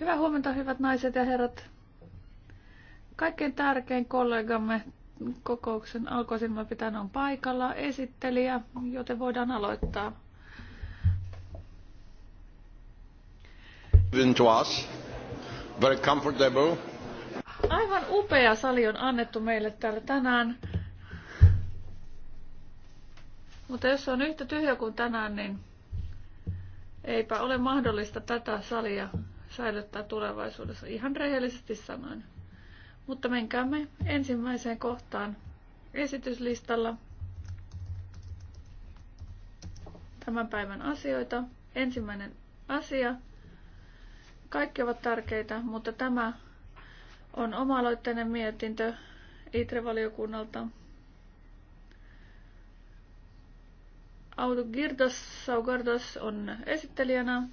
Hyvää huomenta, hyvät naiset ja herrat. Kaikkein tärkein kollegamme kokouksen alkuosilman pitäen on paikalla esittelijä, joten voidaan aloittaa. To us. Very comfortable. Aivan upea sali on annettu meille täällä tänään. Mutta jos on yhtä tyhjä kuin tänään, niin Eipä ole mahdollista tätä salia säilyttää tulevaisuudessa, ihan rehellisesti sanoen. Mutta menkäämme ensimmäiseen kohtaan esityslistalla tämän päivän asioita. Ensimmäinen asia. Kaikki ovat tärkeitä, mutta tämä on oma-aloitteinen mietintö ITRE-valiokunnalta Auto Girdos Saugardos on esittelijänä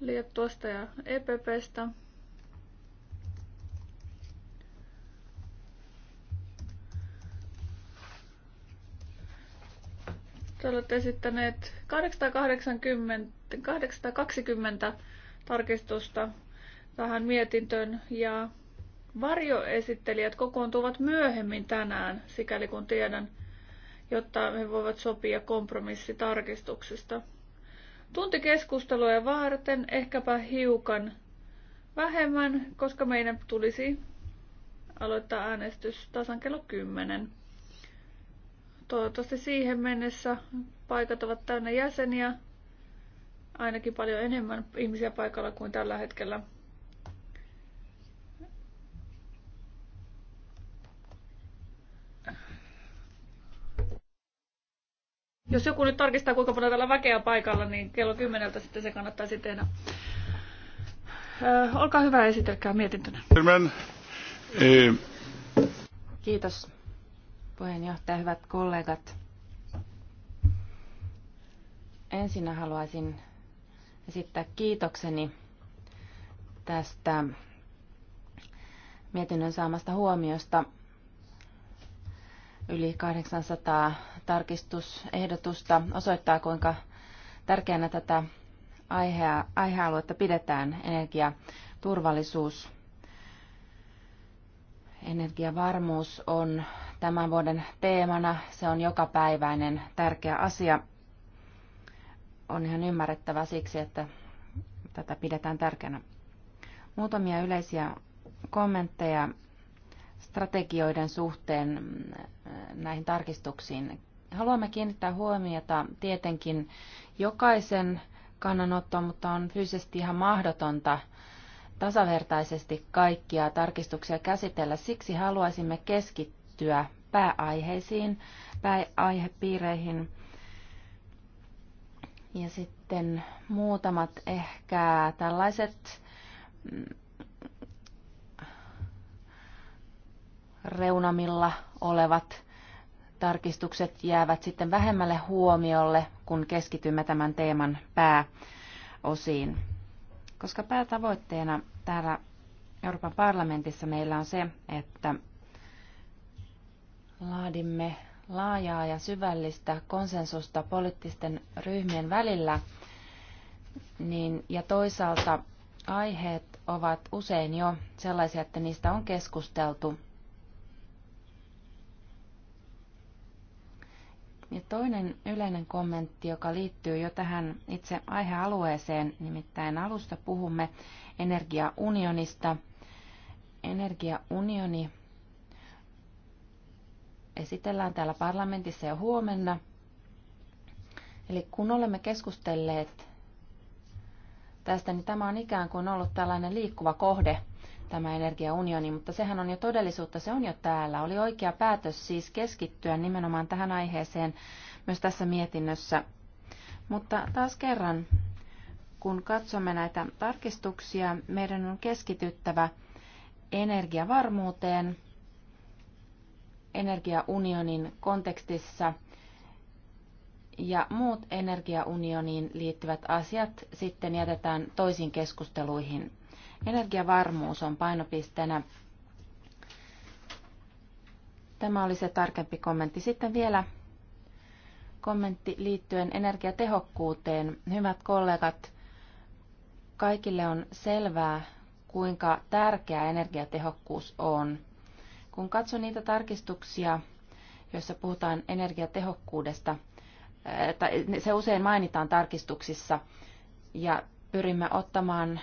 Liettuasta ja EPPstä. Te olette esittäneet 880, 820 tarkistusta tähän mietintöön ja varjoesittelijät kokoontuvat myöhemmin tänään, sikäli kun tiedän – jotta he voivat sopia kompromissitarkistuksista. Tunti keskustelua varten ehkäpä hiukan vähemmän, koska meidän tulisi aloittaa äänestys tasan kello 10. Toivottavasti siihen mennessä paikat ovat täynnä jäseniä, ainakin paljon enemmän ihmisiä paikalla kuin tällä hetkellä. Jos joku nyt tarkistaa, kuinka paljon täällä väkeä paikalla, niin kello kymmeneltä sitten se kannattaisi tehdä. Ö, olkaa hyvä, esitelkää mietintönä. Kiitos puheenjohtaja, hyvät kollegat. Ensinnä haluaisin esittää kiitokseni tästä mietinnön saamasta huomiosta. Yli 800 tarkistusehdotusta osoittaa, kuinka tärkeänä tätä aihea, aihealuetta pidetään energiaturvallisuus. Energiavarmuus on tämän vuoden teemana. Se on jokapäiväinen tärkeä asia. On ihan ymmärrettävä siksi, että tätä pidetään tärkeänä. Muutamia yleisiä kommentteja strategioiden suhteen mm, näihin tarkistuksiin. Haluamme kiinnittää huomiota tietenkin jokaisen kannanottoon, mutta on fyysisesti ihan mahdotonta tasavertaisesti kaikkia tarkistuksia käsitellä. Siksi haluaisimme keskittyä pääaiheisiin, pääaihepiireihin. Ja sitten muutamat ehkä tällaiset mm, reunamilla olevat tarkistukset jäävät sitten vähemmälle huomiolle, kun keskitymme tämän teeman pääosiin. Koska päätavoitteena täällä Euroopan parlamentissa meillä on se, että laadimme laajaa ja syvällistä konsensusta poliittisten ryhmien välillä, niin, ja toisaalta aiheet ovat usein jo sellaisia, että niistä on keskusteltu Ja toinen yleinen kommentti, joka liittyy jo tähän itse aihealueeseen, nimittäin alusta puhumme energiaunionista. Energiaunioni esitellään täällä parlamentissa jo huomenna. Eli kun olemme keskustelleet tästä, niin tämä on ikään kuin ollut tällainen liikkuva kohde – tämä energiaunioni, mutta sehän on jo todellisuutta, se on jo täällä. Oli oikea päätös siis keskittyä nimenomaan tähän aiheeseen myös tässä mietinnössä. Mutta taas kerran, kun katsomme näitä tarkistuksia, meidän on keskityttävä energiavarmuuteen energiaunionin kontekstissa ja muut energiaunioniin liittyvät asiat sitten jätetään toisiin keskusteluihin. Energiavarmuus on painopisteenä. Tämä oli se tarkempi kommentti. Sitten vielä kommentti liittyen energiatehokkuuteen. Hyvät kollegat, kaikille on selvää, kuinka tärkeä energiatehokkuus on. Kun katson niitä tarkistuksia, joissa puhutaan energiatehokkuudesta, tai se usein mainitaan tarkistuksissa, ja pyrimme ottamaan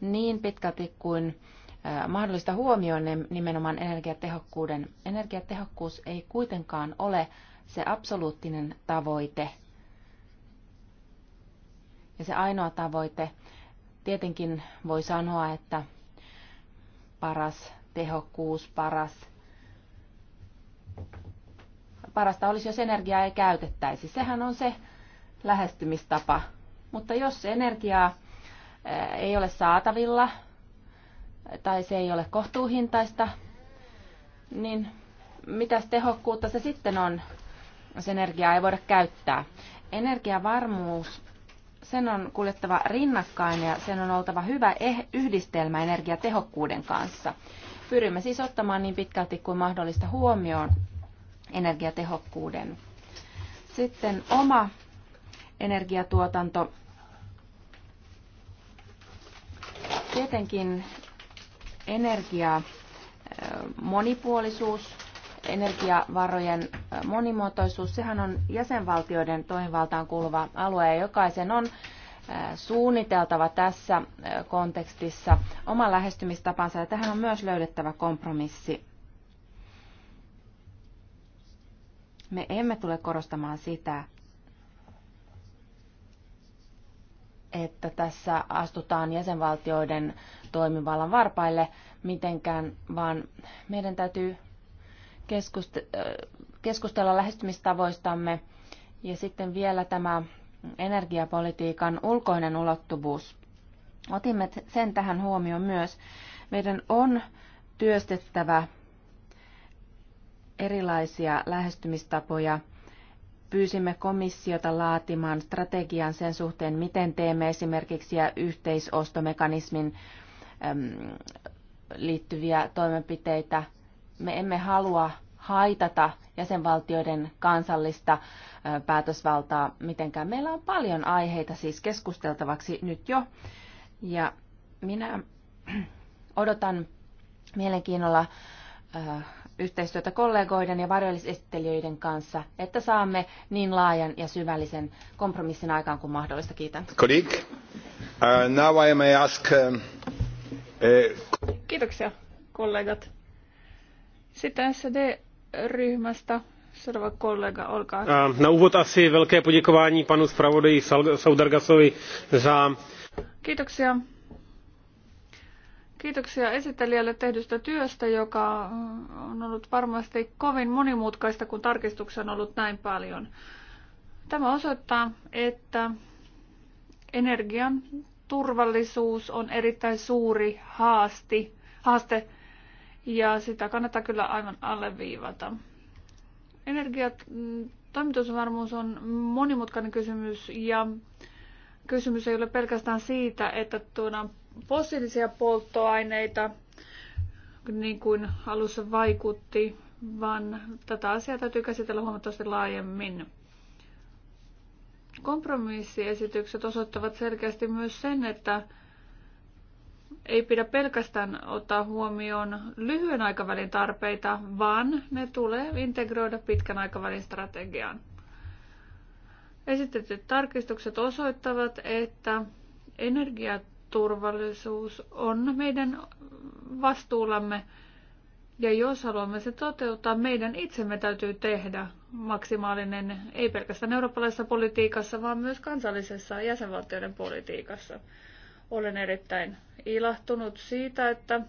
niin pitkälti kuin mahdollista huomioon nimenomaan energiatehokkuuden. Energiatehokkuus ei kuitenkaan ole se absoluuttinen tavoite ja se ainoa tavoite. Tietenkin voi sanoa, että paras tehokkuus, paras parasta olisi, jos energiaa ei käytettäisi. Sehän on se lähestymistapa. Mutta jos energiaa ei ole saatavilla tai se ei ole kohtuuhintaista, niin mitäs tehokkuutta se sitten on, jos energiaa ei voida käyttää? Energiavarmuus, sen on kuljettava rinnakkain ja sen on oltava hyvä eh- yhdistelmä energiatehokkuuden kanssa. Pyrimme siis ottamaan niin pitkälti kuin mahdollista huomioon energiatehokkuuden. Sitten oma energiatuotanto Tietenkin energia monipuolisuus, energiavarojen monimuotoisuus, sehän on jäsenvaltioiden toimivaltaan kuuluva alue ja jokaisen on suunniteltava tässä kontekstissa oma lähestymistapansa ja tähän on myös löydettävä kompromissi. Me emme tule korostamaan sitä, että tässä astutaan jäsenvaltioiden toimivallan varpaille mitenkään, vaan meidän täytyy keskustella lähestymistavoistamme. Ja sitten vielä tämä energiapolitiikan ulkoinen ulottuvuus. Otimme sen tähän huomioon myös. Meidän on työstettävä erilaisia lähestymistapoja – pyysimme komissiota laatimaan strategian sen suhteen, miten teemme esimerkiksi yhteisostomekanismin liittyviä toimenpiteitä. Me emme halua haitata jäsenvaltioiden kansallista päätösvaltaa mitenkään. Meillä on paljon aiheita siis keskusteltavaksi nyt jo. Ja minä odotan mielenkiinnolla yhteistyötä kollegoiden ja varjollisesittelijöiden kanssa, että saamme niin laajan ja syvällisen kompromissin aikaan kuin mahdollista. Kiitän. Colleague, uh, now I may ask, um, uh, Kiitoksia, kollegat. Sitten SD-ryhmästä seuraava kollega, olkaa uh, Na úvod asi velké poděkování panu zpravodaji Saudargasovi za... Kiitoksia Kiitoksia esittelijälle tehdystä työstä, joka on ollut varmasti kovin monimutkaista, kun tarkistuksia on ollut näin paljon. Tämä osoittaa, että energian turvallisuus on erittäin suuri haasti, haaste ja sitä kannattaa kyllä aivan alleviivata. Energiatoimitusvarmuus on monimutkainen kysymys ja kysymys ei ole pelkästään siitä, että tuodaan fossiilisia polttoaineita, niin kuin alussa vaikutti, vaan tätä asiaa täytyy käsitellä huomattavasti laajemmin. Kompromissiesitykset osoittavat selkeästi myös sen, että ei pidä pelkästään ottaa huomioon lyhyen aikavälin tarpeita, vaan ne tulee integroida pitkän aikavälin strategiaan. Esitetyt tarkistukset osoittavat, että energiat turvallisuus on meidän vastuullamme. Ja jos haluamme se toteuttaa, meidän itsemme täytyy tehdä maksimaalinen, ei pelkästään eurooppalaisessa politiikassa, vaan myös kansallisessa jäsenvaltioiden politiikassa. Olen erittäin ilahtunut siitä, että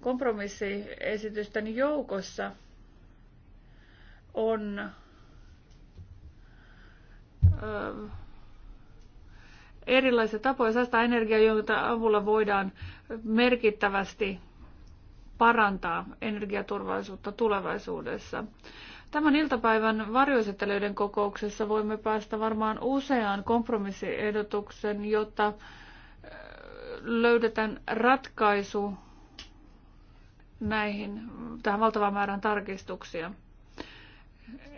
kompromissiesitysten joukossa on erilaisia tapoja säästää energiaa, joita avulla voidaan merkittävästi parantaa energiaturvallisuutta tulevaisuudessa. Tämän iltapäivän varjoesittelyiden kokouksessa voimme päästä varmaan useaan kompromissiehdotuksen, jotta äh, löydetään ratkaisu näihin, tähän valtavaan määrään tarkistuksia.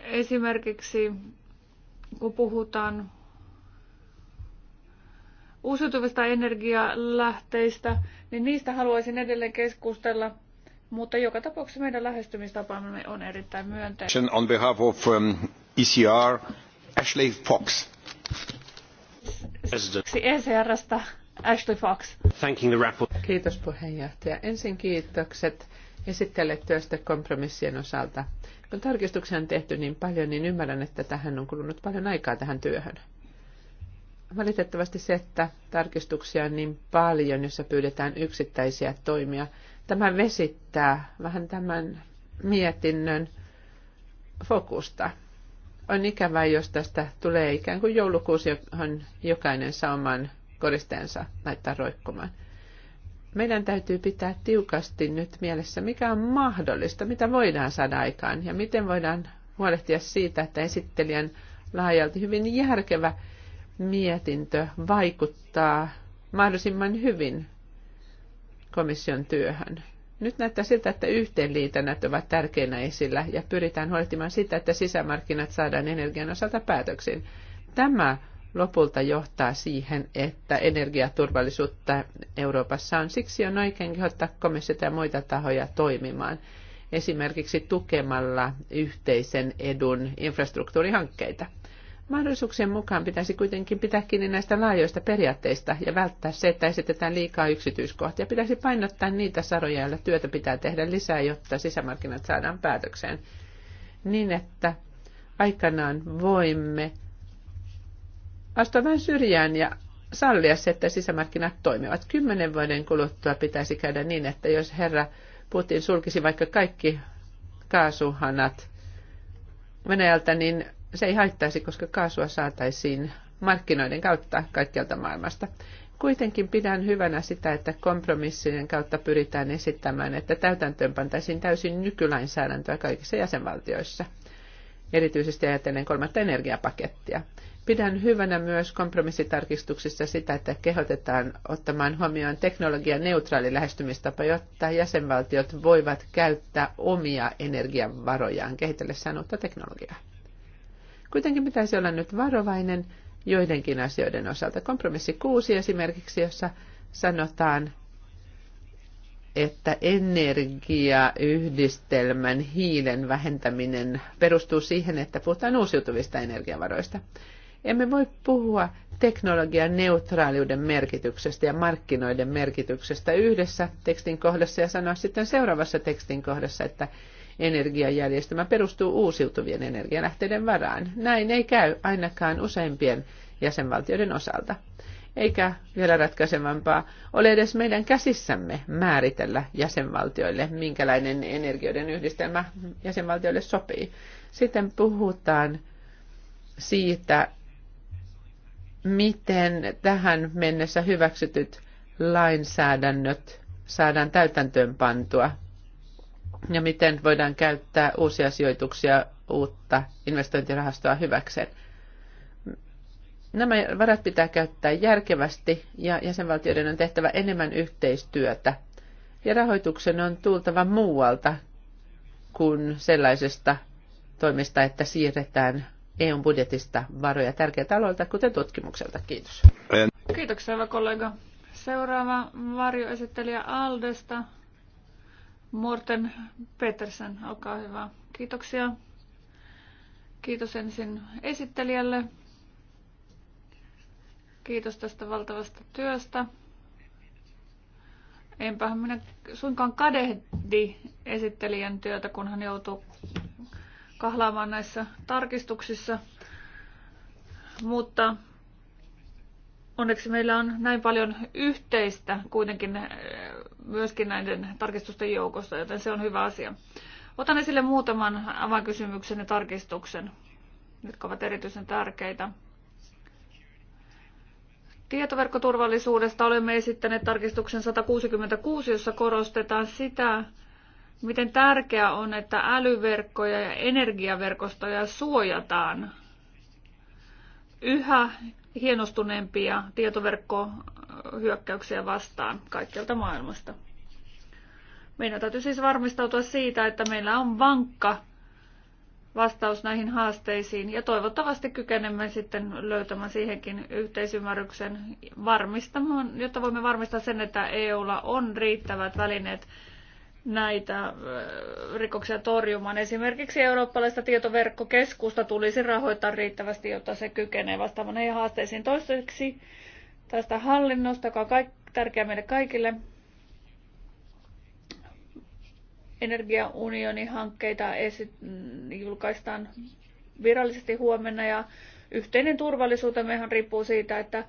Esimerkiksi kun puhutaan uusiutuvista energialähteistä, niin niistä haluaisin edelleen keskustella. Mutta joka tapauksessa meidän lähestymistapamme on erittäin myönteinen. On behalf of um, ECR, Ashley Fox. ECRstä e Ashley Fox. Thanking the Kiitos puheenjohtaja. Ensin kiitokset esittelytyöstä kompromissien osalta. Kun tarkistuksia on tehty niin paljon, niin ymmärrän, että tähän on kulunut paljon aikaa tähän työhön valitettavasti se, että tarkistuksia on niin paljon, jossa pyydetään yksittäisiä toimia. Tämä vesittää vähän tämän mietinnön fokusta. On ikävää, jos tästä tulee ikään kuin joulukuusi, johon jokainen saa oman koristeensa laittaa roikkumaan. Meidän täytyy pitää tiukasti nyt mielessä, mikä on mahdollista, mitä voidaan saada aikaan ja miten voidaan huolehtia siitä, että esittelijän laajalti hyvin järkevä mietintö vaikuttaa mahdollisimman hyvin komission työhön. Nyt näyttää siltä, että yhteenliitännät ovat tärkeinä esillä ja pyritään huolehtimaan sitä, että sisämarkkinat saadaan energian osalta päätöksiin. Tämä lopulta johtaa siihen, että energiaturvallisuutta Euroopassa on. Siksi on oikein kehottaa komissiota ja muita tahoja toimimaan, esimerkiksi tukemalla yhteisen edun infrastruktuurihankkeita. Mahdollisuuksien mukaan pitäisi kuitenkin pitää kiinni näistä laajoista periaatteista ja välttää se, että esitetään liikaa yksityiskohtia. Pitäisi painottaa niitä saroja, joilla työtä pitää tehdä lisää, jotta sisämarkkinat saadaan päätökseen, niin että aikanaan voimme astua vähän syrjään ja sallia se, että sisämarkkinat toimivat. Kymmenen vuoden kuluttua pitäisi käydä niin, että jos herra Putin sulkisi vaikka kaikki kaasuhanat Venäjältä, niin se ei haittaisi, koska kaasua saataisiin markkinoiden kautta kaikkialta maailmasta. Kuitenkin pidän hyvänä sitä, että kompromissien kautta pyritään esittämään, että täytäntöön pantaisiin täysin nykylainsäädäntöä kaikissa jäsenvaltioissa, erityisesti ajatellen kolmatta energiapakettia. Pidän hyvänä myös kompromissitarkistuksissa sitä, että kehotetaan ottamaan huomioon teknologian neutraali lähestymistapa, jotta jäsenvaltiot voivat käyttää omia energiavarojaan kehitellessään uutta teknologiaa. Kuitenkin pitäisi olla nyt varovainen joidenkin asioiden osalta. Kompromissi 6 esimerkiksi, jossa sanotaan, että energiayhdistelmän hiilen vähentäminen perustuu siihen, että puhutaan uusiutuvista energiavaroista. Emme voi puhua teknologian neutraaliuden merkityksestä ja markkinoiden merkityksestä yhdessä tekstin kohdassa ja sanoa sitten seuraavassa tekstin kohdassa, että energiajärjestelmä perustuu uusiutuvien energialähteiden varaan. Näin ei käy ainakaan useimpien jäsenvaltioiden osalta. Eikä vielä ratkaisevampaa ole edes meidän käsissämme määritellä jäsenvaltioille, minkälainen energioiden yhdistelmä jäsenvaltioille sopii. Sitten puhutaan siitä, miten tähän mennessä hyväksytyt lainsäädännöt saadaan täytäntöön pantua ja miten voidaan käyttää uusia sijoituksia uutta investointirahastoa hyväkseen. Nämä varat pitää käyttää järkevästi ja jäsenvaltioiden on tehtävä enemmän yhteistyötä. Ja rahoituksen on tultava muualta kuin sellaisesta toimista, että siirretään EUn budjetista varoja tärkeiltä aloilta, kuten tutkimukselta. Kiitos. Kiitoksia, hyvä kollega. Seuraava varjoesittelijä Aldesta, Morten Petersen, olkaa hyvä. Kiitoksia. Kiitos ensin esittelijälle. Kiitos tästä valtavasta työstä. Enpä minä suinkaan kadehdi esittelijän työtä, kun hän joutuu kahlaamaan näissä tarkistuksissa. Mutta onneksi meillä on näin paljon yhteistä kuitenkin myöskin näiden tarkistusten joukossa, joten se on hyvä asia. Otan esille muutaman avainkysymyksen ja tarkistuksen, jotka ovat erityisen tärkeitä. Tietoverkkoturvallisuudesta olemme esittäneet tarkistuksen 166, jossa korostetaan sitä, miten tärkeää on, että älyverkkoja ja energiaverkostoja suojataan yhä hienostuneempia tietoverkkohyökkäyksiä vastaan kaikkialta maailmasta. Meidän täytyy siis varmistautua siitä, että meillä on vankka vastaus näihin haasteisiin ja toivottavasti kykenemme sitten löytämään siihenkin yhteisymmärryksen, varmistamaan, jotta voimme varmistaa sen, että EUlla on riittävät välineet näitä äh, rikoksia torjumaan. Esimerkiksi eurooppalaista tietoverkkokeskusta tulisi rahoittaa riittävästi, jotta se kykenee vastaamaan näihin haasteisiin. Toiseksi tästä hallinnosta, joka on kaik- tärkeä meille kaikille. Energiaunionin hankkeita esi- julkaistaan virallisesti huomenna ja yhteinen turvallisuutemmehan riippuu siitä, että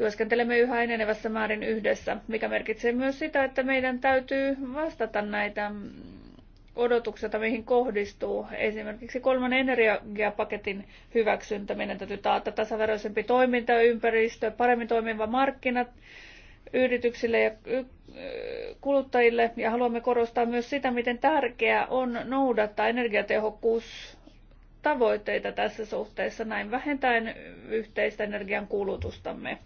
Työskentelemme yhä enenevässä määrin yhdessä, mikä merkitsee myös sitä, että meidän täytyy vastata näitä odotuksia, mihin kohdistuu. Esimerkiksi kolmannen energiapaketin hyväksyntä. Meidän täytyy taata tasaveroisempi toimintaympäristö, paremmin toimiva markkinat yrityksille ja kuluttajille. Ja haluamme korostaa myös sitä, miten tärkeää on noudattaa energiatehokkuus tavoitteita tässä suhteessa, näin vähentäen yhteistä energian kulutustamme.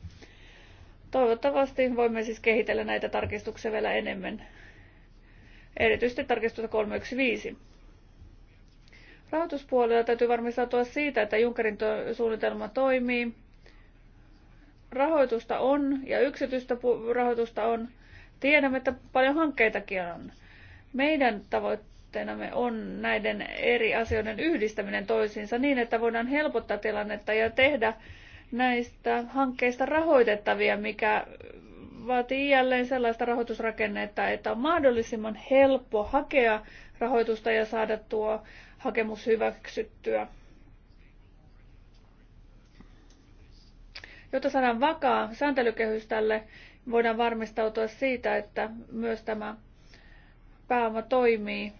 Toivottavasti voimme siis kehitellä näitä tarkistuksia vielä enemmän, erityisesti tarkistusta 315. Rahoituspuolella täytyy varmistautua siitä, että Junkerin suunnitelma toimii. Rahoitusta on ja yksityistä rahoitusta on. Tiedämme, että paljon hankkeitakin on. Meidän tavoitteenamme on näiden eri asioiden yhdistäminen toisiinsa niin, että voidaan helpottaa tilannetta ja tehdä näistä hankkeista rahoitettavia, mikä vaatii jälleen sellaista rahoitusrakennetta, että on mahdollisimman helppo hakea rahoitusta ja saada tuo hakemus hyväksyttyä. Jotta saadaan vakaa sääntelykehys tälle, voidaan varmistautua siitä, että myös tämä pääoma toimii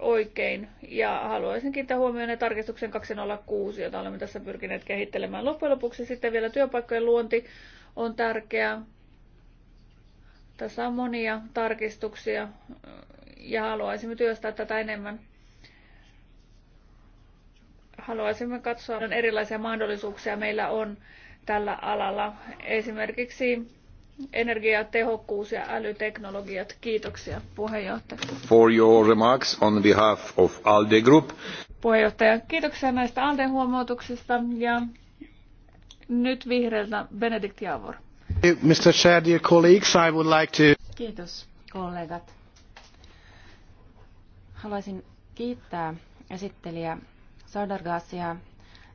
oikein. Ja haluaisin kiinnittää huomioon tarkistuksen 206, jota olemme tässä pyrkineet kehittelemään. Loppujen lopuksi sitten vielä työpaikkojen luonti on tärkeää. Tässä on monia tarkistuksia ja haluaisimme työstää tätä enemmän. Haluaisimme katsoa erilaisia mahdollisuuksia meillä on tällä alalla. Esimerkiksi energiatehokkuus ja älyteknologiat. Kiitoksia puheenjohtaja. For your remarks on behalf of ALDE Group. Puheenjohtaja, kiitoksia näistä ALDEn huomautuksista ja nyt vihreältä Benedikt Javor. Mr. Chair, dear colleagues, I would like to... Kiitos kollegat. Haluaisin kiittää esittelijä Sardargasia.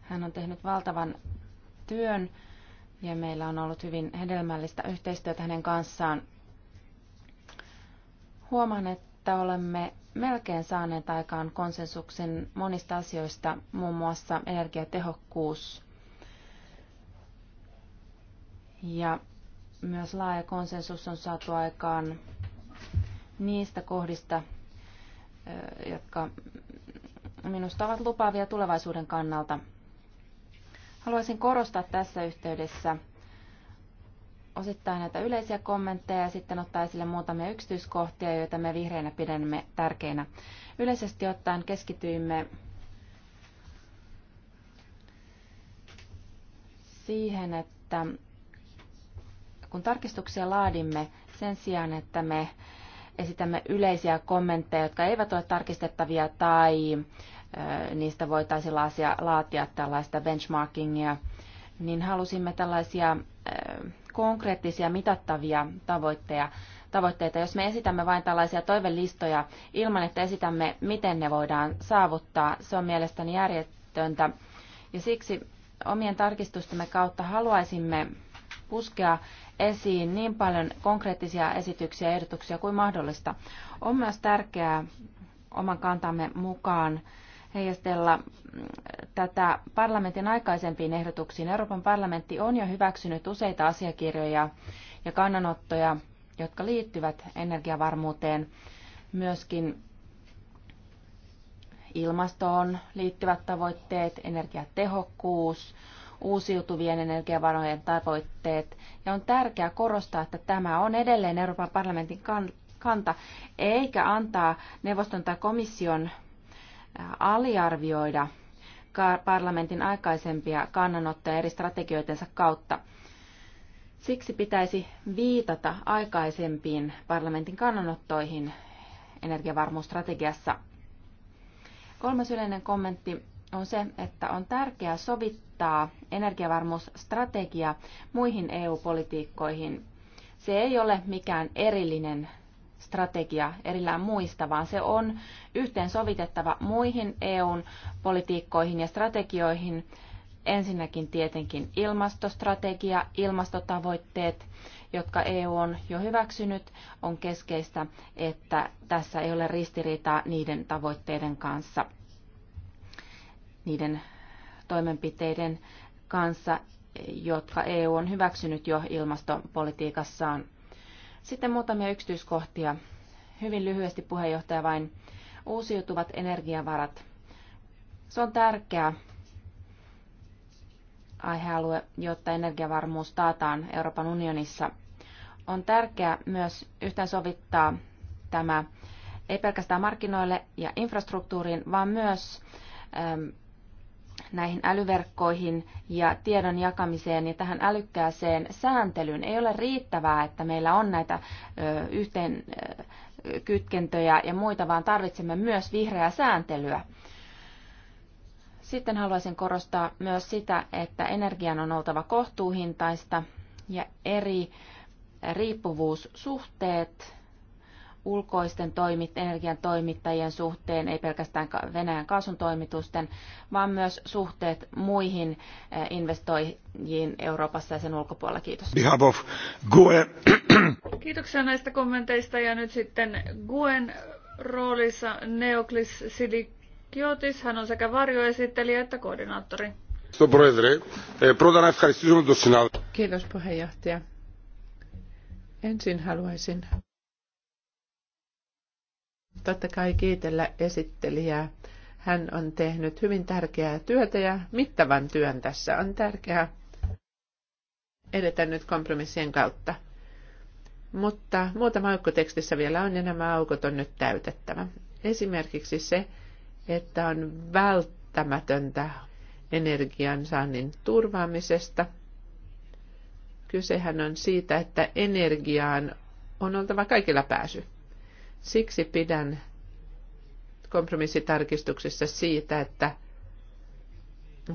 Hän on tehnyt valtavan työn ja meillä on ollut hyvin hedelmällistä yhteistyötä hänen kanssaan. Huomaan, että olemme melkein saaneet aikaan konsensuksen monista asioista, muun muassa energiatehokkuus ja myös laaja konsensus on saatu aikaan niistä kohdista, jotka minusta ovat lupaavia tulevaisuuden kannalta – Haluaisin korostaa tässä yhteydessä osittain näitä yleisiä kommentteja ja sitten ottaa esille muutamia yksityiskohtia, joita me vihreinä pidämme tärkeinä. Yleisesti ottaen keskityimme siihen, että kun tarkistuksia laadimme sen sijaan, että me esitämme yleisiä kommentteja, jotka eivät ole tarkistettavia tai niistä voitaisiin laatia, laatia tällaista benchmarkingia, niin halusimme tällaisia konkreettisia mitattavia tavoitteita, tavoitteita. Jos me esitämme vain tällaisia toivelistoja ilman, että esitämme, miten ne voidaan saavuttaa, se on mielestäni järjettöntä. Ja siksi omien tarkistustemme kautta haluaisimme puskea esiin niin paljon konkreettisia esityksiä ja ehdotuksia kuin mahdollista. On myös tärkeää oman kantamme mukaan heijastella mm, tätä parlamentin aikaisempiin ehdotuksiin. Euroopan parlamentti on jo hyväksynyt useita asiakirjoja ja kannanottoja, jotka liittyvät energiavarmuuteen, myöskin ilmastoon liittyvät tavoitteet, energiatehokkuus, uusiutuvien energiavarojen tavoitteet. Ja on tärkeää korostaa, että tämä on edelleen Euroopan parlamentin kanta, eikä antaa neuvoston tai komission aliarvioida parlamentin aikaisempia kannanottoja eri strategioitensa kautta. Siksi pitäisi viitata aikaisempiin parlamentin kannanottoihin energiavarmuusstrategiassa. Kolmas yleinen kommentti on se, että on tärkeää sovittaa energiavarmuusstrategia muihin EU-politiikkoihin. Se ei ole mikään erillinen strategia erillään muista, vaan se on yhteensovitettava muihin EUn politiikkoihin ja strategioihin. Ensinnäkin tietenkin ilmastostrategia, ilmastotavoitteet, jotka EU on jo hyväksynyt, on keskeistä, että tässä ei ole ristiriitaa niiden tavoitteiden kanssa, niiden toimenpiteiden kanssa, jotka EU on hyväksynyt jo ilmastopolitiikassaan sitten muutamia yksityiskohtia. Hyvin lyhyesti puheenjohtaja vain. Uusiutuvat energiavarat. Se on tärkeä aihealue, jotta energiavarmuus taataan Euroopan unionissa. On tärkeää myös yhteensovittaa tämä ei pelkästään markkinoille ja infrastruktuuriin, vaan myös näihin älyverkkoihin ja tiedon jakamiseen ja tähän älykkääseen sääntelyyn. Ei ole riittävää, että meillä on näitä ö, yhteen ö, kytkentöjä ja muita, vaan tarvitsemme myös vihreää sääntelyä. Sitten haluaisin korostaa myös sitä, että energian on oltava kohtuuhintaista ja eri riippuvuussuhteet ulkoisten toimit, energian toimittajien suhteen, ei pelkästään Venäjän kaasun toimitusten, vaan myös suhteet muihin eh, investoijiin Euroopassa ja sen ulkopuolella. Kiitos. Kiitoksia näistä kommenteista ja nyt sitten Guen roolissa Neoklis Silikiotis. Hän on sekä varjoesittelijä että koordinaattori. Kiitos puheenjohtaja. Ensin haluaisin totta kai kiitellä esittelijää. Hän on tehnyt hyvin tärkeää työtä ja mittavan työn tässä. On tärkeää edetä nyt kompromissien kautta. Mutta muutama aukko tekstissä vielä on ja nämä aukot on nyt täytettävä. Esimerkiksi se, että on välttämätöntä energiansaannin turvaamisesta. Kysehän on siitä, että energiaan on oltava kaikilla pääsy. Siksi pidän kompromissitarkistuksessa siitä, että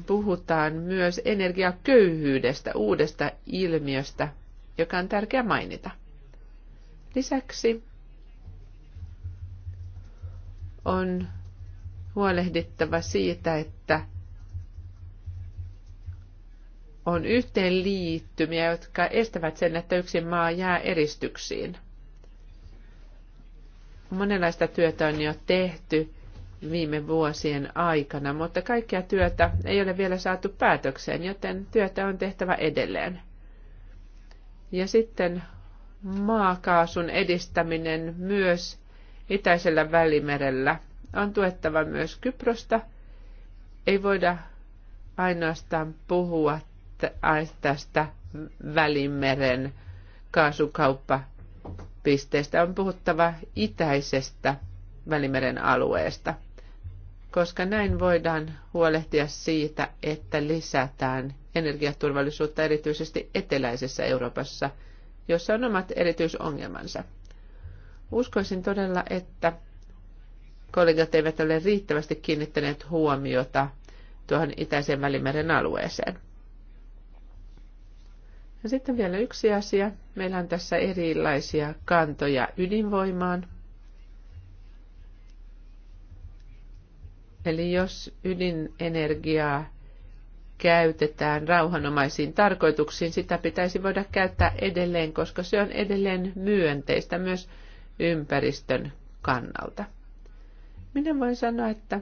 puhutaan myös energiaköyhyydestä, uudesta ilmiöstä, joka on tärkeä mainita. Lisäksi on huolehdittava siitä, että on yhteenliittymiä, jotka estävät sen, että yksi maa jää eristyksiin – Monenlaista työtä on jo tehty viime vuosien aikana, mutta kaikkea työtä ei ole vielä saatu päätökseen, joten työtä on tehtävä edelleen. Ja sitten maakaasun edistäminen myös itäisellä välimerellä on tuettava myös Kyprosta. Ei voida ainoastaan puhua tästä välimeren kaasukauppa Pisteestä on puhuttava itäisestä Välimeren alueesta, koska näin voidaan huolehtia siitä, että lisätään energiaturvallisuutta erityisesti eteläisessä Euroopassa, jossa on omat erityisongelmansa. Uskoisin todella, että kollegat eivät ole riittävästi kiinnittäneet huomiota tuohon itäisen välimeren alueeseen. Ja sitten vielä yksi asia. Meillä on tässä erilaisia kantoja ydinvoimaan. Eli jos ydinenergiaa käytetään rauhanomaisiin tarkoituksiin, sitä pitäisi voida käyttää edelleen, koska se on edelleen myönteistä myös ympäristön kannalta. Minä voin sanoa, että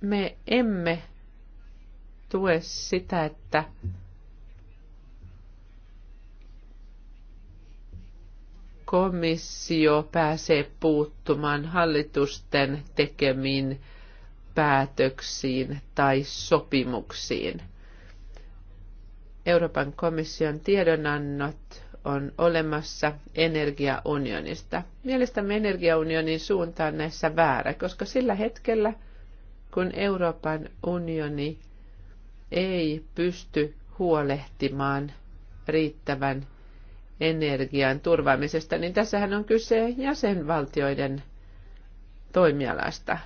me emme tue sitä, että komissio pääsee puuttumaan hallitusten tekemiin päätöksiin tai sopimuksiin. Euroopan komission tiedonannot on olemassa energiaunionista. Mielestäni energiaunionin suunta on näissä väärä, koska sillä hetkellä, kun Euroopan unioni ei pysty huolehtimaan riittävän energian turvaamisesta, niin tässähän on kyse jäsenvaltioiden toimialasta.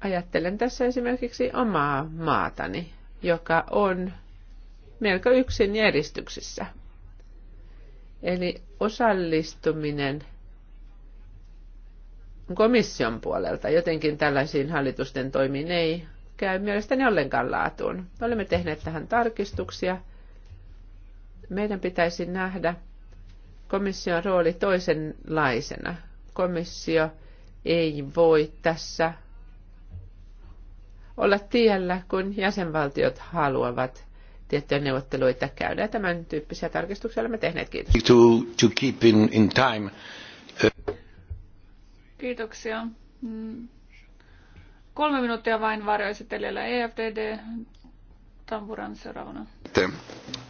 Ajattelen tässä esimerkiksi omaa maatani, joka on melko yksin järjestyksessä. Eli osallistuminen komission puolelta jotenkin tällaisiin hallitusten toimiin ei käy mielestäni ollenkaan laatuun. Olemme tehneet tähän tarkistuksia. Meidän pitäisi nähdä komission rooli toisenlaisena. Komissio ei voi tässä olla tiellä, kun jäsenvaltiot haluavat tiettyjä neuvotteluita käydä. Ja tämän tyyppisiä tarkistuksia olemme tehneet. Kiitos. To, to keep in, in time. Kiitoksia. Mm. Kolme minuuttia vain varjoesittelijällä EFDD. Tamburan seuraavana.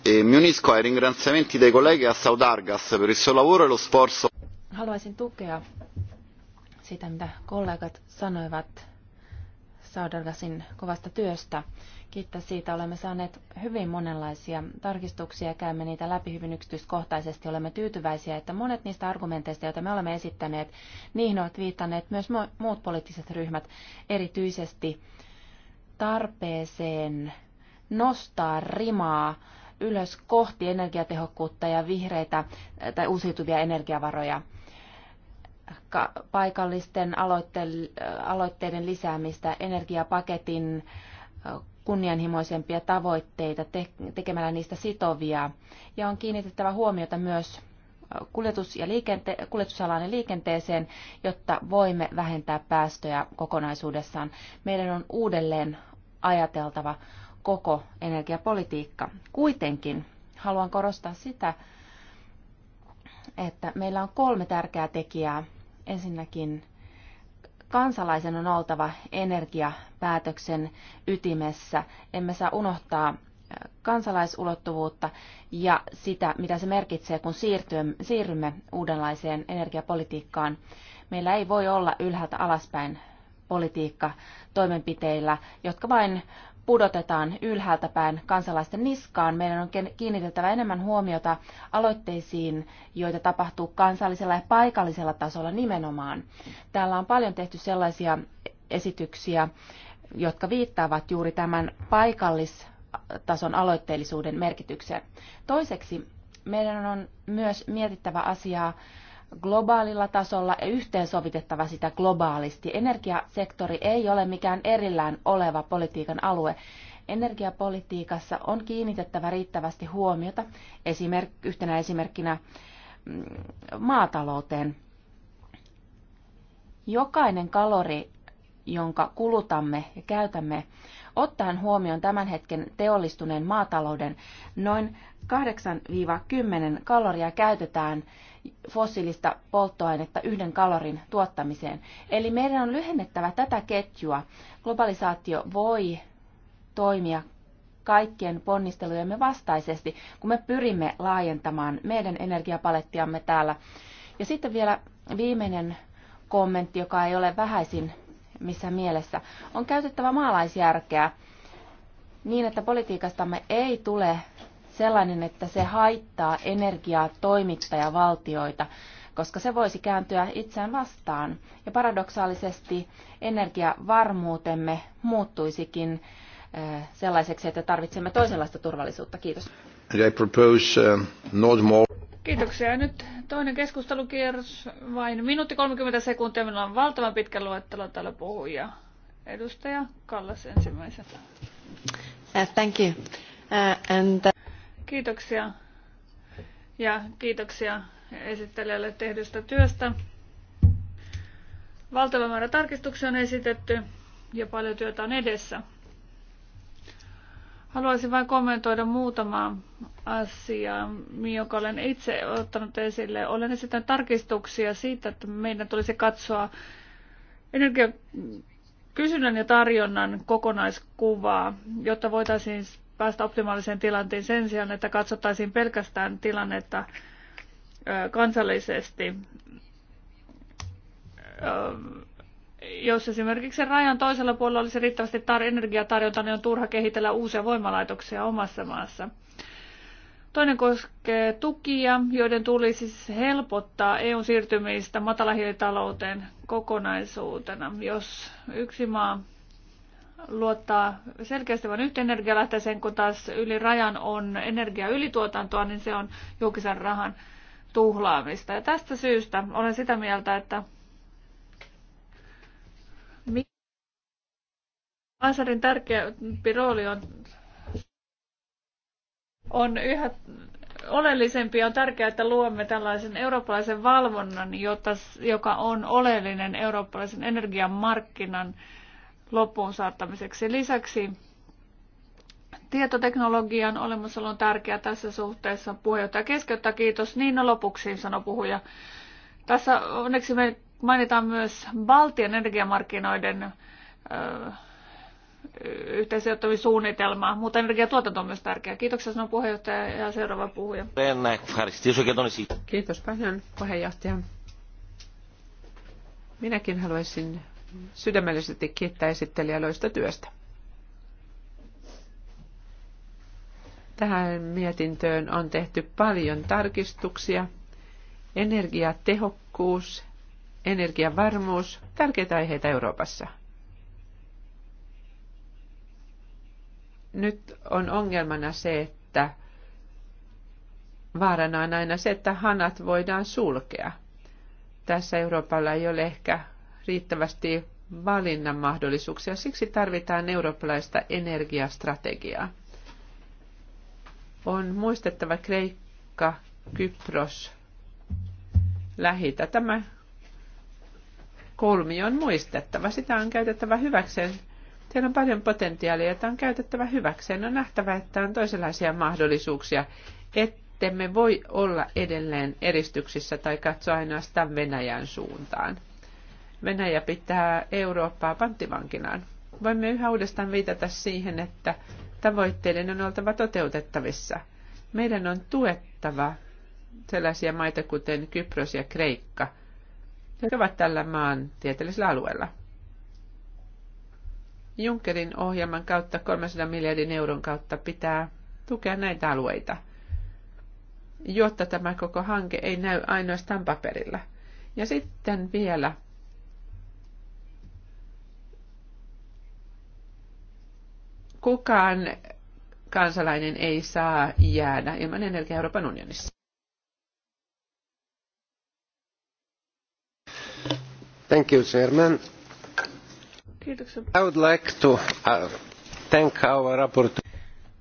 E, Mi unisco ai ringraziamenti dei colleghi a Saudargas per il suo lavoro e lo sforzo. Haluaisin tukea sitä, mitä kollegat sanoivat Saudargasin kovasta työstä. Kiittää siitä. Olemme saaneet hyvin monenlaisia tarkistuksia ja käymme niitä läpi hyvin yksityiskohtaisesti. Olemme tyytyväisiä, että monet niistä argumenteista, joita me olemme esittäneet, niihin ovat viittaneet myös muut poliittiset ryhmät, erityisesti tarpeeseen nostaa rimaa ylös kohti energiatehokkuutta ja vihreitä tai uusiutuvia energiavaroja – paikallisten aloitteiden lisäämistä, energiapaketin kunnianhimoisempia tavoitteita tekemällä niistä sitovia. Ja on kiinnitettävä huomiota myös kuljetus- ja liikente- kuljetusalan ja liikenteeseen, jotta voimme vähentää päästöjä kokonaisuudessaan. Meidän on uudelleen ajateltava koko energiapolitiikka. Kuitenkin haluan korostaa sitä, että meillä on kolme tärkeää tekijää, Ensinnäkin kansalaisen on oltava energiapäätöksen ytimessä. Emme saa unohtaa kansalaisulottuvuutta ja sitä, mitä se merkitsee, kun siirrymme uudenlaiseen energiapolitiikkaan. Meillä ei voi olla ylhäältä alaspäin politiikka toimenpiteillä, jotka vain pudotetaan ylhäältä päin kansalaisten niskaan. Meidän on kiinnitettävä enemmän huomiota aloitteisiin, joita tapahtuu kansallisella ja paikallisella tasolla nimenomaan. Täällä on paljon tehty sellaisia esityksiä, jotka viittaavat juuri tämän paikallistason aloitteellisuuden merkitykseen. Toiseksi meidän on myös mietittävä asiaa globaalilla tasolla ja yhteensovitettava sitä globaalisti. Energiasektori ei ole mikään erillään oleva politiikan alue. Energiapolitiikassa on kiinnitettävä riittävästi huomiota esimerk, yhtenä esimerkkinä mm, maatalouteen. Jokainen kalori, jonka kulutamme ja käytämme, ottaen huomioon tämän hetken teollistuneen maatalouden, noin 8-10 kaloria käytetään fossiilista polttoainetta yhden kalorin tuottamiseen. Eli meidän on lyhennettävä tätä ketjua. Globalisaatio voi toimia kaikkien ponnistelujemme vastaisesti, kun me pyrimme laajentamaan meidän energiapalettiamme täällä. Ja sitten vielä viimeinen kommentti, joka ei ole vähäisin missä mielessä. On käytettävä maalaisjärkeä niin, että politiikastamme ei tule sellainen, että se haittaa energiaa toimittajavaltioita, koska se voisi kääntyä itseään vastaan. Ja paradoksaalisesti energiavarmuutemme muuttuisikin äh, sellaiseksi, että tarvitsemme toisenlaista turvallisuutta. Kiitos. Um, Kiitoksia. Nyt toinen keskustelukierros. Vain minuutti 30 sekuntia. Meillä on valtavan pitkä luettelo täällä puhujia. Edustaja Kallas ensimmäisenä. Uh, thank you. Uh, and, uh... Kiitoksia ja kiitoksia esittelijälle tehdystä työstä. Valtava määrä tarkistuksia on esitetty ja paljon työtä on edessä. Haluaisin vain kommentoida muutamaa asiaa, jonka olen itse ottanut esille. Olen esittänyt tarkistuksia siitä, että meidän tulisi katsoa energiakysynnän ja tarjonnan kokonaiskuvaa, jotta voitaisiin päästä optimaaliseen tilanteen sen sijaan, että katsottaisiin pelkästään tilannetta kansallisesti. Jos esimerkiksi rajan toisella puolella olisi riittävästi tar- energiatarjonta, niin on turha kehitellä uusia voimalaitoksia omassa maassa. Toinen koskee tukia, joiden tulisi siis helpottaa EUn siirtymistä matalahiilitalouteen kokonaisuutena. Jos yksi maa luottaa selkeästi vain yhteen energialähteeseen, kun taas yli rajan on energiaylituotantoa, niin se on julkisen rahan tuhlaamista. Ja tästä syystä olen sitä mieltä, että Ansarin tärkeämpi rooli on, on yhä oleellisempi on tärkeää, että luomme tällaisen eurooppalaisen valvonnan, jota, joka on oleellinen eurooppalaisen energiamarkkinan markkinan loppuun saattamiseksi. Lisäksi tietoteknologian olemassaolo on tärkeä tässä suhteessa. Puheenjohtaja keskeyttää, kiitos. Niin no lopuksi, sanoi puhuja. Tässä onneksi me mainitaan myös Baltian energiamarkkinoiden ö, mutta energiatuotanto on myös tärkeää. Kiitoksia sinun puheenjohtaja ja seuraava puhuja. Kiitos paljon puheenjohtaja. Minäkin haluaisin sydämellisesti kiittää esittelijä työstä. Tähän mietintöön on tehty paljon tarkistuksia. Energiatehokkuus, energiavarmuus, tärkeitä aiheita Euroopassa. Nyt on ongelmana se, että vaarana on aina se, että hanat voidaan sulkea. Tässä Euroopalla ei ole ehkä riittävästi valinnan mahdollisuuksia. Siksi tarvitaan eurooppalaista energiastrategiaa. On muistettava Kreikka, Kypros, Lähitä. Tämä kolmio on muistettava. Sitä on käytettävä hyväkseen. Teillä on paljon potentiaalia, jota on käytettävä hyväkseen. On nähtävä, että on toisenlaisia mahdollisuuksia, ettemme voi olla edelleen eristyksissä tai katsoa ainoastaan Venäjän suuntaan. Venäjä pitää Eurooppaa panttivankinaan. Voimme yhä uudestaan viitata siihen, että tavoitteiden on oltava toteutettavissa. Meidän on tuettava sellaisia maita kuten Kypros ja Kreikka, jotka ovat tällä maan tieteellisellä alueella. Junckerin ohjelman kautta 300 miljardin euron kautta pitää tukea näitä alueita, jotta tämä koko hanke ei näy ainoastaan paperilla. Ja sitten vielä kukaan kansalainen ei saa jäädä ilman energiaa Euroopan unionissa. Thank you, Chairman. Kiitoksia. I would like to uh, thank our report.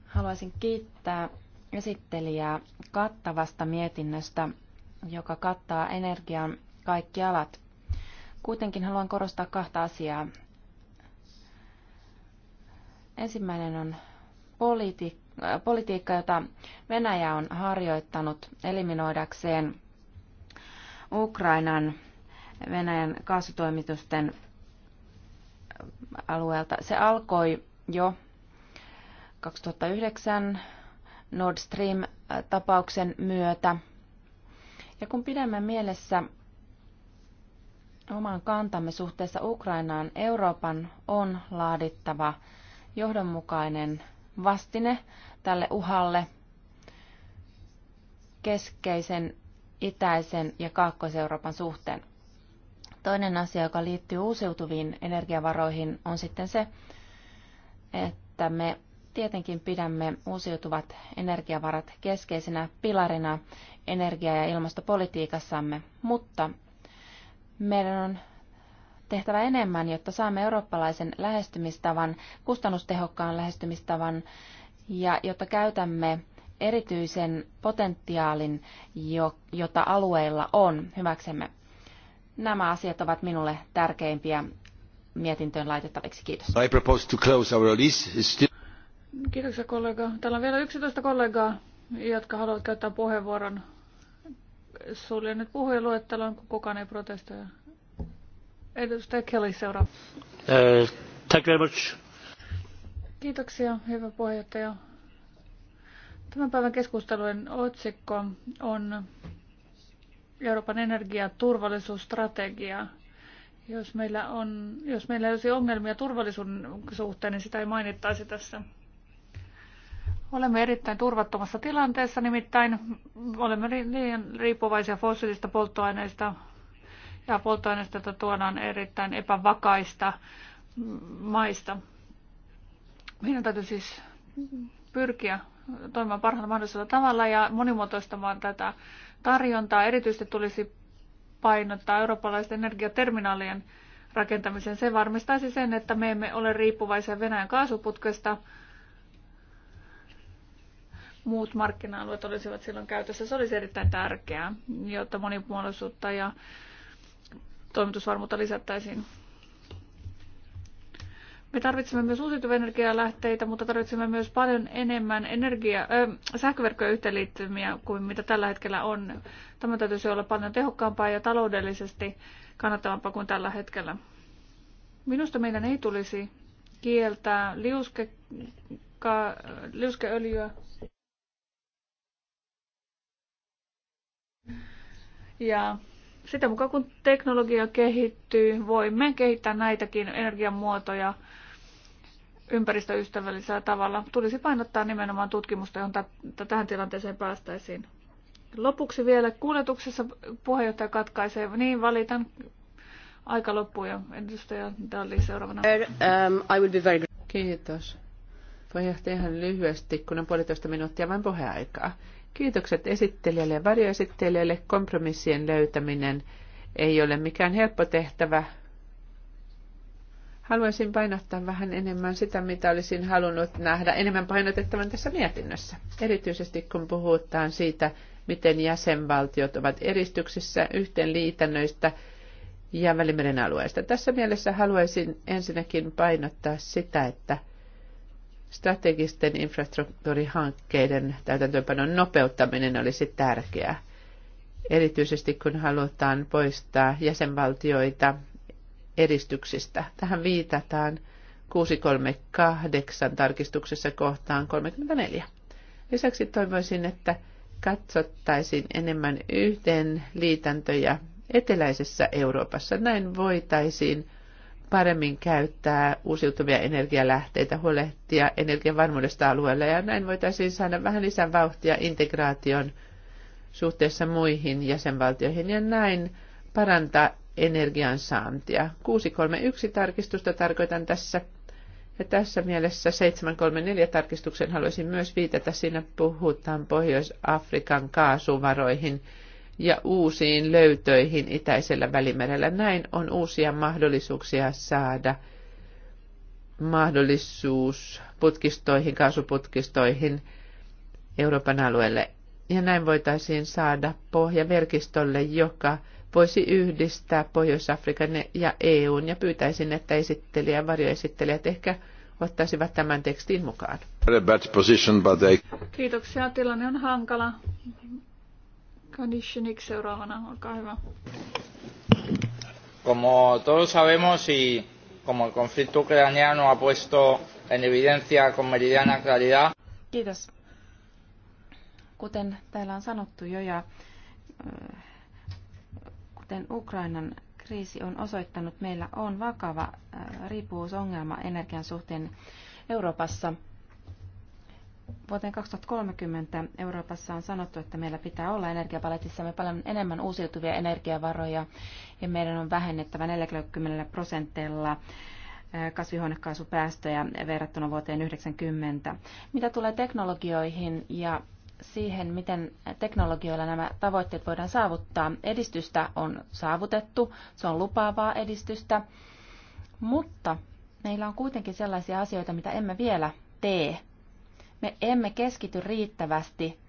Haluaisin kiittää esittelijää kattavasta mietinnöstä, joka kattaa energian kaikki alat. Kuitenkin haluan korostaa kahta asiaa. Ensimmäinen on politi- äh, politiikka, jota Venäjä on harjoittanut eliminoidakseen Ukrainan Venäjän kaasutoimitusten alueelta. Se alkoi jo 2009 Nord Stream-tapauksen äh, myötä. Ja kun pidämme mielessä oman kantamme suhteessa Ukrainaan, Euroopan on laadittava johdonmukainen vastine tälle uhalle keskeisen itäisen ja kaakkois-Euroopan suhteen. Toinen asia, joka liittyy uusiutuviin energiavaroihin, on sitten se, että me tietenkin pidämme uusiutuvat energiavarat keskeisenä pilarina energia- ja ilmastopolitiikassamme, mutta meidän on tehtävä enemmän, jotta saamme eurooppalaisen lähestymistavan, kustannustehokkaan lähestymistavan ja jotta käytämme erityisen potentiaalin, jota alueilla on hyväksemme. Nämä asiat ovat minulle tärkeimpiä mietintöön laitettaviksi. Kiitos. I propose to close our list. Still... Kiitoksia kollega. Täällä on vielä 11 kollegaa, jotka haluavat käyttää puheenvuoron. Suljen nyt puheenluettelon, kun kukaan ei protestoja. Edustaja Kelly seuraava. Uh, thank you very much. Kiitoksia, hyvä puheenjohtaja. Tämän päivän keskustelujen otsikko on Euroopan energiaturvallisuusstrategia. Jos meillä, on, jos meillä olisi ongelmia turvallisuuden suhteen, niin sitä ei mainittaisi tässä. Olemme erittäin turvattomassa tilanteessa, nimittäin olemme liian riippuvaisia fossiilista polttoaineista, ja polttoaineista, tuodaan erittäin epävakaista maista. Meidän täytyy siis pyrkiä toimimaan parhaalla mahdollisella tavalla ja monimuotoistamaan tätä tarjontaa. Erityisesti tulisi painottaa eurooppalaisten energiaterminaalien rakentamisen. Se varmistaisi sen, että me emme ole riippuvaisia Venäjän kaasuputkesta. Muut markkina-alueet olisivat silloin käytössä. Se olisi erittäin tärkeää, jotta monipuolisuutta ja toimitusvarmuutta lisättäisiin. Me tarvitsemme myös uusiutuvia energialähteitä, mutta tarvitsemme myös paljon enemmän energia, ö, sähköverkkojen yhteenliittymiä kuin mitä tällä hetkellä on. Tämä täytyisi olla paljon tehokkaampaa ja taloudellisesti kannattavampaa kuin tällä hetkellä. Minusta meidän ei tulisi kieltää liuske, ka, liuskeöljyä ja sitä mukaan kun teknologia kehittyy, voimme kehittää näitäkin energiamuotoja ympäristöystävällisellä tavalla. Tulisi painottaa nimenomaan tutkimusta, jonka tähän tilanteeseen päästäisiin. Lopuksi vielä kuljetuksessa puheenjohtaja katkaisee. Niin, valitan. Aika loppuu jo. edustaja Dalli seuraavana. Um, I be very... Kiitos. Puheenjohtaja ihan lyhyesti, kun on puolitoista minuuttia vain puheaikaa Kiitokset esittelijälle ja varjoesittelijälle. Kompromissien löytäminen ei ole mikään helppo tehtävä. Haluaisin painottaa vähän enemmän sitä, mitä olisin halunnut nähdä enemmän painotettavan tässä mietinnössä. Erityisesti kun puhutaan siitä, miten jäsenvaltiot ovat eristyksissä yhteenliitännöistä ja Välimeren alueesta. Tässä mielessä haluaisin ensinnäkin painottaa sitä, että strategisten infrastruktuurihankkeiden täytäntöönpanon nopeuttaminen olisi tärkeää, erityisesti kun halutaan poistaa jäsenvaltioita eristyksistä. Tähän viitataan 638 tarkistuksessa kohtaan 34. Lisäksi toivoisin, että katsottaisiin enemmän yhteen liitäntöjä eteläisessä Euroopassa. Näin voitaisiin paremmin käyttää uusiutuvia energialähteitä, huolehtia energiavarmuudesta alueella ja näin voitaisiin saada vähän lisää vauhtia integraation suhteessa muihin jäsenvaltioihin ja näin parantaa energian saantia. 631 tarkistusta tarkoitan tässä ja tässä mielessä 734 tarkistuksen haluaisin myös viitata. Siinä puhutaan Pohjois-Afrikan kaasuvaroihin – ja uusiin löytöihin Itäisellä välimerellä. Näin on uusia mahdollisuuksia saada mahdollisuus putkistoihin, kaasuputkistoihin Euroopan alueelle. Ja näin voitaisiin saada pohja verkistolle, joka voisi yhdistää Pohjois-Afrikan ja EUn ja pyytäisin, että esittelijä, varjoesittelijät ehkä ottaisivat tämän tekstin mukaan. Kiitoksia. Tilanne on hankala conditioning seuraavana, olkaa hyvä. Como todos sabemos y como el conflicto ucraniano ha puesto en evidencia con meridiana claridad. Kiitos. Kuten täällä on sanottu jo ja äh, kuten Ukrainan kriisi on osoittanut, meillä on vakava äh, riippuvuusongelma energian suhteen Euroopassa – vuoteen 2030 Euroopassa on sanottu, että meillä pitää olla energiapaletissamme paljon enemmän uusiutuvia energiavaroja ja meidän on vähennettävä 40 prosentilla kasvihuonekaasupäästöjä verrattuna vuoteen 90. Mitä tulee teknologioihin ja siihen, miten teknologioilla nämä tavoitteet voidaan saavuttaa. Edistystä on saavutettu, se on lupaavaa edistystä, mutta meillä on kuitenkin sellaisia asioita, mitä emme vielä tee me emme keskity riittävästi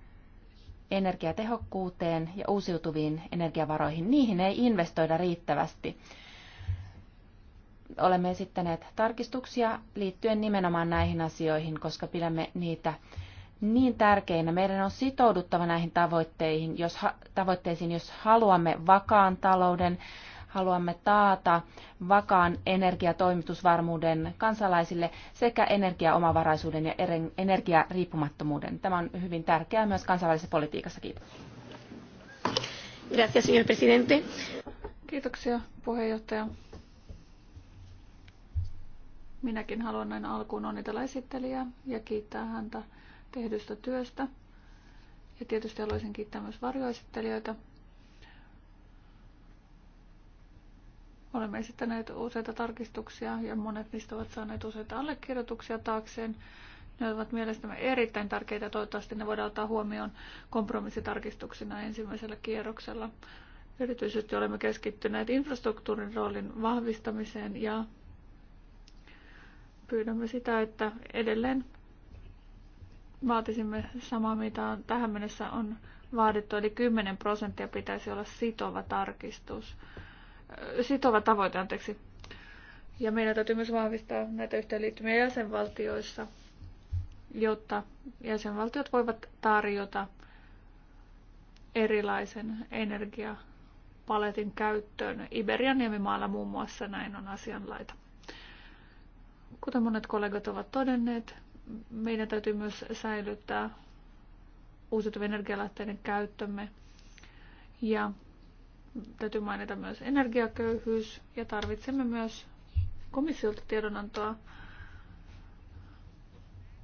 energiatehokkuuteen ja uusiutuviin energiavaroihin. Niihin ei investoida riittävästi. Olemme esittäneet tarkistuksia liittyen nimenomaan näihin asioihin, koska pidämme niitä niin tärkeinä. Meidän on sitouduttava näihin tavoitteihin, jos, tavoitteisiin, jos haluamme vakaan talouden, Haluamme taata vakaan energiatoimitusvarmuuden kansalaisille sekä energiaomavaraisuuden ja energiariippumattomuuden. Tämä on hyvin tärkeää myös kansainvälisessä politiikassa. Kiitos. Gracias, señor presidente. Kiitoksia, puheenjohtaja. Minäkin haluan näin alkuun onnitella esittelijää ja kiittää häntä tehdystä työstä. Ja tietysti haluaisin kiittää myös varjoesittelijöitä Olemme esittäneet useita tarkistuksia ja monet niistä ovat saaneet useita allekirjoituksia taakseen. Ne ovat mielestämme erittäin tärkeitä ja toivottavasti ne voidaan ottaa huomioon kompromissitarkistuksina ensimmäisellä kierroksella. Erityisesti olemme keskittyneet infrastruktuurin roolin vahvistamiseen ja pyydämme sitä, että edelleen vaatisimme samaa, mitä tähän mennessä on vaadittu, eli 10 prosenttia pitäisi olla sitova tarkistus sitova tavoite, anteeksi. Ja meidän täytyy myös vahvistaa näitä yhteenliittymiä jäsenvaltioissa, jotta jäsenvaltiot voivat tarjota erilaisen energiapaletin käyttöön. Iberian niemimaalla muun muassa näin on asianlaita. Kuten monet kollegat ovat todenneet, meidän täytyy myös säilyttää uusiutuvien energialähteiden käyttömme ja Täytyy mainita myös energiaköyhyys ja tarvitsemme myös komissiolta tiedonantoa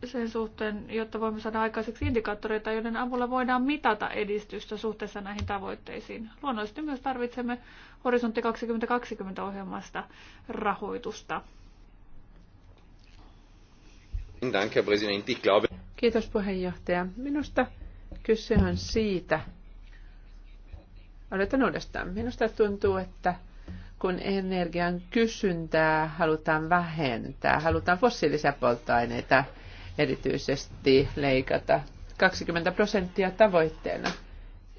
sen suhteen, jotta voimme saada aikaiseksi indikaattoreita, joiden avulla voidaan mitata edistystä suhteessa näihin tavoitteisiin. Luonnollisesti myös tarvitsemme Horisontti 2020-ohjelmasta rahoitusta. Kiitos puheenjohtaja. Minusta kyse on siitä, aloitan uudestaan. Minusta tuntuu, että kun energian kysyntää halutaan vähentää, halutaan fossiilisia polttoaineita erityisesti leikata 20 prosenttia tavoitteena.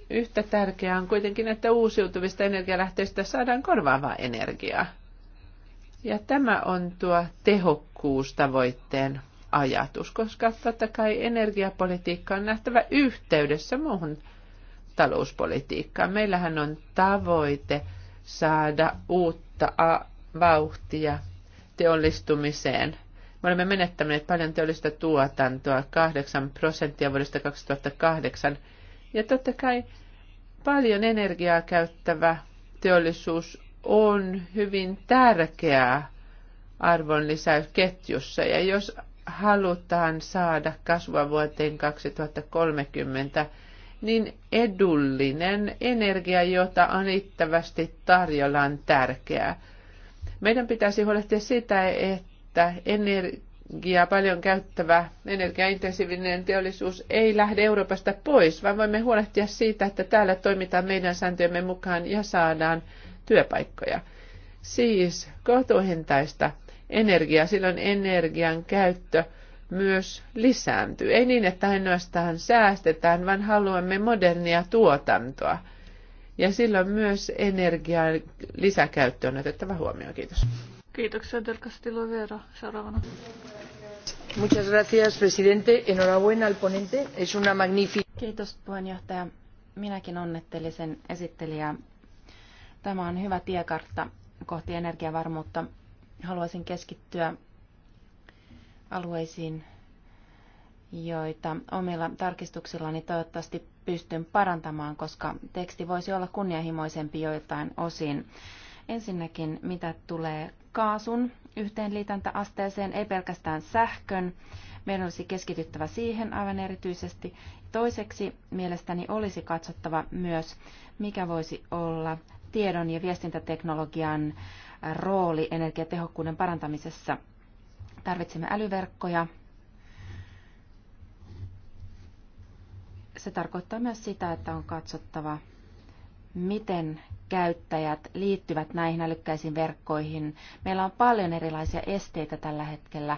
Yhtä tärkeää on kuitenkin, että uusiutuvista energialähteistä saadaan korvaavaa energiaa. Ja tämä on tuo tehokkuustavoitteen ajatus, koska totta kai energiapolitiikka on nähtävä yhteydessä muuhun talouspolitiikkaan. Meillähän on tavoite saada uutta vauhtia teollistumiseen. Me olemme menettäneet paljon teollista tuotantoa, 8 prosenttia vuodesta 2008. Ja totta kai paljon energiaa käyttävä teollisuus on hyvin tärkeää arvonlisäysketjussa. Ja jos halutaan saada kasvua vuoteen 2030 niin edullinen energia, jota on ittävästi tarjolla, on tärkeää. Meidän pitäisi huolehtia sitä, että energiaa paljon käyttävä energiaintensiivinen teollisuus ei lähde Euroopasta pois, vaan voimme huolehtia siitä, että täällä toimitaan meidän sääntöjemme mukaan ja saadaan työpaikkoja. Siis kohtuuhintaista energiaa, silloin energian käyttö – myös lisääntyy. Ei niin, että ainoastaan säästetään, vaan haluamme modernia tuotantoa. Ja silloin myös energian lisäkäyttö on otettava huomioon. Kiitos. Kiitoksia, Del Castillo Vera. Seuraavana. Muchas gracias, presidente. Enhorabuena al ponente. Es una magnífica... Kiitos, puheenjohtaja. Minäkin onnettelisen esittelijää. Tämä on hyvä tiekartta kohti energiavarmuutta. Haluaisin keskittyä alueisiin, joita omilla tarkistuksillani toivottavasti pystyn parantamaan, koska teksti voisi olla kunnianhimoisempi joiltain osin. Ensinnäkin, mitä tulee kaasun yhteenliitäntäasteeseen, ei pelkästään sähkön. Meidän olisi keskityttävä siihen aivan erityisesti. Toiseksi mielestäni olisi katsottava myös, mikä voisi olla tiedon ja viestintäteknologian rooli energiatehokkuuden parantamisessa – tarvitsemme älyverkkoja. Se tarkoittaa myös sitä, että on katsottava, miten käyttäjät liittyvät näihin älykkäisiin verkkoihin. Meillä on paljon erilaisia esteitä tällä hetkellä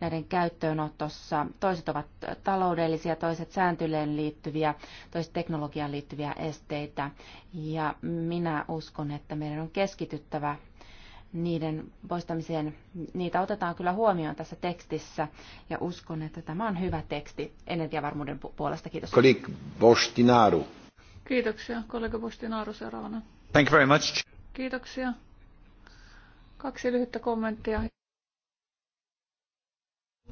näiden käyttöönotossa. Toiset ovat taloudellisia, toiset sääntöjen liittyviä, toiset teknologiaan liittyviä esteitä. Ja minä uskon, että meidän on keskityttävä niiden poistamiseen, niitä otetaan kyllä huomioon tässä tekstissä ja uskon, että tämä on hyvä teksti energiavarmuuden puolesta. Kiitos. Kolik Bostinaru. Kiitoksia, kollega Bostinaru seuraavana. Thank you very much. Kiitoksia. Kaksi lyhyttä kommenttia.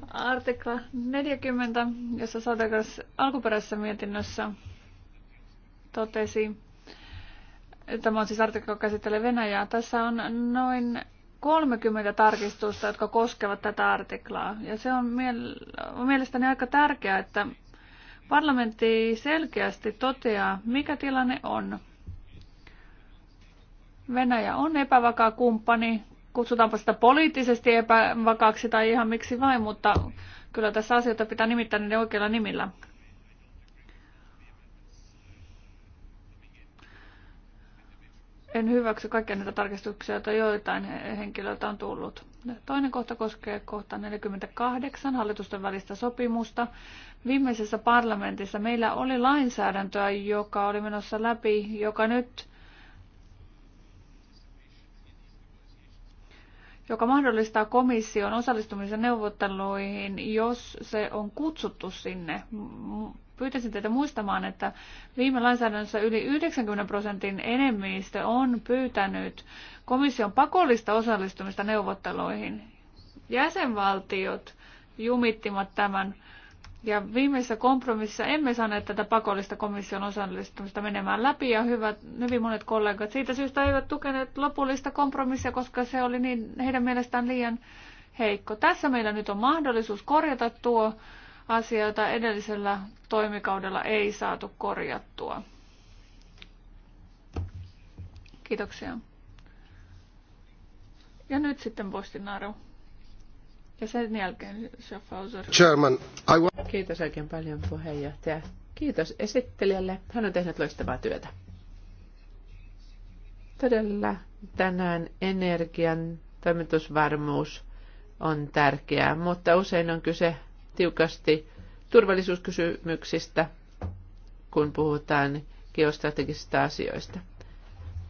Artikla 40, jossa Sadekas alkuperäisessä mietinnössä totesi, Tämä on siis artikko, joka käsittelee Venäjää. Tässä on noin 30 tarkistusta, jotka koskevat tätä artiklaa. Ja se on, miel- on mielestäni aika tärkeää, että parlamentti selkeästi toteaa, mikä tilanne on. Venäjä on epävakaa kumppani, kutsutaanpa sitä poliittisesti epävakaaksi tai ihan miksi vain, mutta kyllä tässä asioita pitää nimittää niiden oikeilla nimillä. en hyväksy kaikkia näitä tarkistuksia, joita joitain henkilöiltä on tullut. Toinen kohta koskee kohta 48 hallitusten välistä sopimusta. Viimeisessä parlamentissa meillä oli lainsäädäntöä, joka oli menossa läpi, joka nyt joka mahdollistaa komission osallistumisen neuvotteluihin, jos se on kutsuttu sinne. Pyytäisin teitä muistamaan, että viime lainsäädännössä yli 90 prosentin enemmistö on pyytänyt komission pakollista osallistumista neuvotteluihin. Jäsenvaltiot jumittivat tämän ja viimeisessä kompromississa emme saaneet tätä pakollista komission osallistumista menemään läpi ja hyvät, hyvin monet kollegat siitä syystä eivät tukeneet lopullista kompromissia, koska se oli niin, heidän mielestään liian heikko. Tässä meillä nyt on mahdollisuus korjata tuo asia, jota edellisellä toimikaudella ei saatu korjattua. Kiitoksia. Ja nyt sitten postinaaru. Ja sen jälkeen Schaffhauser. Chairman, I want... Kiitos oikein paljon puheenjohtaja. Kiitos esittelijälle. Hän on tehnyt loistavaa työtä. Todella tänään energian toimitusvarmuus on tärkeää, mutta usein on kyse tiukasti turvallisuuskysymyksistä, kun puhutaan geostrategisista asioista.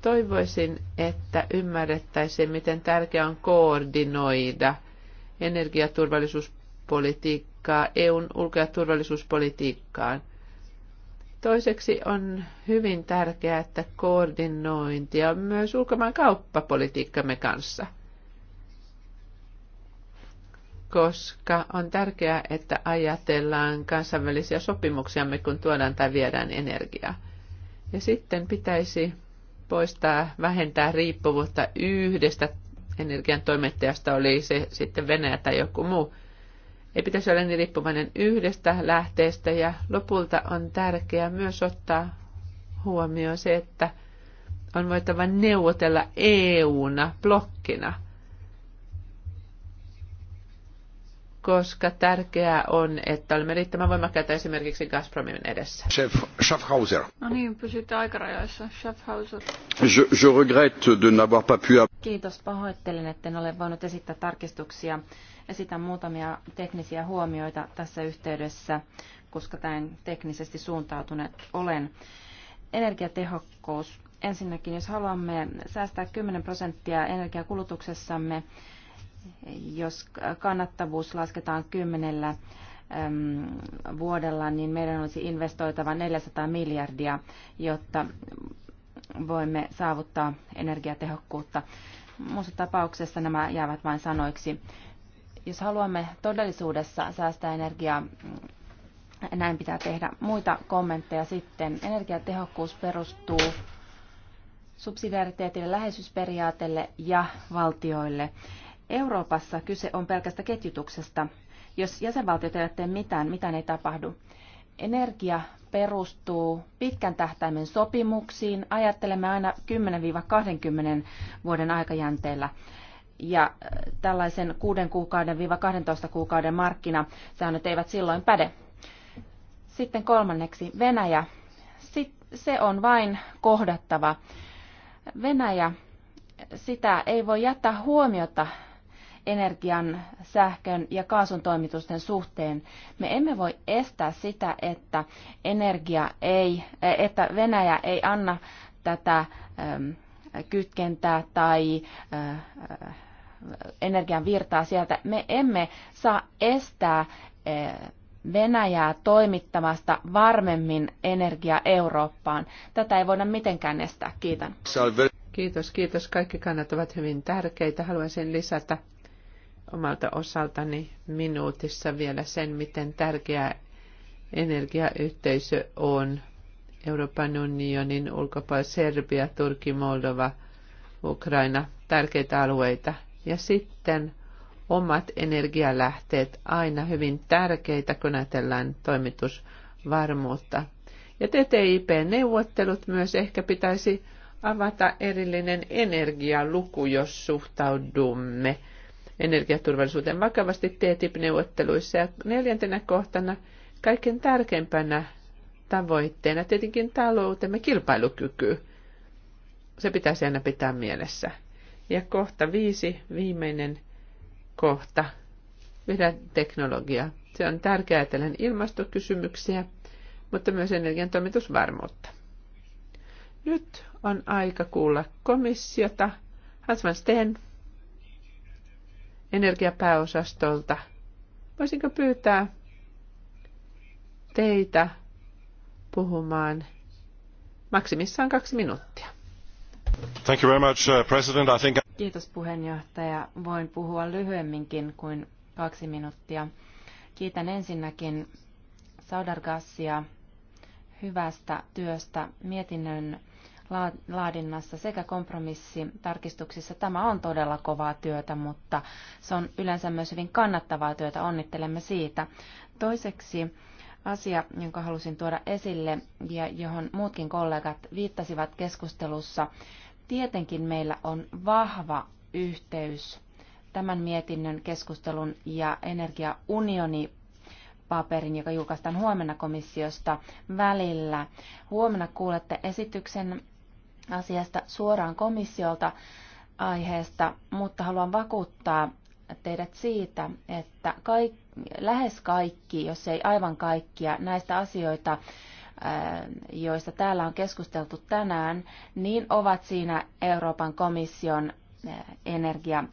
Toivoisin, että ymmärrettäisiin, miten tärkeää on koordinoida – energiaturvallisuuspolitiikkaa EUn ulko- ja turvallisuuspolitiikkaan. Toiseksi on hyvin tärkeää, että koordinointia myös ulkomaan kauppapolitiikkamme kanssa, koska on tärkeää, että ajatellaan kansainvälisiä sopimuksiamme, kun tuodaan tai viedään energiaa. Ja sitten pitäisi poistaa, vähentää riippuvuutta yhdestä energian toimittajasta oli se sitten Venäjä tai joku muu. Ei pitäisi olla niin riippuvainen yhdestä lähteestä ja lopulta on tärkeää myös ottaa huomioon se, että on voitava neuvotella EU-na, blokkina – koska tärkeää on, että olemme riittävän voimakkaita esimerkiksi Gazpromin edessä. Chef Schaffhauser. No niin, pysytte aikarajoissa. Schaffhauser. Je, je regrette de n'avoir pas pu... Kiitos, pahoittelen, etten ole voinut esittää tarkistuksia. Esitän muutamia teknisiä huomioita tässä yhteydessä, koska tämän teknisesti suuntautuneet olen. Energiatehokkuus. Ensinnäkin, jos haluamme säästää 10 prosenttia energiakulutuksessamme, jos kannattavuus lasketaan kymmenellä vuodella, niin meidän olisi investoitava 400 miljardia, jotta voimme saavuttaa energiatehokkuutta. Muussa tapauksessa nämä jäävät vain sanoiksi. Jos haluamme todellisuudessa säästää energiaa, näin pitää tehdä. Muita kommentteja sitten. Energiatehokkuus perustuu subsidiariteetille, läheisyysperiaatelle ja valtioille. Euroopassa kyse on pelkästä ketjutuksesta. Jos jäsenvaltiot eivät tee mitään, mitään ei tapahdu. Energia perustuu pitkän tähtäimen sopimuksiin. Ajattelemme aina 10-20 vuoden aikajänteellä ja äh, tällaisen 6 kuukauden 12 kuukauden markkinasäännöt eivät silloin päde. Sitten kolmanneksi Venäjä. se on vain kohdattava. Venäjä, sitä ei voi jättää huomiota energian, sähkön ja kaasun toimitusten suhteen. Me emme voi estää sitä, että, energia ei, että Venäjä ei anna tätä ähm, kytkentää tai äh, energian virtaa sieltä. Me emme saa estää äh, Venäjää toimittamasta varmemmin energiaa Eurooppaan. Tätä ei voida mitenkään estää. Kiitän. Kiitos, kiitos. Kaikki kannat ovat hyvin tärkeitä. Haluaisin lisätä omalta osaltani minuutissa vielä sen, miten tärkeä energiayhteisö on Euroopan unionin ulkopuolella Serbia, Turki, Moldova, Ukraina, tärkeitä alueita. Ja sitten omat energialähteet, aina hyvin tärkeitä, kun ajatellaan toimitusvarmuutta. Ja TTIP-neuvottelut myös ehkä pitäisi avata erillinen energialuku, jos suhtaudumme energiaturvallisuuden vakavasti TTIP-neuvotteluissa. Ja neljäntenä kohtana kaiken tärkeimpänä tavoitteena tietenkin taloutemme kilpailukyky. Se pitäisi aina pitää mielessä. Ja kohta viisi, viimeinen kohta, vihreä teknologia. Se on tärkeää ajatellen ilmastokysymyksiä, mutta myös energian toimitusvarmuutta. Nyt on aika kuulla komissiota. Hans van Steen, energiapääosastolta. Voisinko pyytää teitä puhumaan maksimissaan kaksi minuuttia? Thank you very much, uh, President. I think... Kiitos puheenjohtaja. Voin puhua lyhyemminkin kuin kaksi minuuttia. Kiitän ensinnäkin Saudargassia hyvästä työstä mietinnön laadinnassa sekä kompromissitarkistuksissa. Tämä on todella kovaa työtä, mutta se on yleensä myös hyvin kannattavaa työtä. Onnittelemme siitä. Toiseksi asia, jonka halusin tuoda esille ja johon muutkin kollegat viittasivat keskustelussa. Tietenkin meillä on vahva yhteys tämän mietinnön keskustelun ja energiaunioni paperin, joka julkaistaan huomenna komissiosta välillä. Huomenna kuulette esityksen asiasta suoraan komissiolta aiheesta, mutta haluan vakuuttaa teidät siitä, että kaik, lähes kaikki, jos ei aivan kaikkia näistä asioita, äh, joista täällä on keskusteltu tänään, niin ovat siinä Euroopan komission äh, energia-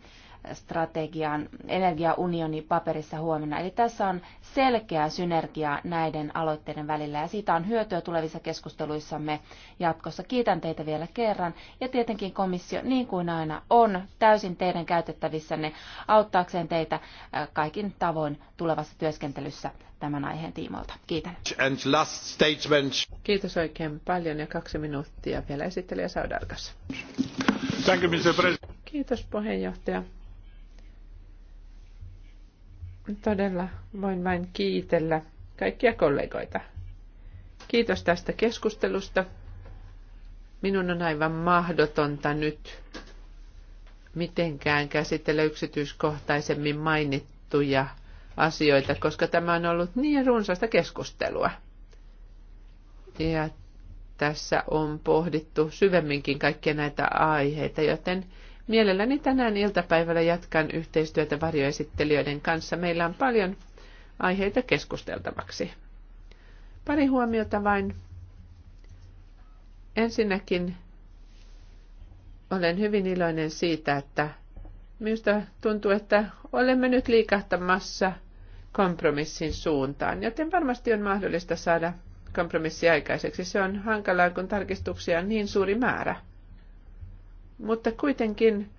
strategian energiaunioni paperissa huomenna. Eli tässä on selkeä synergia näiden aloitteiden välillä ja siitä on hyötyä tulevissa keskusteluissamme jatkossa. Kiitän teitä vielä kerran ja tietenkin komissio niin kuin aina on täysin teidän käytettävissänne auttaakseen teitä äh, kaikin tavoin tulevassa työskentelyssä tämän aiheen tiimoilta. Kiitän. And last statement. Kiitos oikein paljon ja kaksi minuuttia vielä esittelijä Saudarkas. Thank you, Mr. President. Kiitos puheenjohtaja. Todella voin vain kiitellä kaikkia kollegoita. Kiitos tästä keskustelusta. Minun on aivan mahdotonta nyt mitenkään käsitellä yksityiskohtaisemmin mainittuja asioita, koska tämä on ollut niin runsasta keskustelua. Ja tässä on pohdittu syvemminkin kaikkia näitä aiheita, joten Mielelläni tänään iltapäivällä jatkan yhteistyötä varjoesittelijöiden kanssa. Meillä on paljon aiheita keskusteltavaksi. Pari huomiota vain. Ensinnäkin olen hyvin iloinen siitä, että minusta tuntuu, että olemme nyt liikahtamassa kompromissin suuntaan, joten varmasti on mahdollista saada kompromissi aikaiseksi. Se on hankalaa, kun tarkistuksia on niin suuri määrä. Mutta kuitenkin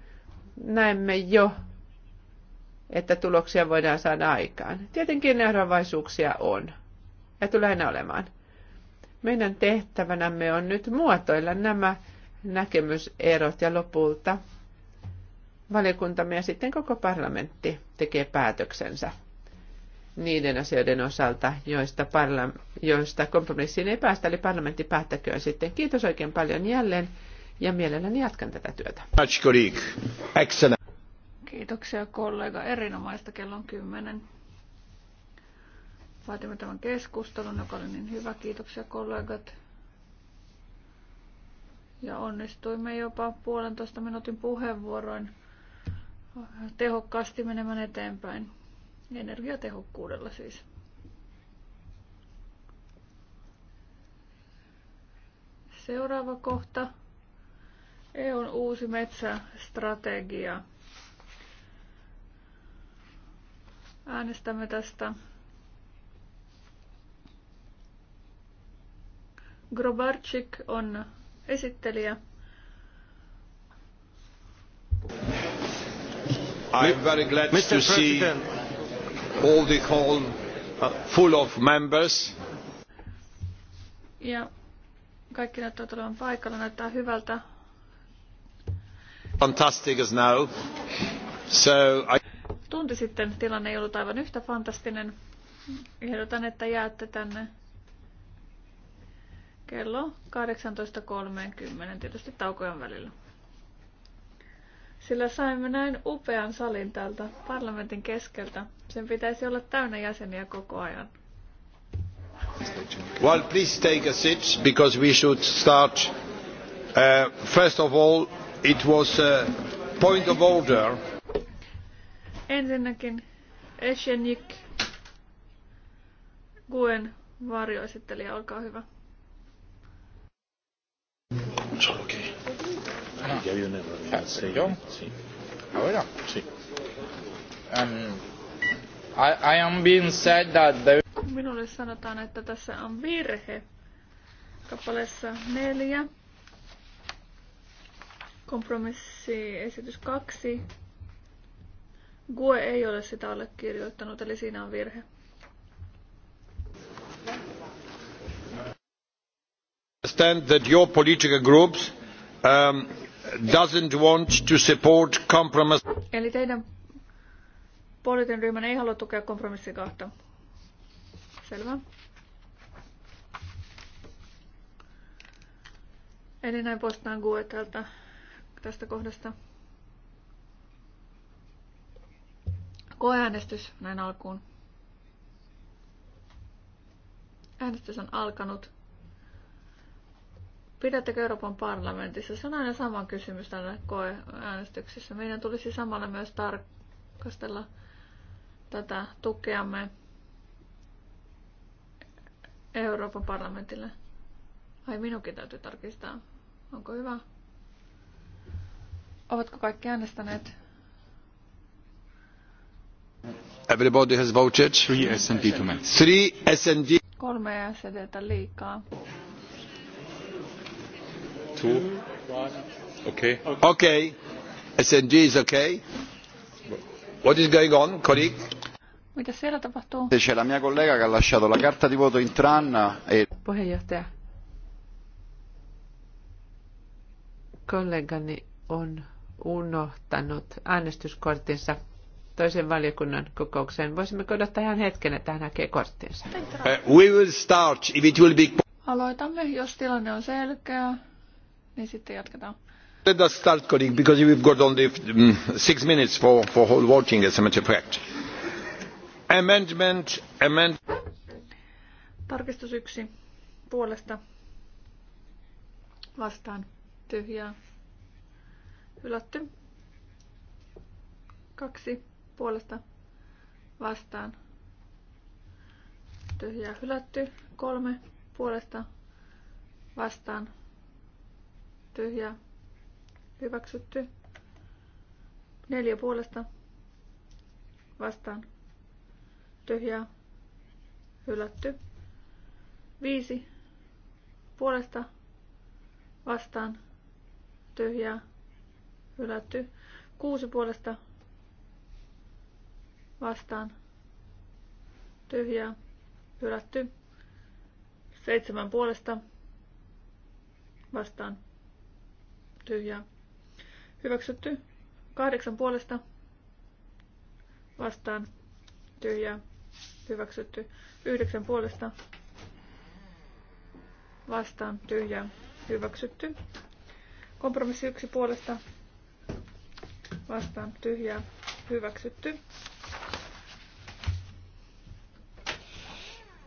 näemme jo, että tuloksia voidaan saada aikaan. Tietenkin eroavaisuuksia on ja tulee aina olemaan. Meidän tehtävänämme on nyt muotoilla nämä näkemyserot ja lopulta valiokuntamme ja sitten koko parlamentti tekee päätöksensä niiden asioiden osalta, joista, parla- joista kompromissiin ei päästä, eli parlamentti päättäköön sitten. Kiitos oikein paljon jälleen ja mielelläni jatkan tätä työtä. Kiitoksia kollega, erinomaista kello on kymmenen. Vaatimme tämän keskustelun, joka oli niin hyvä. Kiitoksia kollegat. Ja onnistuimme jopa puolentoista minuutin puheenvuoroin tehokkaasti menemään eteenpäin. Energiatehokkuudella siis. Seuraava kohta. EUn uusi metsästrategia. Äänestämme tästä. Grobarczyk on esittelijä. I'm very glad Mr. to see all the hall uh, full of members. Ja kaikki näyttävät olevan paikalla, näyttää hyvältä. Tunti sitten tilanne ei ollut aivan yhtä fantastinen. Ehdotan, että jäätte tänne kello 18.30 tietysti taukojen välillä. Sillä saimme näin upean salin täältä parlamentin keskeltä. Sen pitäisi olla täynnä jäseniä koko ajan. Well, please take a seat because we should start. Uh, first of all, It was a point of order. Ensinnäkin Eshenik Guen varjoesittelijä, olkaa hyvä. on okei. I, am being said that Minulle sanotaan, että tässä on virhe kappaleessa neljä. Kompromissiesitys 2. GUE ei ole sitä allekirjoittanut, eli siinä on virhe. understand that your political groups um, doesn't want to support compromise. Eli teidän poliittinen ryhmän ei halua tukea kompromissi kahta. Selvä. Eli näin poistetaan GUE täältä tästä kohdasta. Koeäänestys näin alkuun. Äänestys on alkanut. Pidättekö Euroopan parlamentissa? Se on aina sama kysymys tällä koeäänestyksessä. Meidän tulisi samalla myös tarkastella tätä tukeamme Euroopan parlamentille. Ai minunkin täytyy tarkistaa. Onko hyvä? Ovatko kaikki äänestäneet? Everybody has voted. Three S&D to me. Three S&D. Kolme SDtä e liikaa. Two. Okay. Okay. S&D is okay. What is going on, colleague? Mitä siellä tapahtuu? C'è la mia collega che ha lasciato la carta di voto in tran e... Puheenjohtaja. Kollegani on unohtanut äänestyskorttinsa toisen valiokunnan kokoukseen. Voisimmeko odottaa ihan hetken, että hän näkee korttinsa? Uh, we will start if it will be... Aloitamme, jos tilanne on selkeä, niin sitten jatketaan. Let us start, colleague, because we've got only mm, six minutes for, for whole voting as a matter of fact. Amendment, amend... Tarkistus yksi puolesta vastaan tyhjää Hylätty. Kaksi puolesta vastaan. Tyhjää hylätty. Kolme puolesta vastaan. Tyhjää hyväksytty. Neljä puolesta vastaan. Tyhjää hylätty. Viisi puolesta vastaan. Tyhjää Hylätty. Kuusi puolesta vastaan. Tyhjää. Hylätty. Seitsemän puolesta vastaan. Tyhjää. Hyväksytty. Kahdeksan puolesta vastaan. Tyhjää. Hyväksytty. Yhdeksän puolesta vastaan. Tyhjää. Hyväksytty. Kompromissi yksi puolesta vastaan tyhjää hyväksytty.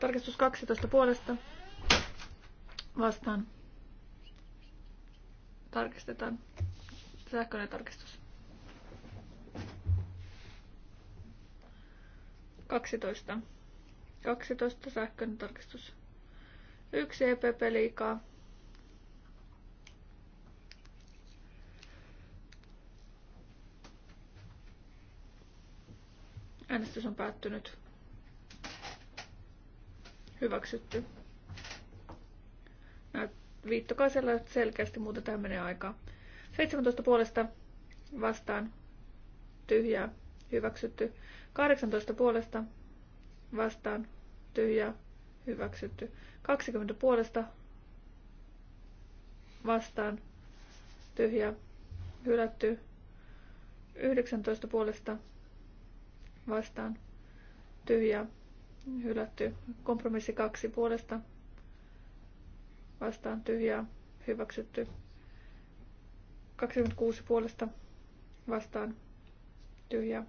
Tarkistus 12 puolesta vastaan tarkistetaan sähköinen tarkistus. 12. 12 sähköinen tarkistus. Yksi EPP liikaa. Äänestys on päättynyt. Hyväksytty. Viittokaisella selkeästi, muuten tähän menee aikaa. 17 puolesta vastaan tyhjää, hyväksytty. 18 puolesta vastaan tyhjää, hyväksytty. 20 puolesta vastaan tyhjää, hylätty. 19 puolesta vastaan tyhjää hylätty. Kompromissi kaksi puolesta vastaan tyhjää hyväksytty. 26 puolesta vastaan tyhjää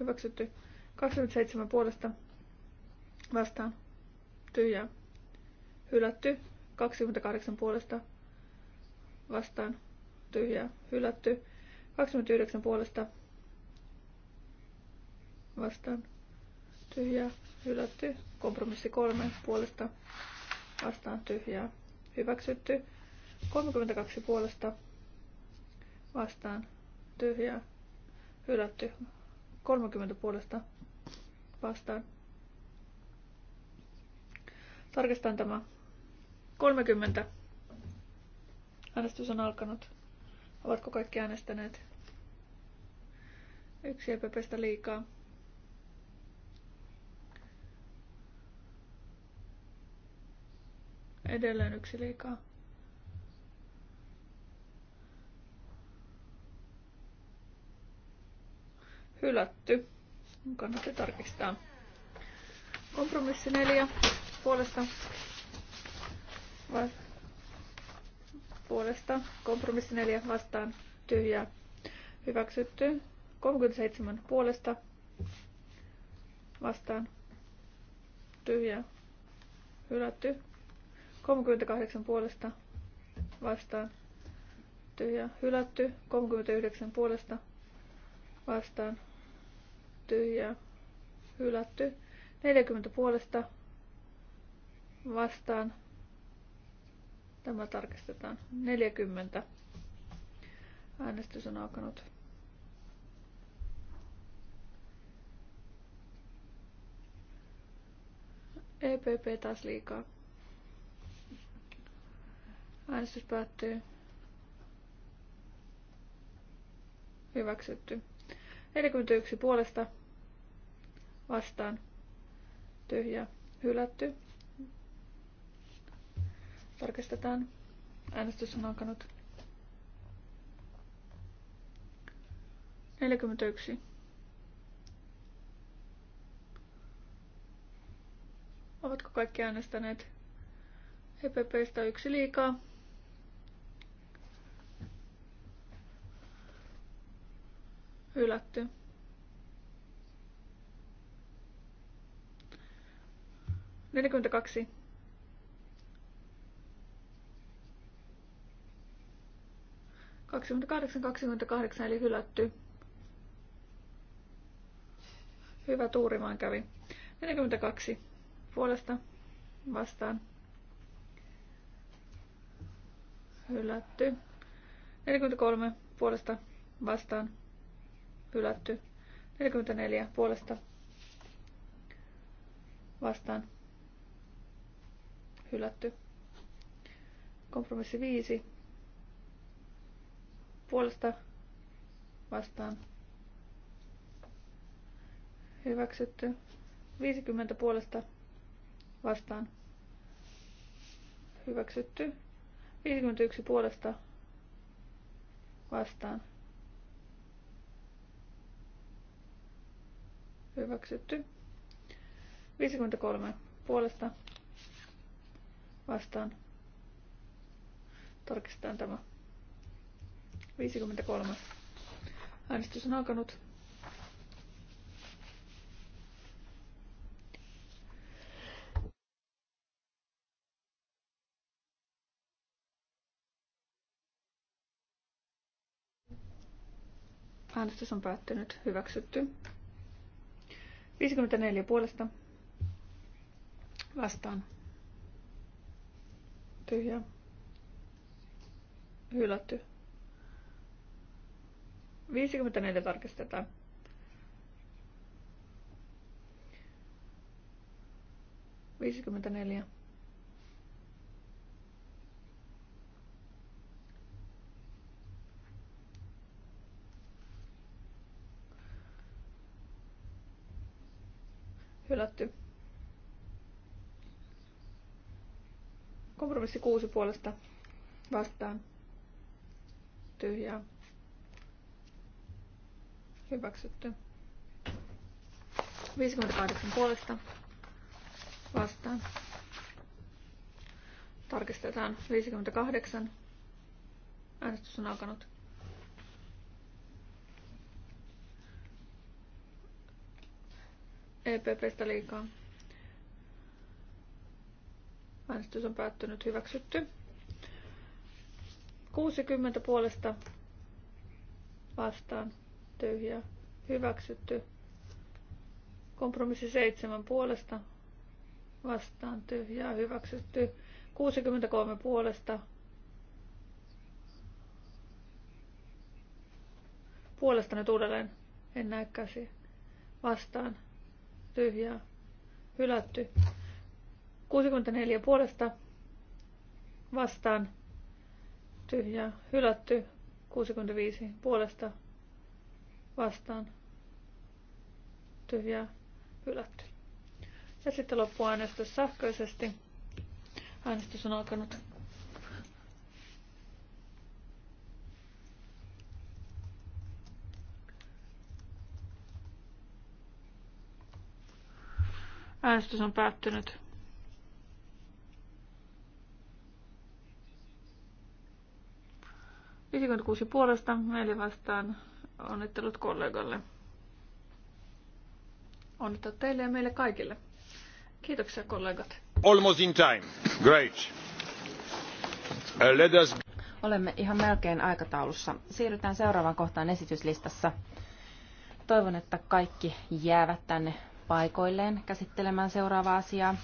hyväksytty. 27 puolesta vastaan tyhjää hylätty. 28 puolesta vastaan tyhjää hylätty. 29 puolesta vastaan tyhjää, hylätty. Kompromissi kolme puolesta vastaan tyhjää, hyväksytty. 32 puolesta vastaan tyhjää, hylätty. 30 puolesta vastaan. Tarkistan tämä. 30. Äänestys on alkanut. Ovatko kaikki äänestäneet? Yksi EPPstä liikaa. Edelleen yksi liikaa. Hylätty. Kannattaa tarkistaa. Kompromissi neljä puolesta. vai puolesta. Kompromissi neljä vastaan. Tyhjää. Hyväksytty. 37 puolesta. Vastaan. Tyhjää. Hylätty. 38 puolesta vastaan tyhjä hylätty. 39 puolesta vastaan tyhjä hylätty. 40 puolesta vastaan. Tämä tarkistetaan. 40. Äänestys on alkanut. EPP taas liikaa. Äänestys päättyy. Hyväksytty. 41 puolesta vastaan. Tyhjä. Hylätty. Tarkistetaan. Äänestys on alkanut. 41. Ovatko kaikki äänestäneet? EPPstä yksi liikaa. Hylätty. kaksi Kaksikymmentäkahdeksan, kaksikymmentäkahdeksan eli hylätty. Hyvä tuuri vaan kävi. 42 puolesta vastaan. Hylätty. 43 puolesta vastaan hylätty. 44 puolesta vastaan hylätty. Kompromissi 5 puolesta vastaan hyväksytty. 50 puolesta vastaan hyväksytty. 51 puolesta vastaan Hyväksytty. 53 puolesta vastaan. Tarkistetaan tämä. 53. Äänestys on alkanut. Äänestys on päättynyt. Hyväksytty. 54 puolesta. Vastaan. Tyhjä. Hylätty. 54 tarkistetaan. neljä. Hylätty. Kompromissi kuusi puolesta vastaan. Tyhjää. Hyväksytty. 58 puolesta vastaan. Tarkistetaan 58. Äänestys on alkanut. EPPstä liikaa. Äänestys on päättynyt. Hyväksytty. 60 puolesta vastaan. Tyhjä. Hyväksytty. Kompromissi 7 puolesta vastaan. tyhjä Hyväksytty. 63 puolesta puolesta nyt uudelleen. En näe käsiä. Vastaan tyhjää, hylätty. 64 puolesta vastaan, tyhjää, hylätty. 65 puolesta vastaan, tyhjää, hylätty. Ja sitten loppuäänestys sähköisesti. Äänestys on alkanut. Äänestys on päättynyt. kuusi puolesta, neljä vastaan. Onnittelut kollegalle. Onnittelut teille ja meille kaikille. Kiitoksia kollegat. Almost in time. Great. Uh, let us... Olemme ihan melkein aikataulussa. Siirrytään seuraavaan kohtaan esityslistassa. Toivon, että kaikki jäävät tänne paikoilleen käsittelemään seuraavaa asiaa.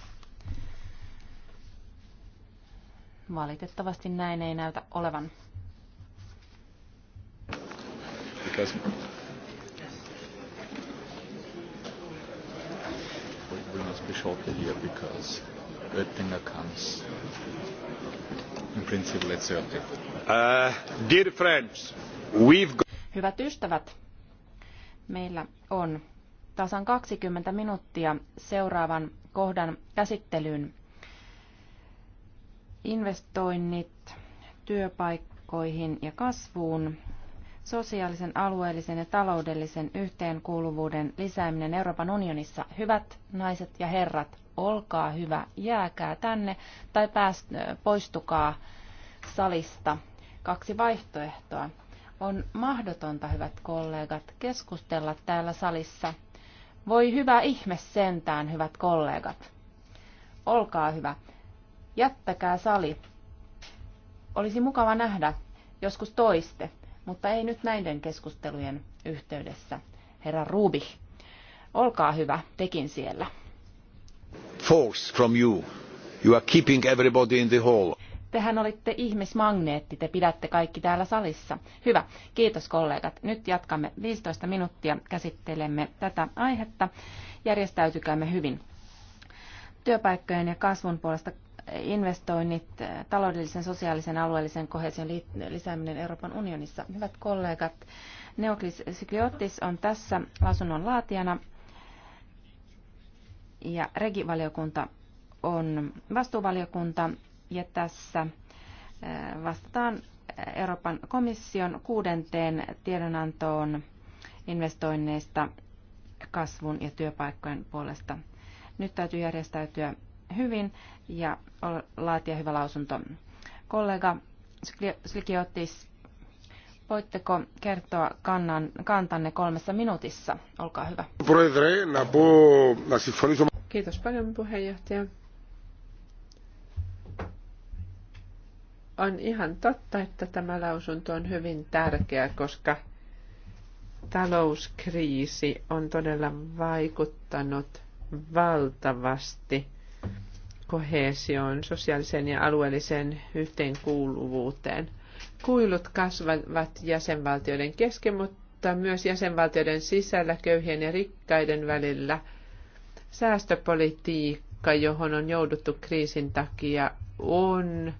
Valitettavasti näin ei näytä olevan. We must be shortly here because Oettinger comes in principle at 30. Uh, dear friends, we've got... Hyvät ystävät, meillä on tasan 20 minuuttia seuraavan kohdan käsittelyyn. Investoinnit työpaikkoihin ja kasvuun, sosiaalisen, alueellisen ja taloudellisen yhteenkuuluvuuden lisääminen Euroopan unionissa. Hyvät naiset ja herrat, olkaa hyvä, jääkää tänne tai pääst, poistukaa salista. Kaksi vaihtoehtoa. On mahdotonta, hyvät kollegat, keskustella täällä salissa voi hyvä ihme sentään, hyvät kollegat. Olkaa hyvä. Jättäkää sali. Olisi mukava nähdä joskus toiste, mutta ei nyt näiden keskustelujen yhteydessä. Herra Rubi, olkaa hyvä, tekin siellä. Force from you. You are keeping everybody in the hall. Tehän olitte ihmismagneetti, te pidätte kaikki täällä salissa. Hyvä, kiitos kollegat. Nyt jatkamme 15 minuuttia, käsittelemme tätä aihetta. Järjestäytykäämme hyvin. Työpaikkojen ja kasvun puolesta investoinnit, eh, taloudellisen, sosiaalisen, alueellisen kohesion lisääminen Euroopan unionissa. Hyvät kollegat, Neoklis Sykliotis on tässä lausunnon laatijana ja regivaliokunta on vastuuvaliokunta ja tässä äh, vastataan Euroopan komission kuudenteen tiedonantoon investoinneista kasvun ja työpaikkojen puolesta. Nyt täytyy järjestäytyä hyvin ja laatia hyvä lausunto. Kollega Slikiotis, voitteko kertoa kannan, kantanne kolmessa minuutissa? Olkaa hyvä. Kiitos paljon puheenjohtaja. on ihan totta, että tämä lausunto on hyvin tärkeä, koska talouskriisi on todella vaikuttanut valtavasti kohesioon, sosiaaliseen ja alueelliseen yhteenkuuluvuuteen. Kuilut kasvavat jäsenvaltioiden kesken, mutta myös jäsenvaltioiden sisällä köyhien ja rikkaiden välillä. Säästöpolitiikka, johon on jouduttu kriisin takia, on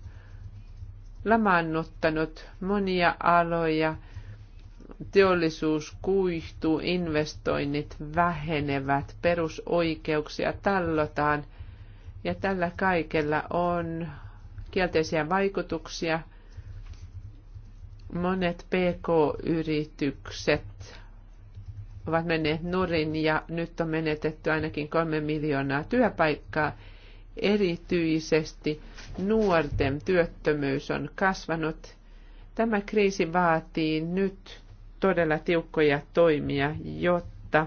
lamaannuttanut monia aloja. Teollisuus kuihtuu, investoinnit vähenevät, perusoikeuksia tallotaan ja tällä kaikella on kielteisiä vaikutuksia. Monet PK-yritykset ovat menneet nurin ja nyt on menetetty ainakin kolme miljoonaa työpaikkaa Erityisesti nuorten työttömyys on kasvanut. Tämä kriisi vaatii nyt todella tiukkoja toimia, jotta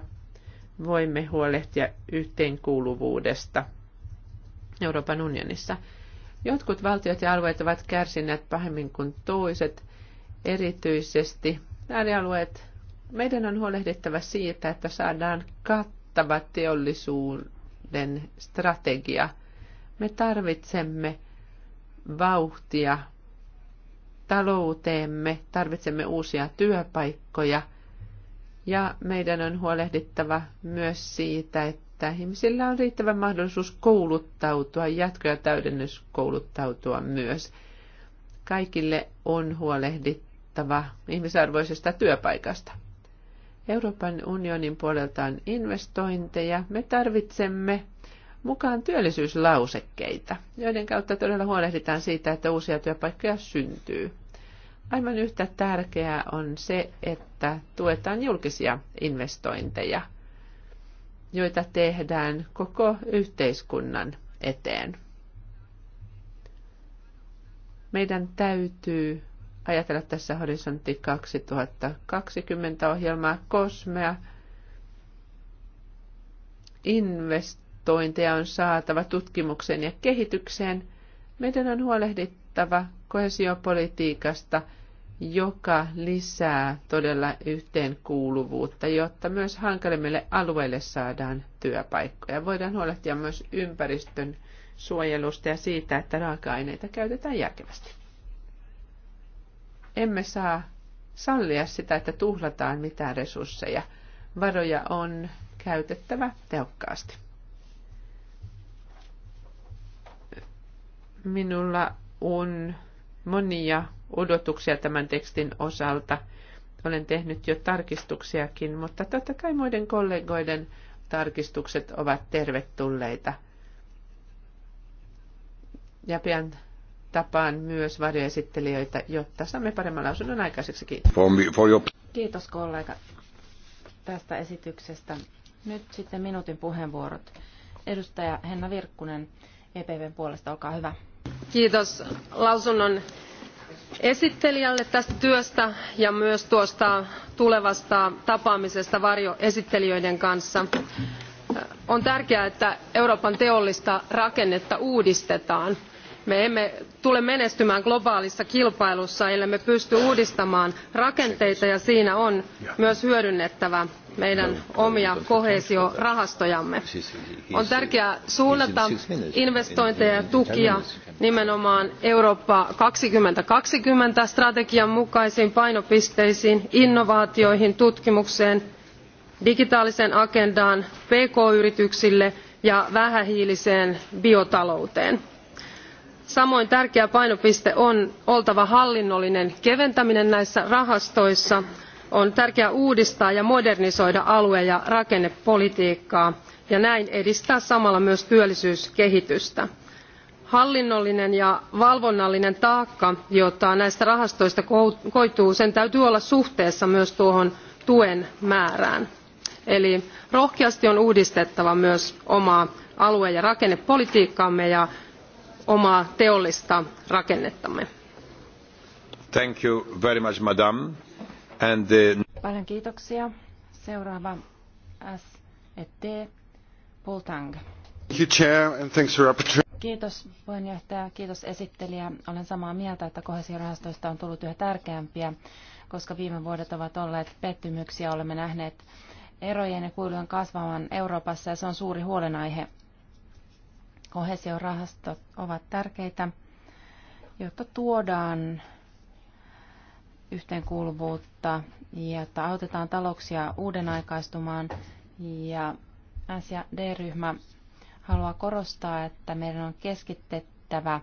voimme huolehtia yhteenkuuluvuudesta Euroopan unionissa. Jotkut valtiot ja alueet ovat kärsineet pahemmin kuin toiset, erityisesti äärialueet. Meidän on huolehdittava siitä, että saadaan kattava teollisuuden strategia – me tarvitsemme vauhtia talouteemme, tarvitsemme uusia työpaikkoja ja meidän on huolehdittava myös siitä, että ihmisillä on riittävä mahdollisuus kouluttautua, jatko- ja täydennyskouluttautua myös. Kaikille on huolehdittava ihmisarvoisesta työpaikasta. Euroopan unionin puolelta on investointeja. Me tarvitsemme mukaan työllisyyslausekkeita, joiden kautta todella huolehditaan siitä, että uusia työpaikkoja syntyy. Aivan yhtä tärkeää on se, että tuetaan julkisia investointeja, joita tehdään koko yhteiskunnan eteen. Meidän täytyy ajatella tässä Horisontti 2020 ohjelmaa Kosmea, invest investointeja on saatava tutkimukseen ja kehitykseen, meidän on huolehdittava kohesiopolitiikasta, joka lisää todella yhteenkuuluvuutta, jotta myös hankalimmille alueille saadaan työpaikkoja. Voidaan huolehtia myös ympäristön suojelusta ja siitä, että raaka-aineita käytetään järkevästi. Emme saa sallia sitä, että tuhlataan mitään resursseja. Varoja on käytettävä tehokkaasti. Minulla on monia odotuksia tämän tekstin osalta. Olen tehnyt jo tarkistuksiakin, mutta totta kai muiden kollegoiden tarkistukset ovat tervetulleita. Ja pian tapaan myös varjoesittelijöitä, jotta saamme paremman lausunnon aikaiseksi. Kiitos. Kiitos kollega tästä esityksestä. Nyt sitten minuutin puheenvuorot. Edustaja Henna Virkkunen EPVn puolesta, olkaa hyvä kiitos lausunnon esittelijälle tästä työstä ja myös tuosta tulevasta tapaamisesta varjoesittelijöiden kanssa. on tärkeää että euroopan teollista rakennetta uudistetaan me emme tule menestymään globaalissa kilpailussa ellemme pysty uudistamaan rakenteita ja siinä on myös hyödynnettävä meidän omia koheesiorahastojamme. on tärkeää suunnata investointeja ja tukia nimenomaan eurooppa kaksituhatta kaksikymmentä strategian mukaisiin painopisteisiin innovaatioihin tutkimukseen digitaaliseen agendaan pk yrityksille ja vähähiiliseen biotalouteen samoin tärkeä painopiste on oltava hallinnollinen keventäminen näissä rahastoissa on tärkeää uudistaa ja modernisoida alue ja rakennepolitiikkaa ja näin edistää samalla myös työllisyyskehitystä. hallinnollinen ja valvonnallinen taakka jota näistä rahastoista koituu sen täytyy olla suhteessa myös tuohon tuen määrään eli rohkeasti on uudistettava myös omaa alue ja rakennepolitiikkaamme ja omaa teollista rakennettamme. Thank you very much, madam. And the... Paljon kiitoksia. Seuraava S&T, e Paul Tang. Thank you, chair, and thanks for Kiitos puheenjohtaja, kiitos esittelijä. Olen samaa mieltä, että kohesiorahastoista on tullut yhä tärkeämpiä, koska viime vuodet ovat olleet pettymyksiä. Olemme nähneet erojen ja kuilujen kasvavan Euroopassa ja se on suuri huolenaihe kohesiorahastot ovat tärkeitä, jotta tuodaan yhteenkuuluvuutta ja että autetaan talouksia uuden aikaistumaan. Ja S- ja D-ryhmä haluaa korostaa, että meidän on keskitettävä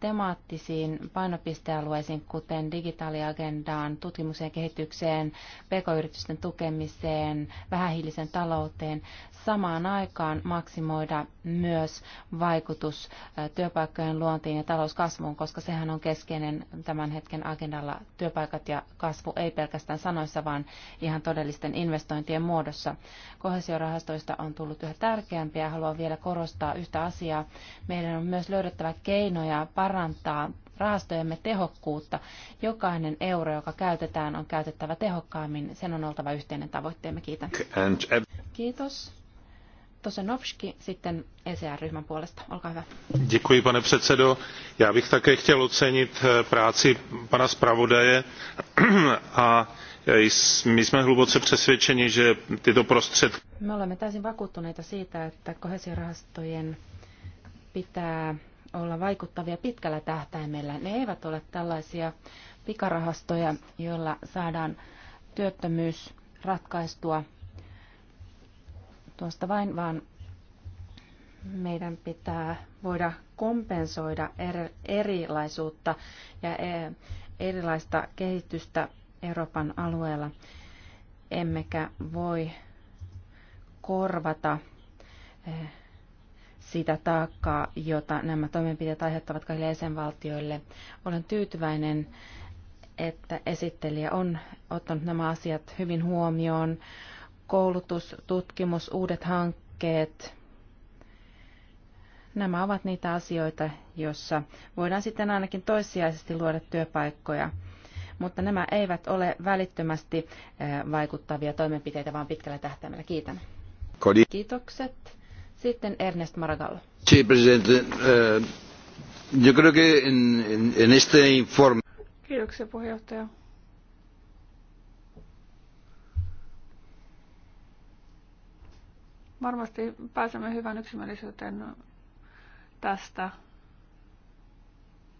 temaattisiin painopistealueisiin, kuten digitaaliagendaan, tutkimukseen ja kehitykseen, pk-yritysten tukemiseen, vähähiiliseen talouteen samaan aikaan maksimoida myös vaikutus työpaikkojen luontiin ja talouskasvuun, koska sehän on keskeinen tämän hetken agendalla työpaikat ja kasvu ei pelkästään sanoissa, vaan ihan todellisten investointien muodossa. Kohesiorahastoista on tullut yhä tärkeämpiä ja haluan vielä korostaa yhtä asiaa. Meidän on myös löydettävä keinoja parantaa rahastojemme tehokkuutta. Jokainen euro, joka käytetään, on käytettävä tehokkaammin. Sen on oltava yhteinen tavoitteemme. Kiitän. Kiitos. Tosenovski sitten ECR-ryhmän puolesta. Olkaa hyvä. Děkuji, pane předsedo. Já bych také chtěl ocenit eh, práci pana zpravodaje a eh, my jsme hluboce přesvědčeni, že tyto prostředky... Me olemme täysin vakuuttuneita siitä, että kohesiorahastojen pitää olla vaikuttavia pitkällä tähtäimellä. Ne eivät ole tällaisia pikarahastoja, joilla saadaan työttömyys ratkaistua tuosta vain, vaan meidän pitää voida kompensoida er, erilaisuutta ja e, erilaista kehitystä Euroopan alueella, emmekä voi korvata e, sitä taakkaa, jota nämä toimenpiteet aiheuttavat kaikille jäsenvaltioille. Olen tyytyväinen, että esittelijä on ottanut nämä asiat hyvin huomioon koulutus, tutkimus, uudet hankkeet. Nämä ovat niitä asioita, joissa voidaan sitten ainakin toissijaisesti luoda työpaikkoja, mutta nämä eivät ole välittömästi eh, vaikuttavia toimenpiteitä, vaan pitkällä tähtäimellä. Kiitän. Kodi. Kiitokset. Sitten Ernest Maragallo. Sí, presidente. Eh, yo creo que en, en este informe... Kiitoksia puheenjohtaja. Varmasti pääsemme hyvän yksimielisyyteen tästä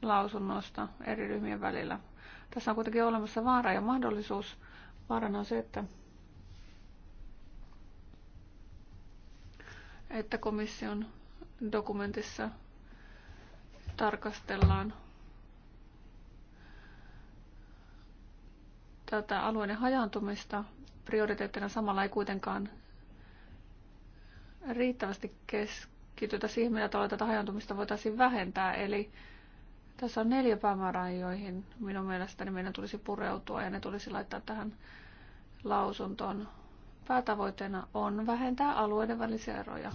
lausunnosta eri ryhmien välillä. Tässä on kuitenkin olemassa vaara ja mahdollisuus. Vaarana on se, että, että komission dokumentissa tarkastellaan tätä alueiden hajaantumista prioriteettina samalla ei kuitenkaan riittävästi keskitytä siihen, millä tavalla tätä hajantumista voitaisiin vähentää. Eli tässä on neljä päämäärää, joihin minun mielestäni meidän tulisi pureutua ja ne tulisi laittaa tähän lausuntoon. Päätavoitteena on vähentää alueiden välisiä eroja.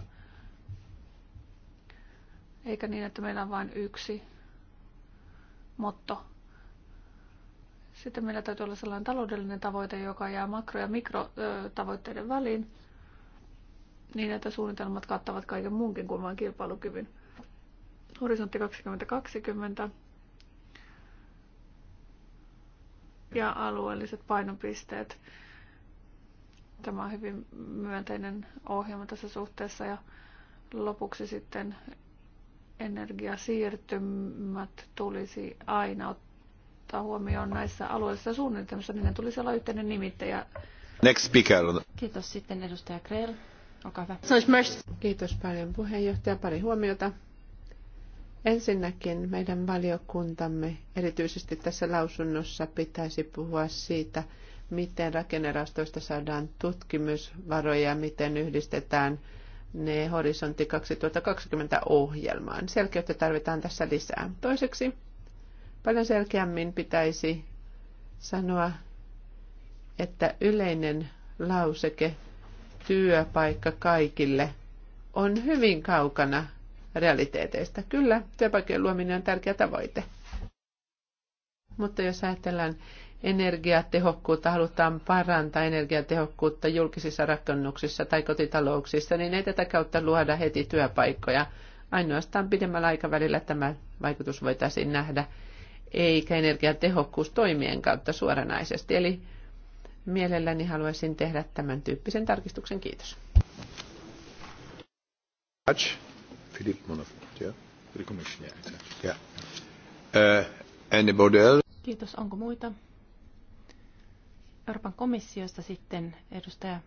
Eikä niin, että meillä on vain yksi motto. Sitten meillä täytyy olla sellainen taloudellinen tavoite, joka jää makro- ja mikrotavoitteiden väliin niin, että suunnitelmat kattavat kaiken muunkin kuin vain kilpailukyvyn. Horisontti 2020 ja alueelliset painopisteet. Tämä on hyvin myönteinen ohjelma tässä suhteessa ja lopuksi sitten energiasiirtymät tulisi aina ottaa huomioon näissä alueellisissa suunnitelmissa. ne tulisi olla yhteinen nimittäjä. Next speaker. Kiitos sitten edustaja Krell. Olkaa hyvä. Kiitos paljon puheenjohtaja. Pari huomiota. Ensinnäkin meidän valiokuntamme erityisesti tässä lausunnossa pitäisi puhua siitä, miten rakennerastoista saadaan tutkimusvaroja, miten yhdistetään ne horisontti 2020 ohjelmaan. Selkeyttä tarvitaan tässä lisää. Toiseksi paljon selkeämmin pitäisi sanoa, että yleinen lauseke työpaikka kaikille on hyvin kaukana realiteeteista. Kyllä, työpaikkojen luominen on tärkeä tavoite. Mutta jos ajatellaan energiatehokkuutta, halutaan parantaa energiatehokkuutta julkisissa rakennuksissa tai kotitalouksissa, niin ei tätä kautta luoda heti työpaikkoja. Ainoastaan pidemmällä aikavälillä tämä vaikutus voitaisiin nähdä, eikä energiatehokkuus toimien kautta suoranaisesti. Eli mielelläni haluaisin tehdä tämän tyyppisen tarkistuksen. Kiitos. Uh, Kiitos. Onko muita? Euroopan komissiosta sitten edustaja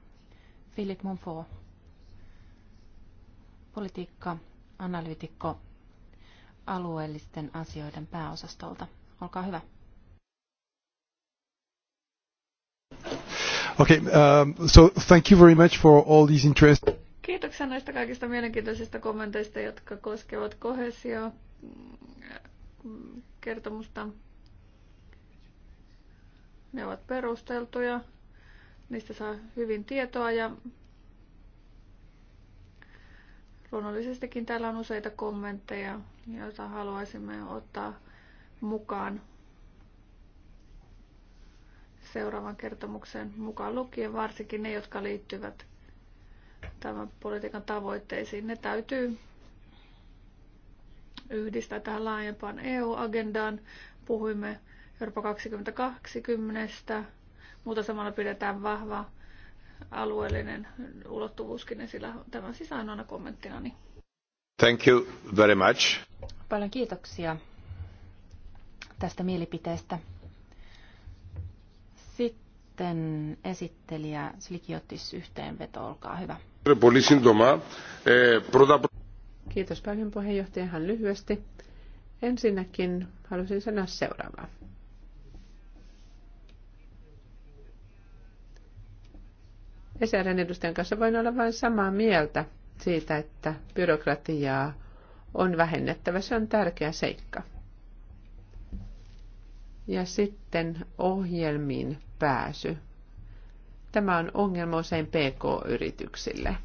Philip Monfort, politiikka, analyytikko alueellisten asioiden pääosastolta. Olkaa hyvä. Okay, um, so thank you very much for all these interest. Kiitoksia näistä kaikista mielenkiintoisista kommenteista, jotka koskevat kohesio mm, kertomusta. Ne ovat perusteltuja, niistä saa hyvin tietoa ja luonnollisestikin täällä on useita kommentteja, joita haluaisimme ottaa mukaan seuraavan kertomukseen mukaan lukien varsinkin ne, jotka liittyvät tämän politiikan tavoitteisiin. Ne täytyy yhdistää tähän laajempaan EU-agendaan. Puhuimme Eurooppa 2020, mutta samalla pidetään vahva alueellinen ulottuvuuskin esillä. tämän siis kommenttina. Thank you very much. Paljon kiitoksia tästä mielipiteestä sitten esittelijä Slikiotis yhteenveto, olkaa hyvä. Kiitos paljon puheenjohtaja ihan lyhyesti. Ensinnäkin halusin sanoa seuraavaa. Esäärän edustajan kanssa voin olla vain samaa mieltä siitä, että byrokratiaa on vähennettävä. Se on tärkeä seikka. Ja sitten ohjelmiin pääsy. Tämä on ongelma usein PK-yrityksille.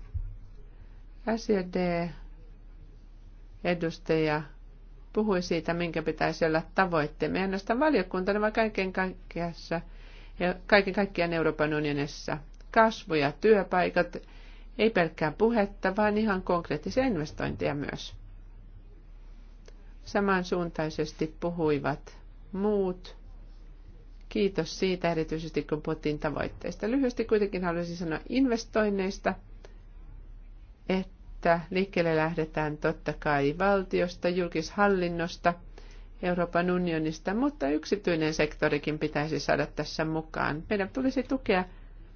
SJD-edustaja puhui siitä, minkä pitäisi olla tavoitteemme. Ainoastaan valiokuntana, vaan kaiken, kaikkiassa, kaiken kaikkiaan Euroopan unionissa kasvu ja työpaikat, ei pelkkää puhetta, vaan ihan konkreettisia investointeja myös. Samansuuntaisesti puhuivat muut. Kiitos siitä erityisesti, kun puhuttiin tavoitteista. Lyhyesti kuitenkin haluaisin sanoa investoinneista, että liikkeelle lähdetään totta kai valtiosta, julkishallinnosta, Euroopan unionista, mutta yksityinen sektorikin pitäisi saada tässä mukaan. Meidän tulisi tukea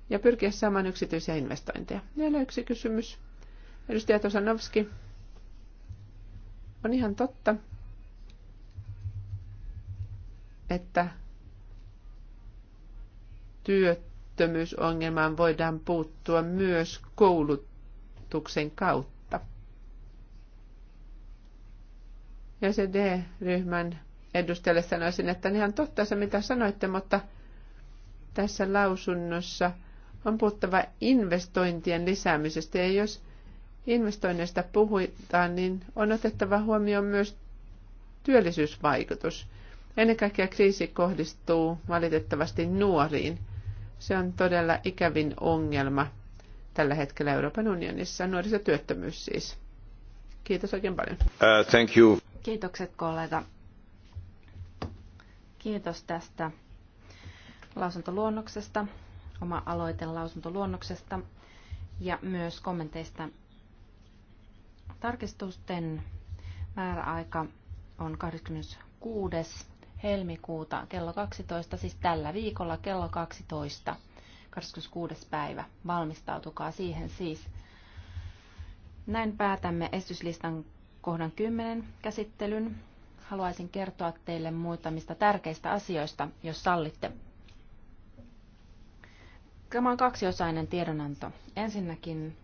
ja pyrkiä saamaan yksityisiä investointeja. Vielä yksi kysymys. Edustaja Tosanovski. On ihan totta, että työttömyysongelmaan voidaan puuttua myös koulutuksen kautta. Ja se D-ryhmän edustajalle sanoisin, että on ihan totta se, mitä sanoitte, mutta tässä lausunnossa on puhuttava investointien lisäämisestä. Ja jos investoinneista puhutaan, niin on otettava huomioon myös työllisyysvaikutus – Ennen kaikkea kriisi kohdistuu valitettavasti nuoriin. Se on todella ikävin ongelma tällä hetkellä Euroopan unionissa, nuorisotyöttömyys siis. Kiitos oikein paljon. Uh, thank you. Kiitokset kollega. Kiitos tästä lausuntoluonnoksesta, oma aloite lausuntoluonnoksesta ja myös kommenteista. Tarkistusten määräaika on 26 helmikuuta kello 12, siis tällä viikolla kello 12, 26. päivä. Valmistautukaa siihen siis. Näin päätämme esityslistan kohdan 10 käsittelyn. Haluaisin kertoa teille muutamista tärkeistä asioista, jos sallitte. Tämä on kaksiosainen tiedonanto. Ensinnäkin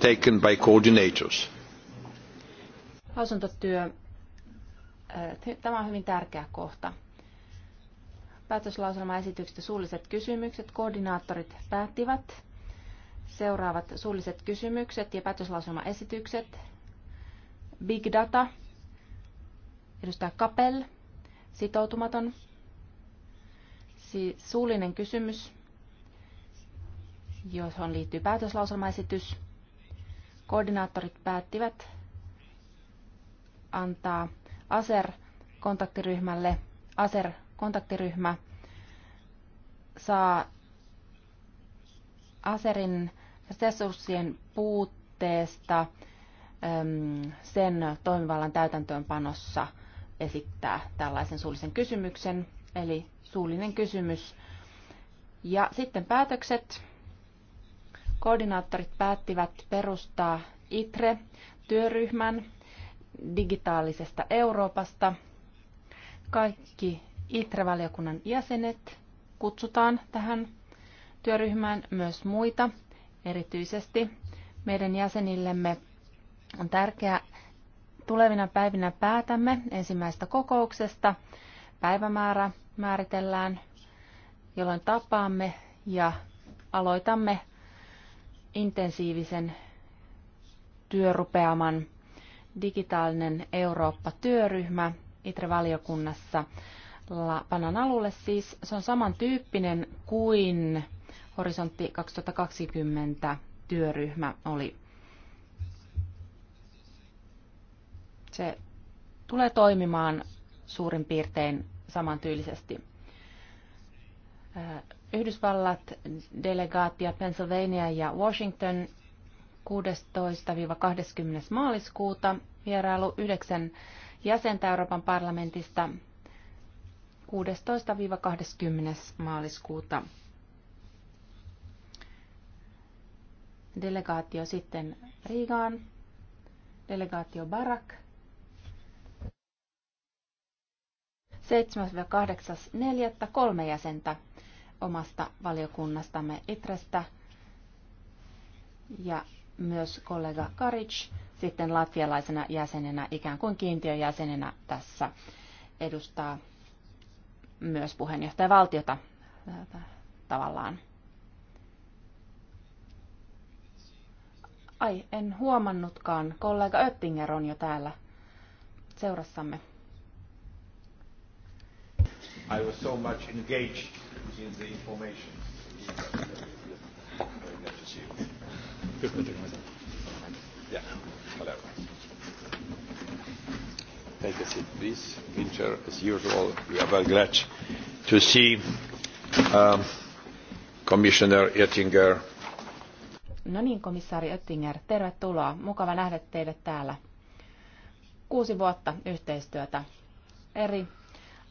taken by coordinators. Lausuntotyö Äh, tämä on hyvin tärkeä kohta. Päätöslauselmaesityksestä suulliset kysymykset. Koordinaattorit päättivät seuraavat suulliset kysymykset ja päätöslauselmaesitykset. Big Data, edustaja Kapel, sitoutumaton, suullinen kysymys, johon liittyy päätöslauselmaesitys. Koordinaattorit päättivät antaa ASER-kontaktiryhmälle. ASER-kontaktiryhmä saa ASERin resurssien puutteesta sen toimivallan täytäntöönpanossa esittää tällaisen suullisen kysymyksen, eli suullinen kysymys. Ja sitten päätökset. Koordinaattorit päättivät perustaa ITRE-työryhmän digitaalisesta Euroopasta. Kaikki ITRE-valiokunnan jäsenet kutsutaan tähän työryhmään myös muita. Erityisesti meidän jäsenillemme on tärkeää tulevina päivinä päätämme ensimmäistä kokouksesta. Päivämäärä määritellään, jolloin tapaamme ja aloitamme intensiivisen työrupeaman digitaalinen Eurooppa-työryhmä ITRE-valiokunnassa panan alulle siis. Se on samantyyppinen kuin Horisontti 2020 työryhmä oli. Se tulee toimimaan suurin piirtein samantyylisesti. Äh, Yhdysvallat, delegaatia Pennsylvania ja Washington 16-20. maaliskuuta vierailu yhdeksän jäsentä Euroopan parlamentista 16-20. maaliskuuta. Delegaatio sitten Riigaan, delegaatio Barak 7.–8.4. kolme jäsentä omasta valiokunnastamme Itrestä ja myös kollega Karic sitten latvialaisena jäsenenä, ikään kuin kiintiöjäsenenä tässä edustaa myös puheenjohtajavaltiota tavallaan. Ai, en huomannutkaan. Kollega Öttinger on jo täällä seurassamme. I was so much engaged in the information. Yeah whatever. Take a seat, please. Winter, as usual, we are very glad to see um, Commissioner Ettinger. No niin, komissaari Oettinger, tervetuloa. Mukava nähdä teidät täällä. Kuusi vuotta yhteistyötä. Eri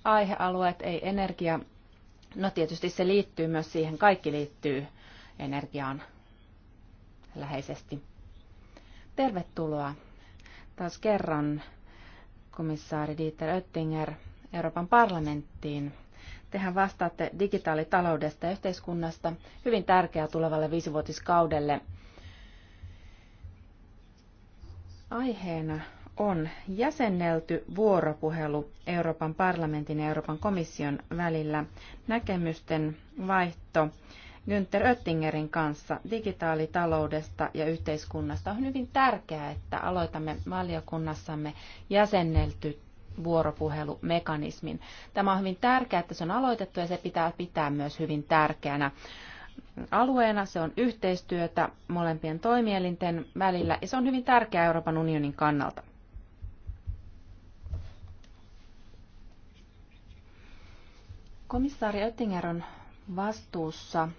aihealueet, ei energia. No tietysti se liittyy myös siihen, kaikki liittyy energiaan läheisesti. Tervetuloa taas kerran komissaari Dieter Oettinger Euroopan parlamenttiin. Tehän vastaatte digitaalitaloudesta ja yhteiskunnasta. Hyvin tärkeää tulevalle viisivuotiskaudelle. Aiheena on jäsennelty vuoropuhelu Euroopan parlamentin ja Euroopan komission välillä, näkemysten vaihto Günther Oettingerin kanssa digitaalitaloudesta ja yhteiskunnasta. On hyvin tärkeää, että aloitamme valiokunnassamme jäsennelty vuoropuhelumekanismin. Tämä on hyvin tärkeää, että se on aloitettu ja se pitää pitää myös hyvin tärkeänä alueena. Se on yhteistyötä molempien toimielinten välillä ja se on hyvin tärkeää Euroopan unionin kannalta. Komissaari Oettinger on vastuussa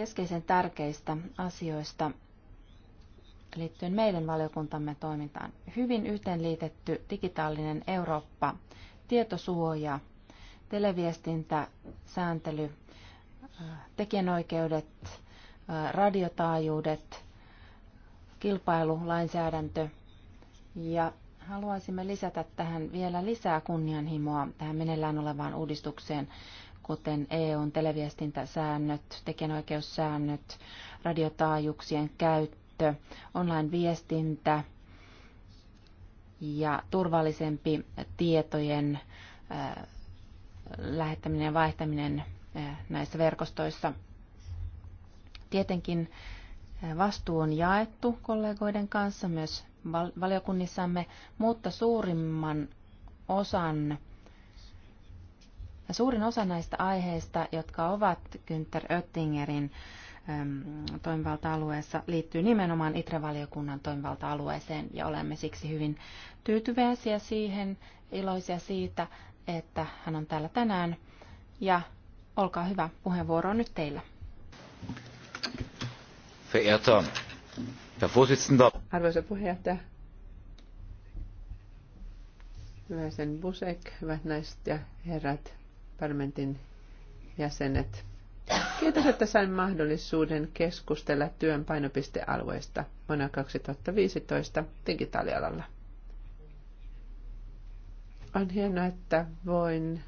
keskeisen tärkeistä asioista liittyen meidän valiokuntamme toimintaan. Hyvin yhteenliitetty digitaalinen Eurooppa, tietosuoja, televiestintä, sääntely, tekijänoikeudet, radiotaajuudet, kilpailulainsäädäntö. Ja haluaisimme lisätä tähän vielä lisää kunnianhimoa tähän meneillään olevaan uudistukseen kuten EUn televiestintäsäännöt, tekijänoikeussäännöt, radiotaajuuksien käyttö, online-viestintä ja turvallisempi tietojen lähettäminen ja vaihtaminen näissä verkostoissa. Tietenkin vastuu on jaettu kollegoiden kanssa myös valiokunnissamme, mutta suurimman osan ja suurin osa näistä aiheista, jotka ovat Günther Oettingerin ähm, toimivalta-alueessa, liittyy nimenomaan ITRE-valiokunnan toimivalta-alueeseen ja olemme siksi hyvin tyytyväisiä siihen, iloisia siitä, että hän on täällä tänään. Ja olkaa hyvä, puheenvuoro on nyt teillä. Verehrter Herr Vorsitzender. Arvoisa puheenjohtaja. sen Busek, hyvät naiset ja herrat parlamentin jäsenet. Kiitos, että sain mahdollisuuden keskustella työn painopistealueesta vuonna 2015 digitaalialalla. On hienoa, että voin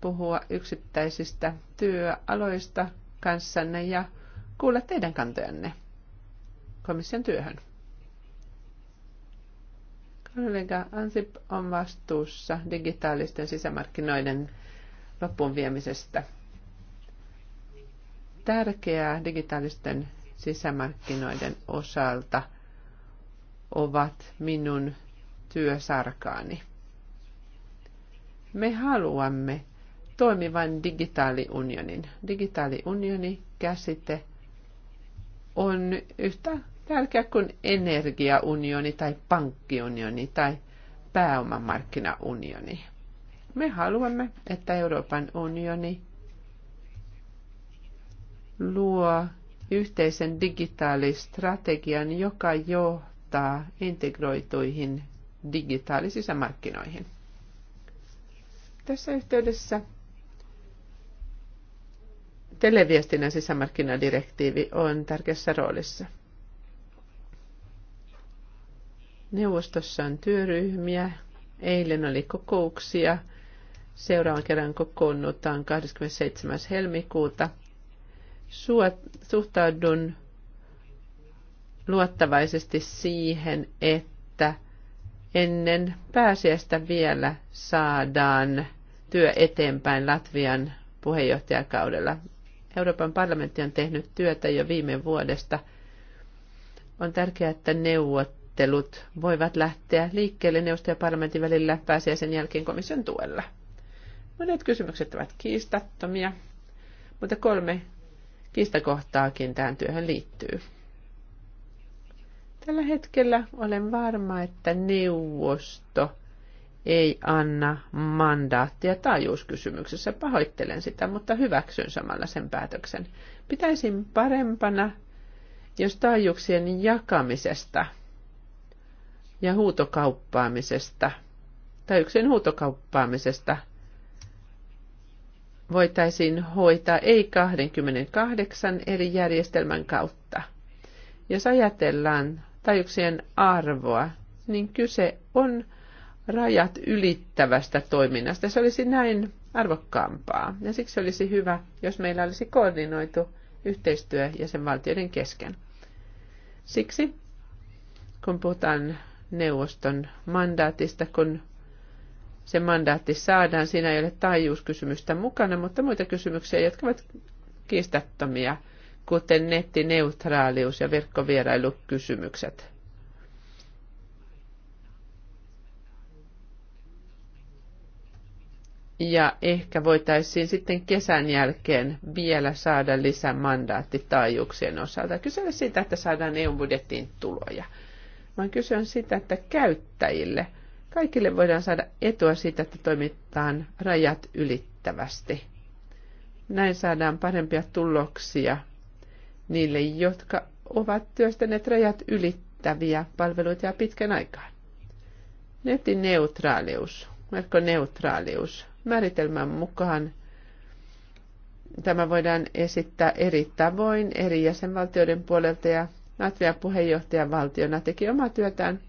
puhua yksittäisistä työaloista kanssanne ja kuulla teidän kantojanne komission työhön. Kollega Ansip on vastuussa digitaalisten sisämarkkinoiden loppuun viemisestä. Tärkeää digitaalisten sisämarkkinoiden osalta ovat minun työsarkaani. Me haluamme toimivan digitaaliunionin. Digitaaliunioni käsite on yhtä älkää kuin energiaunioni tai pankkiunioni tai pääomamarkkinaunioni. Me haluamme, että Euroopan unioni luo yhteisen digitaalistrategian, joka johtaa integroituihin digitaalisissa markkinoihin. Tässä yhteydessä televiestinnän sisämarkkinadirektiivi on tärkeässä roolissa – Neuvostossa on työryhmiä. Eilen oli kokouksia. Seuraavan kerran kokoonnutaan 27. helmikuuta. Suhtaudun luottavaisesti siihen, että ennen pääsiäistä vielä saadaan työ eteenpäin Latvian puheenjohtajakaudella. Euroopan parlamentti on tehnyt työtä jo viime vuodesta. On tärkeää, että neuvot neuvottelut voivat lähteä liikkeelle neuvoston ja parlamentin välillä pääsiäisen jälkeen komission tuella. Monet kysymykset ovat kiistattomia, mutta kolme kiistakohtaakin tähän työhön liittyy. Tällä hetkellä olen varma, että neuvosto ei anna mandaattia taajuuskysymyksessä. Pahoittelen sitä, mutta hyväksyn samalla sen päätöksen. Pitäisin parempana, jos taajuuksien jakamisesta – ja huutokauppaamisesta tai yksin huutokauppaamisesta voitaisiin hoitaa ei 28 eri järjestelmän kautta. Jos ajatellaan tajuksien arvoa, niin kyse on rajat ylittävästä toiminnasta. Se olisi näin arvokkaampaa ja siksi olisi hyvä, jos meillä olisi koordinoitu yhteistyö jäsenvaltioiden kesken. Siksi, kun puhutaan neuvoston mandaatista, kun se mandaatti saadaan. Siinä ei ole taajuuskysymystä mukana, mutta muita kysymyksiä, jotka ovat kiistattomia, kuten nettineutraalius ja verkkovierailukysymykset. Ja ehkä voitaisiin sitten kesän jälkeen vielä saada lisämandaatti taajuuksien osalta. Kysele siitä, että saadaan EU-budjettiin tuloja vaan kyse on sitä, että käyttäjille, kaikille voidaan saada etua siitä, että toimitaan rajat ylittävästi. Näin saadaan parempia tuloksia niille, jotka ovat työstäneet rajat ylittäviä palveluita ja pitkän aikaa. Netin neutraalius, verkkoneutraalius. Määritelmän mukaan tämä voidaan esittää eri tavoin eri jäsenvaltioiden puolelta ja Latvia valtiona teki omaa työtään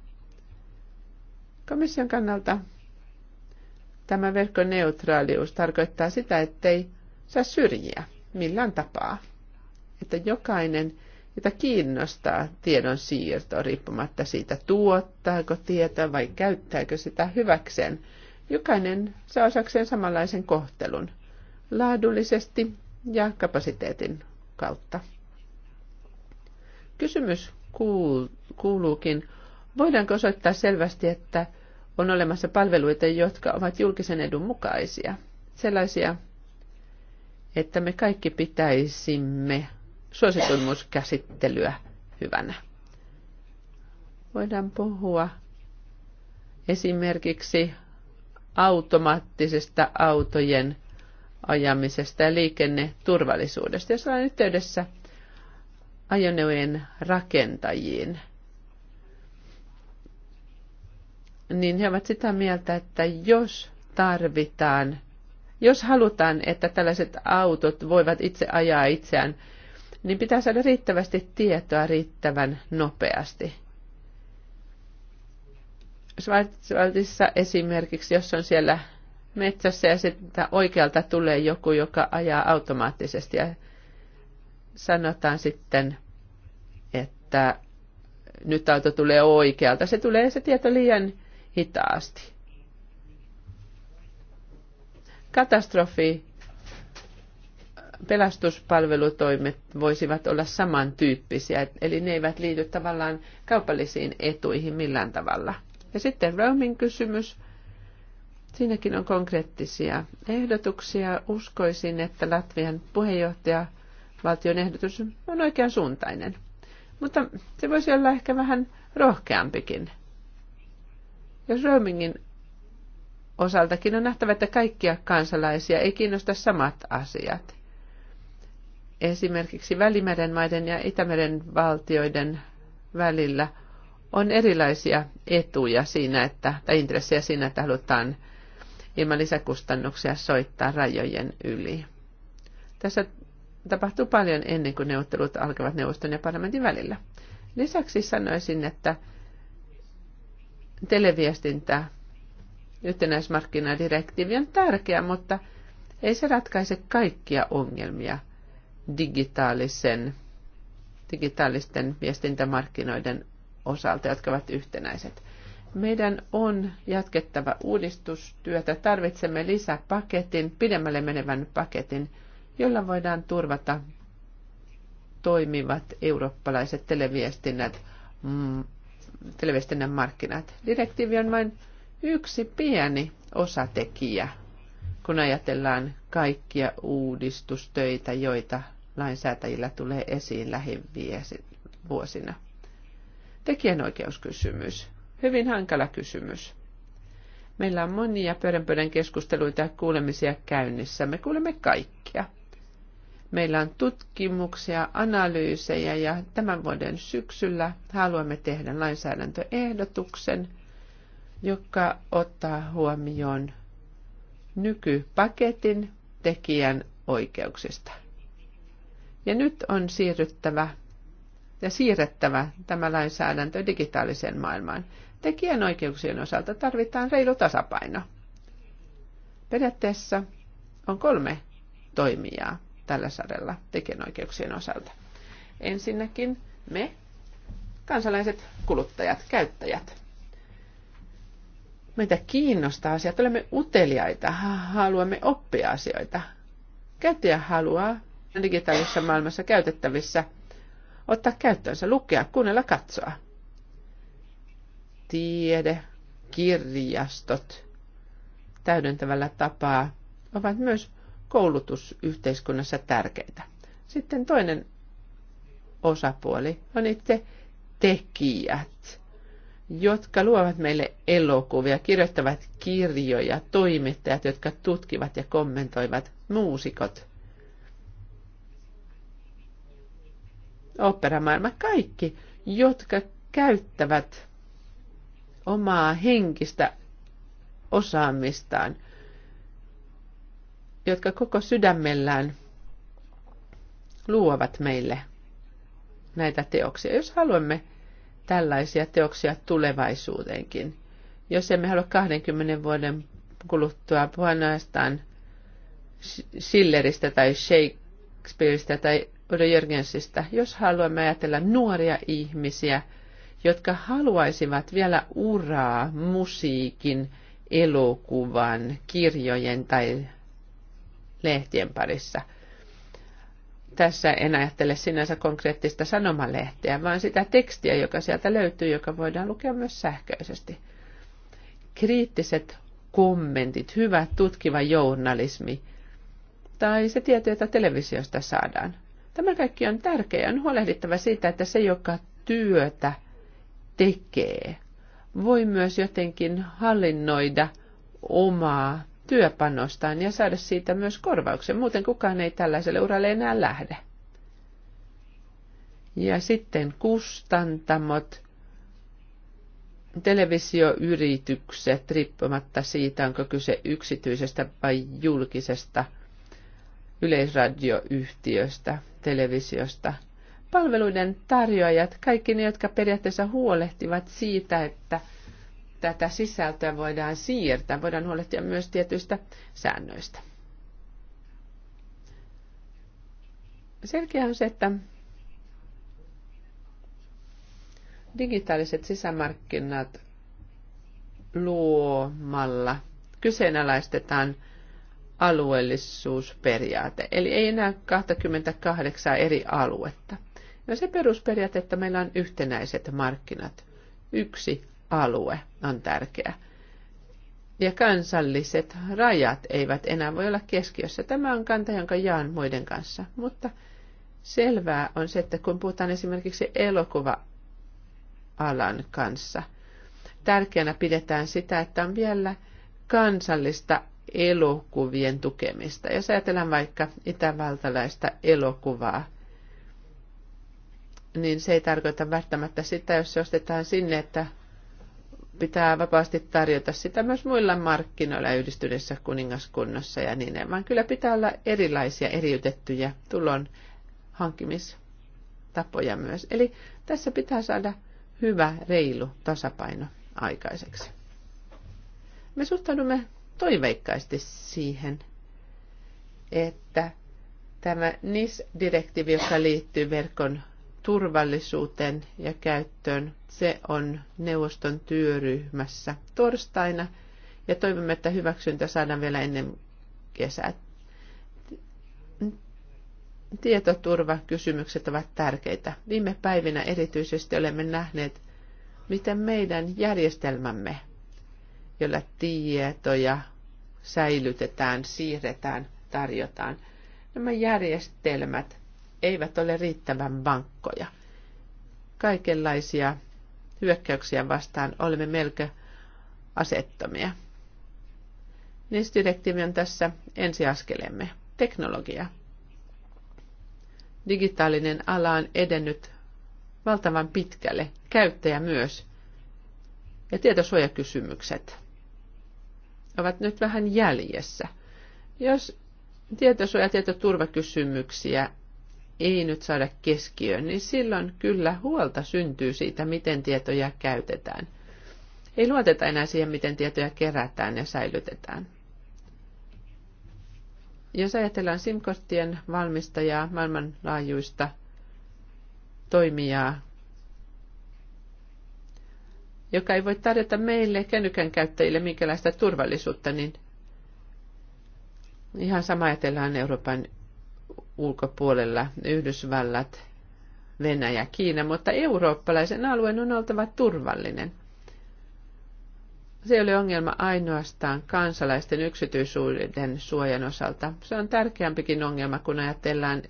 komission kannalta. Tämä verkkoneutraalius tarkoittaa sitä, ettei saa syrjiä millään tapaa. Että jokainen, jota kiinnostaa tiedon siirto, riippumatta siitä tuottaako tietoa vai käyttääkö sitä hyväkseen, jokainen saa osakseen samanlaisen kohtelun laadullisesti ja kapasiteetin kautta. Kysymys kuuluukin, voidaanko osoittaa selvästi, että on olemassa palveluita, jotka ovat julkisen edun mukaisia. Sellaisia, että me kaikki pitäisimme suosituimmuuskäsittelyä hyvänä. Voidaan puhua esimerkiksi automaattisesta autojen ajamisesta ja liikenneturvallisuudesta. Jos ollaan yhteydessä – ajoneuvojen rakentajiin, niin he ovat sitä mieltä, että jos tarvitaan, jos halutaan, että tällaiset autot voivat itse ajaa itseään, niin pitää saada riittävästi tietoa riittävän nopeasti. Svartisvaltissa esimerkiksi, jos on siellä metsässä ja sitten oikealta tulee joku, joka ajaa automaattisesti ja sanotaan sitten, että nyt auto tulee oikealta. Se tulee se tieto liian hitaasti. Katastrofi pelastuspalvelutoimet voisivat olla samantyyppisiä, eli ne eivät liity tavallaan kaupallisiin etuihin millään tavalla. Ja sitten roaming kysymys. Siinäkin on konkreettisia ehdotuksia. Uskoisin, että Latvian puheenjohtaja valtion ehdotus on oikean suuntainen. Mutta se voisi olla ehkä vähän rohkeampikin. Jos roamingin osaltakin on nähtävä, että kaikkia kansalaisia ei kiinnosta samat asiat. Esimerkiksi Välimeren maiden ja Itämeren valtioiden välillä on erilaisia etuja siinä, että, tai intressejä siinä, että halutaan ilman lisäkustannuksia soittaa rajojen yli. Tässä tapahtuu paljon ennen kuin neuvottelut alkavat neuvoston ja parlamentin välillä. Lisäksi sanoisin, että televiestintä yhtenäismarkkinadirektiivi on tärkeä, mutta ei se ratkaise kaikkia ongelmia digitaalisen, digitaalisten viestintämarkkinoiden osalta, jotka ovat yhtenäiset. Meidän on jatkettava uudistustyötä. Tarvitsemme lisäpaketin, pidemmälle menevän paketin, jolla voidaan turvata toimivat eurooppalaiset televiestinnät, mm, televiestinnän markkinat. Direktiivi on vain yksi pieni osatekijä, kun ajatellaan kaikkia uudistustöitä, joita lainsäätäjillä tulee esiin lähivuosina. Tekijänoikeuskysymys. Hyvin hankala kysymys. Meillä on monia pöydänpöydän keskusteluita ja kuulemisia käynnissä. Me kuulemme kaikkia. Meillä on tutkimuksia, analyysejä ja tämän vuoden syksyllä haluamme tehdä lainsäädäntöehdotuksen, joka ottaa huomioon nykypaketin tekijän oikeuksista. Ja nyt on siirryttävä ja siirrettävä tämä lainsäädäntö digitaaliseen maailmaan. Tekijänoikeuksien osalta tarvitaan reilu tasapaino. Periaatteessa on kolme toimijaa tällä saralla tekijänoikeuksien osalta. Ensinnäkin me, kansalaiset, kuluttajat, käyttäjät. Meitä kiinnostaa asiat, olemme uteliaita, haluamme oppia asioita. Käyttäjä haluaa digitaalisessa maailmassa käytettävissä ottaa käyttöönsä, lukea, kuunnella, katsoa. Tiede, kirjastot täydentävällä tapaa ovat myös koulutus yhteiskunnassa tärkeitä. Sitten toinen osapuoli on itse tekijät, jotka luovat meille elokuvia, kirjoittavat kirjoja, toimittajat, jotka tutkivat ja kommentoivat, muusikot, operamaailma, kaikki, jotka käyttävät omaa henkistä osaamistaan – jotka koko sydämellään luovat meille näitä teoksia. Jos haluamme tällaisia teoksia tulevaisuuteenkin, jos emme halua 20 vuoden kuluttua puhua ainoastaan tai Shakespeareista tai Udo Jörgensistä, jos haluamme ajatella nuoria ihmisiä, jotka haluaisivat vielä uraa musiikin, elokuvan, kirjojen tai lehtien parissa. Tässä en ajattele sinänsä konkreettista sanomalehteä, vaan sitä tekstiä, joka sieltä löytyy, joka voidaan lukea myös sähköisesti. Kriittiset kommentit, hyvä tutkiva journalismi tai se tieto, jota televisiosta saadaan. Tämä kaikki on tärkeää. On huolehdittava siitä, että se, joka työtä tekee, voi myös jotenkin hallinnoida omaa työpanostaan ja saada siitä myös korvauksen. Muuten kukaan ei tällaiselle uralle enää lähde. Ja sitten kustantamot, televisioyritykset, riippumatta siitä, onko kyse yksityisestä vai julkisesta yleisradioyhtiöstä, televisiosta. Palveluiden tarjoajat, kaikki ne, jotka periaatteessa huolehtivat siitä, että – tätä sisältöä voidaan siirtää, voidaan huolehtia myös tietyistä säännöistä. Selkeä on se, että digitaaliset sisämarkkinat luomalla kyseenalaistetaan alueellisuusperiaate, eli ei enää 28 eri aluetta. Ja se perusperiaate, että meillä on yhtenäiset markkinat, yksi alue on tärkeä. Ja kansalliset rajat eivät enää voi olla keskiössä. Tämä on kanta, jonka jaan muiden kanssa. Mutta selvää on se, että kun puhutaan esimerkiksi elokuva-alan kanssa, tärkeänä pidetään sitä, että on vielä kansallista elokuvien tukemista. Jos ajatellaan vaikka itävaltalaista elokuvaa, niin se ei tarkoita välttämättä sitä, jos se ostetaan sinne, että pitää vapaasti tarjota sitä myös muilla markkinoilla yhdistyneessä kuningaskunnassa ja niin edelleen. Kyllä pitää olla erilaisia eriytettyjä tulon hankkimistapoja myös. Eli tässä pitää saada hyvä, reilu tasapaino aikaiseksi. Me suhtaudumme toiveikkaasti siihen, että tämä NIS-direktiivi, joka liittyy verkon turvallisuuteen ja käyttöön. Se on neuvoston työryhmässä torstaina ja toivomme, että hyväksyntä saadaan vielä ennen kesää. Tietoturvakysymykset ovat tärkeitä. Viime päivinä erityisesti olemme nähneet, miten meidän järjestelmämme, jolla tietoja säilytetään, siirretään, tarjotaan, nämä järjestelmät eivät ole riittävän vankkoja. Kaikenlaisia hyökkäyksiä vastaan olemme melkein asettomia. NIS-direktiivi on tässä ensiaskelemme. Teknologia. Digitaalinen ala on edennyt valtavan pitkälle, käyttäjä myös. Ja tietosuojakysymykset ovat nyt vähän jäljessä. Jos tietosuoja- ja tietoturvakysymyksiä ei nyt saada keskiöön, niin silloin kyllä huolta syntyy siitä, miten tietoja käytetään. Ei luoteta enää siihen, miten tietoja kerätään ja säilytetään. Jos ajatellaan SIM-korttien valmistajaa, maailmanlaajuista toimijaa, joka ei voi tarjota meille kännykän käyttäjille minkälaista turvallisuutta, niin ihan sama ajatellaan Euroopan ulkopuolella, Yhdysvallat, Venäjä, Kiina, mutta eurooppalaisen alueen on oltava turvallinen. Se oli ongelma ainoastaan kansalaisten yksityisyyden suojan osalta. Se on tärkeämpikin ongelma, kun ajatellaan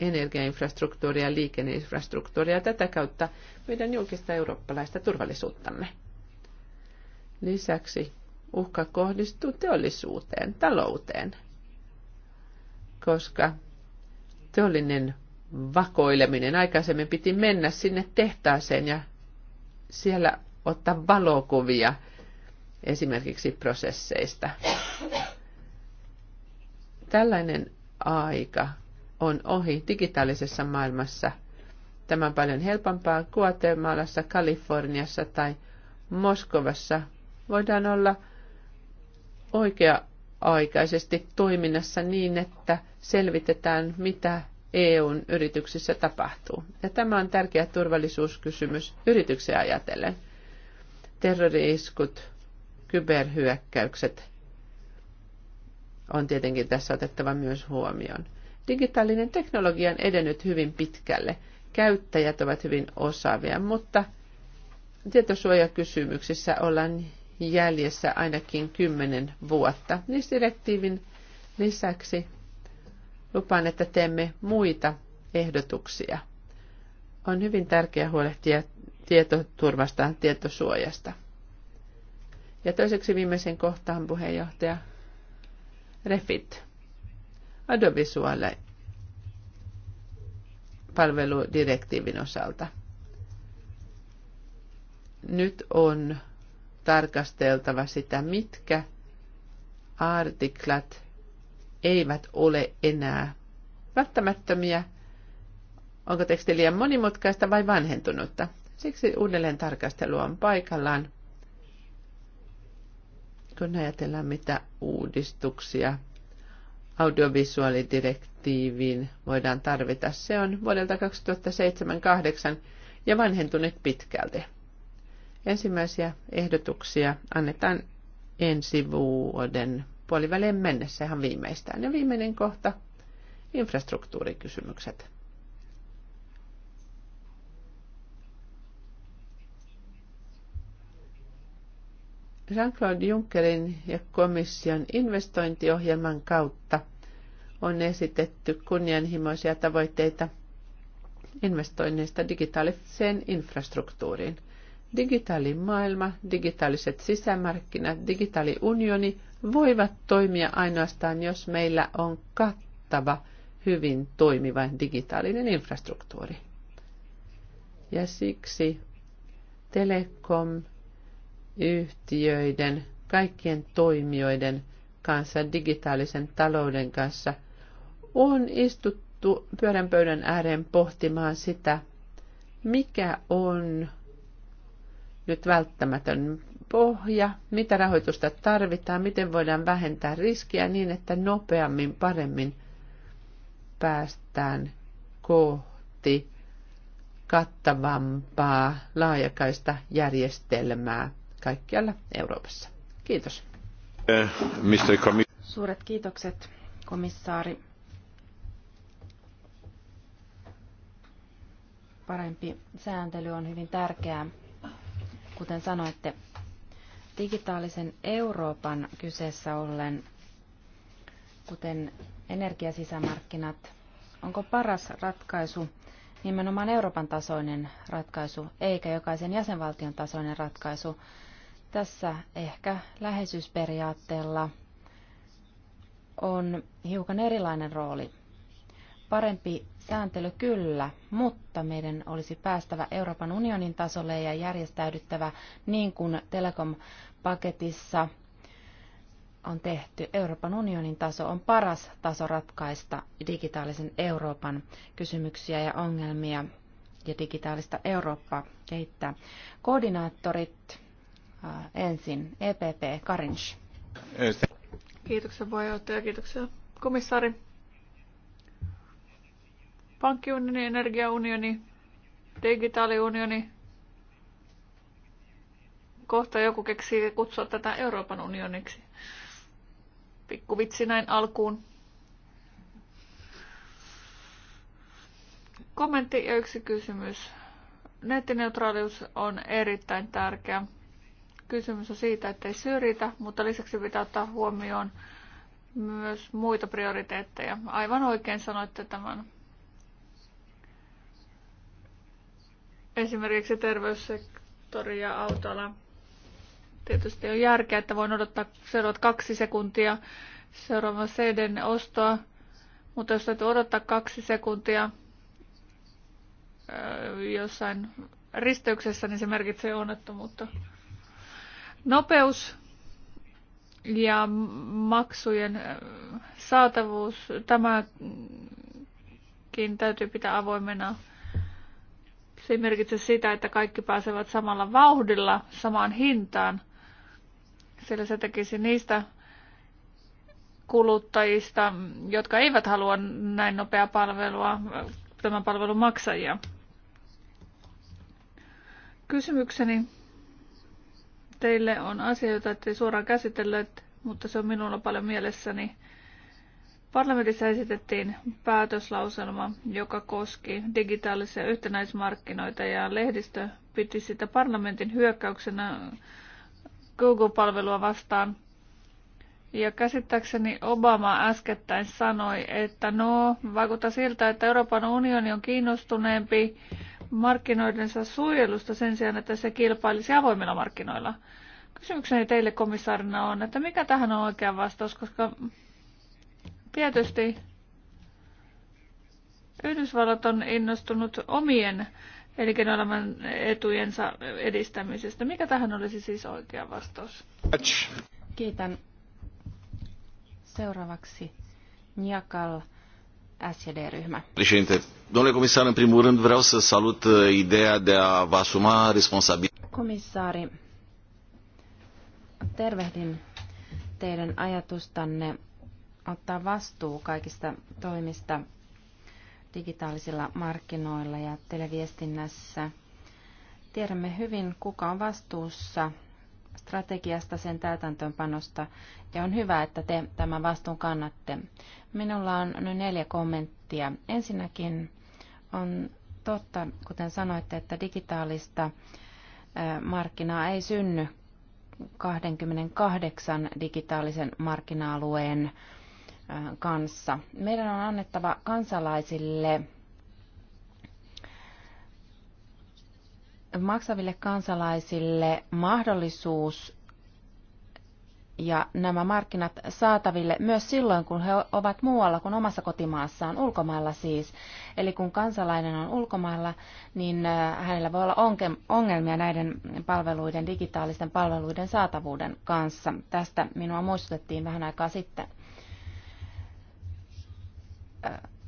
energiainfrastruktuuria ja liikenneinfrastruktuuria tätä kautta meidän julkista eurooppalaista turvallisuuttamme. Lisäksi uhka kohdistuu teollisuuteen, talouteen, koska teollinen vakoileminen. Aikaisemmin piti mennä sinne tehtaaseen ja siellä ottaa valokuvia esimerkiksi prosesseista. Tällainen aika on ohi digitaalisessa maailmassa. Tämä on paljon helpompaa Guatemalassa, Kaliforniassa tai Moskovassa. Voidaan olla oikea aikaisesti toiminnassa niin, että selvitetään, mitä EUn yrityksissä tapahtuu. Ja tämä on tärkeä turvallisuuskysymys yrityksiä ajatellen. Terroriiskut, kyberhyökkäykset on tietenkin tässä otettava myös huomioon. Digitaalinen teknologia on edennyt hyvin pitkälle. Käyttäjät ovat hyvin osaavia, mutta tietosuojakysymyksissä ollaan jäljessä ainakin kymmenen vuotta. Niissä direktiivin lisäksi lupaan, että teemme muita ehdotuksia. On hyvin tärkeää huolehtia tietoturvasta, tietosuojasta. Ja toiseksi viimeisen kohtaan puheenjohtaja Refit. Adovisuaale palveludirektiivin osalta. Nyt on tarkasteltava sitä, mitkä artiklat eivät ole enää välttämättömiä, onko teksti liian monimutkaista vai vanhentunutta. Siksi uudelleen tarkastelu on paikallaan, kun ajatellaan mitä uudistuksia audiovisuaalidirektiiviin voidaan tarvita. Se on vuodelta 2007-2008 ja vanhentunut pitkälti. Ensimmäisiä ehdotuksia annetaan ensi vuoden puoliväliin mennessä ihan viimeistään. Ja viimeinen kohta, infrastruktuurikysymykset. Jean-Claude Junckerin ja komission investointiohjelman kautta on esitetty kunnianhimoisia tavoitteita investoinneista digitaaliseen infrastruktuuriin digitaalimaailma, digitaaliset sisämarkkinat, digitaaliunioni voivat toimia ainoastaan, jos meillä on kattava, hyvin toimiva digitaalinen infrastruktuuri. Ja siksi telekom-yhtiöiden, kaikkien toimijoiden kanssa, digitaalisen talouden kanssa on istuttu pyörän pöydän ääreen pohtimaan sitä, mikä on nyt välttämätön pohja, mitä rahoitusta tarvitaan, miten voidaan vähentää riskiä niin, että nopeammin, paremmin päästään kohti kattavampaa laajakaista järjestelmää kaikkialla Euroopassa. Kiitos. Suuret kiitokset, komissaari. Parempi sääntely on hyvin tärkeää kuten sanoitte, digitaalisen Euroopan kyseessä ollen, kuten energiasisämarkkinat, onko paras ratkaisu nimenomaan Euroopan tasoinen ratkaisu, eikä jokaisen jäsenvaltion tasoinen ratkaisu. Tässä ehkä läheisyysperiaatteella on hiukan erilainen rooli. Parempi sääntely kyllä, mutta meidän olisi päästävä Euroopan unionin tasolle ja järjestäydyttävä niin kuin Telekom-paketissa on tehty. Euroopan unionin taso on paras taso ratkaista digitaalisen Euroopan kysymyksiä ja ongelmia ja digitaalista Eurooppaa kehittää. Koordinaattorit äh, ensin, EPP Karinch. Kiitoksia puheenjohtaja, kiitoksia komissaari Pankkiunioni, energiaunioni, digitaaliunioni. Kohta joku keksii kutsua tätä Euroopan unioniksi. Pikku vitsi näin alkuun. Kommentti ja yksi kysymys. Nettineutraalius on erittäin tärkeä. Kysymys on siitä, ettei syrjitä, mutta lisäksi pitää ottaa huomioon myös muita prioriteetteja. Aivan oikein sanoitte tämän. Esimerkiksi terveyssektori ja autoala. Tietysti on järkeä, että voin odottaa seuraavat kaksi sekuntia seuraavan CDn ostoa, mutta jos täytyy odottaa kaksi sekuntia jossain risteyksessä, niin se merkitsee onnettomuutta. Nopeus ja maksujen saatavuus, tämäkin täytyy pitää avoimena se ei merkitse sitä, että kaikki pääsevät samalla vauhdilla samaan hintaan, sillä se tekisi niistä kuluttajista, jotka eivät halua näin nopeaa palvelua, tämän palvelun maksajia. Kysymykseni teille on asia, jota ette suoraan käsitelleet, mutta se on minulla paljon mielessäni. Parlamentissa esitettiin päätöslauselma, joka koski digitaalisia yhtenäismarkkinoita ja lehdistö piti sitä parlamentin hyökkäyksenä Google-palvelua vastaan. Ja käsittääkseni Obama äskettäin sanoi, että no, vaikuttaa siltä, että Euroopan unioni on kiinnostuneempi markkinoidensa suojelusta sen sijaan, että se kilpailisi avoimilla markkinoilla. Kysymykseni teille komissaarina on, että mikä tähän on oikea vastaus, koska Tietysti Yhdysvallat on innostunut omien elinkeinoelämän etujensa edistämisestä. Mikä tähän olisi siis oikea vastaus? Kiitän. Seuraavaksi Njakal, sjd ryhmä Președinte, domnule comisar, în primul rând vreau să salut uh, ideea de a vă asuma responsabilitatea. Komissaari, tervehdin teidän ajatustanne ottaa vastuu kaikista toimista digitaalisilla markkinoilla ja televiestinnässä. Tiedämme hyvin, kuka on vastuussa strategiasta, sen täytäntöönpanosta, ja on hyvä, että te tämän vastuun kannatte. Minulla on noin neljä kommenttia. Ensinnäkin on totta, kuten sanoitte, että digitaalista markkinaa ei synny 28 digitaalisen markkina-alueen Äh, kanssa. Meidän on annettava kansalaisille, maksaville kansalaisille mahdollisuus ja nämä markkinat saataville myös silloin, kun he ovat muualla kuin omassa kotimaassaan, ulkomailla siis. Eli kun kansalainen on ulkomailla, niin äh, hänellä voi olla ongelmia näiden palveluiden, digitaalisten palveluiden saatavuuden kanssa. Tästä minua muistutettiin vähän aikaa sitten.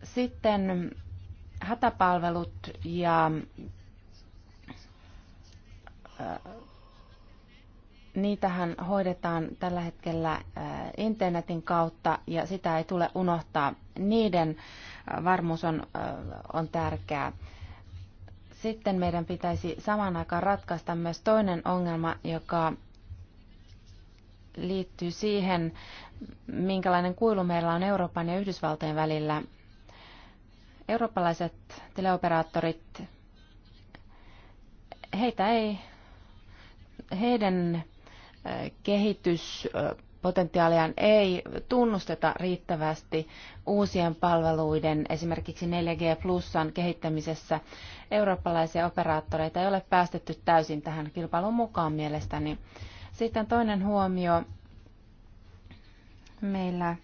Sitten hätäpalvelut ja äh, niitähän hoidetaan tällä hetkellä äh, internetin kautta ja sitä ei tule unohtaa. Niiden äh, varmuus on, on tärkeää. Sitten meidän pitäisi samaan aikaan ratkaista myös toinen ongelma, joka liittyy siihen, minkälainen kuilu meillä on Euroopan ja Yhdysvaltojen välillä. Eurooppalaiset teleoperaattorit, heitä ei, heidän kehityspotentiaaliaan ei tunnusteta riittävästi uusien palveluiden, esimerkiksi 4G plussan kehittämisessä. Eurooppalaisia operaattoreita ei ole päästetty täysin tähän kilpailuun mukaan mielestäni. Sitten toinen huomio meillä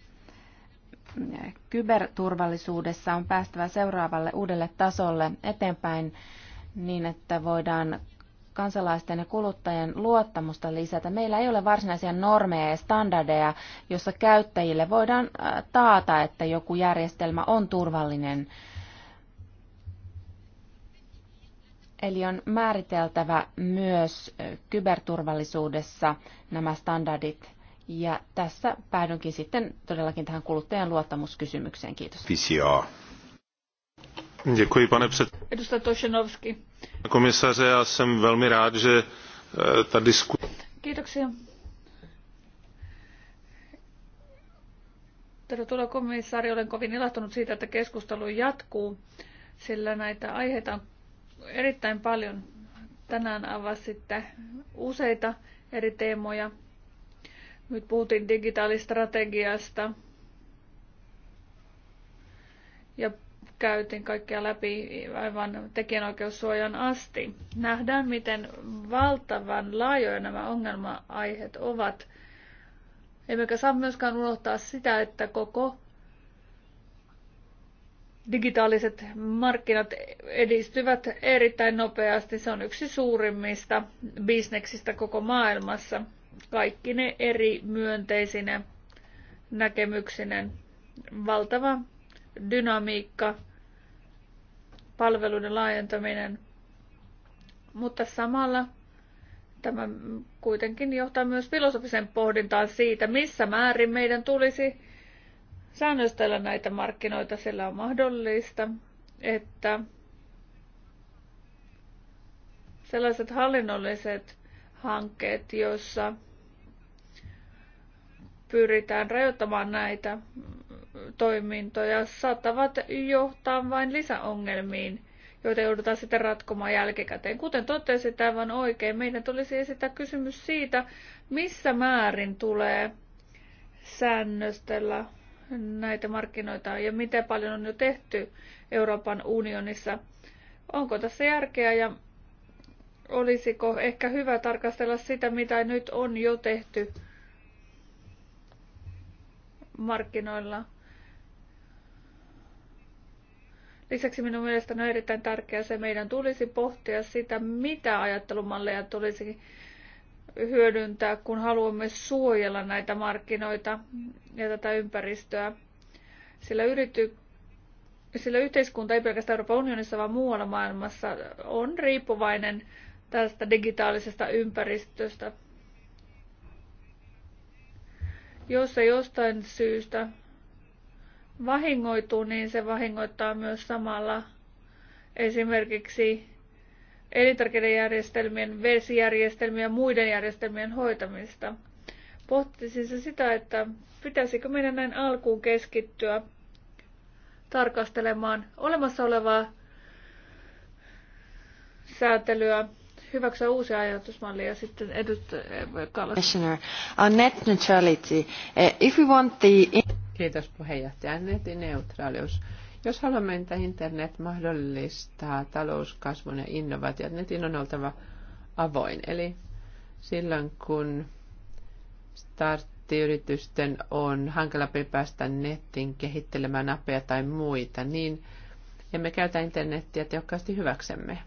eh, kyberturvallisuudessa on päästävä seuraavalle uudelle tasolle eteenpäin niin, että voidaan kansalaisten ja kuluttajien luottamusta lisätä. Meillä ei ole varsinaisia normeja ja standardeja, jossa käyttäjille voidaan eh, taata, että joku järjestelmä on turvallinen. Eli on määriteltävä myös eh, kyberturvallisuudessa nämä standardit ja tässä päädynkin sitten todellakin tähän kuluttajan luottamuskysymykseen. Kiitos. Visio. Děkuji, pane před... Edustaja Tošenovski. Komisaře, já jsem velmi rád, že eh, ta Kiitoksia. Tervetuloa komissaari, olen kovin ilahtunut siitä, että keskustelu jatkuu, sillä näitä aiheita on erittäin paljon. Tänään avasitte useita eri teemoja, nyt puhuttiin digitaalistrategiasta ja käytiin kaikkia läpi aivan tekijänoikeussuojan asti. Nähdään, miten valtavan laajoja nämä ongelma-aiheet ovat. Emmekä saa myöskään unohtaa sitä, että koko digitaaliset markkinat edistyvät erittäin nopeasti. Se on yksi suurimmista bisneksistä koko maailmassa – kaikki ne eri myönteisinä näkemyksinen. Valtava dynamiikka, palveluiden laajentaminen, mutta samalla tämä kuitenkin johtaa myös filosofisen pohdintaan siitä, missä määrin meidän tulisi säännöstellä näitä markkinoita, sillä on mahdollista, että sellaiset hallinnolliset hankkeet, joissa pyritään rajoittamaan näitä toimintoja, saattavat johtaa vain lisäongelmiin, joita joudutaan sitten ratkomaan jälkikäteen. Kuten totesit aivan oikein, meidän tulisi esittää kysymys siitä, missä määrin tulee säännöstellä näitä markkinoita ja miten paljon on jo tehty Euroopan unionissa. Onko tässä järkeä ja olisiko ehkä hyvä tarkastella sitä, mitä nyt on jo tehty markkinoilla. Lisäksi minun mielestäni on erittäin tärkeää se, meidän tulisi pohtia sitä, mitä ajattelumalleja tulisi hyödyntää, kun haluamme suojella näitä markkinoita ja tätä ympäristöä. Sillä, yrity, sillä yhteiskunta ei pelkästään Euroopan unionissa, vaan muualla maailmassa on riippuvainen tästä digitaalisesta ympäristöstä. Jos se jostain syystä vahingoituu, niin se vahingoittaa myös samalla esimerkiksi elintarkeiden järjestelmien, vesijärjestelmien ja muiden järjestelmien hoitamista. Pohtisin se sitä, että pitäisikö meidän näin alkuun keskittyä tarkastelemaan olemassa olevaa säätelyä hyväksyä ajatusmalli ja sitten edustaja eh, net neutrality. Eh, if we want the... Kiitos puheenjohtaja. Netin neutraalius. Jos haluamme, että internet mahdollistaa talouskasvun ja innovaatiot, netin on oltava avoin. Eli silloin, kun starttiyritysten on hankalampi päästä nettiin kehittelemään appeja tai muita, niin emme käytä internettiä tehokkaasti hyväksemme.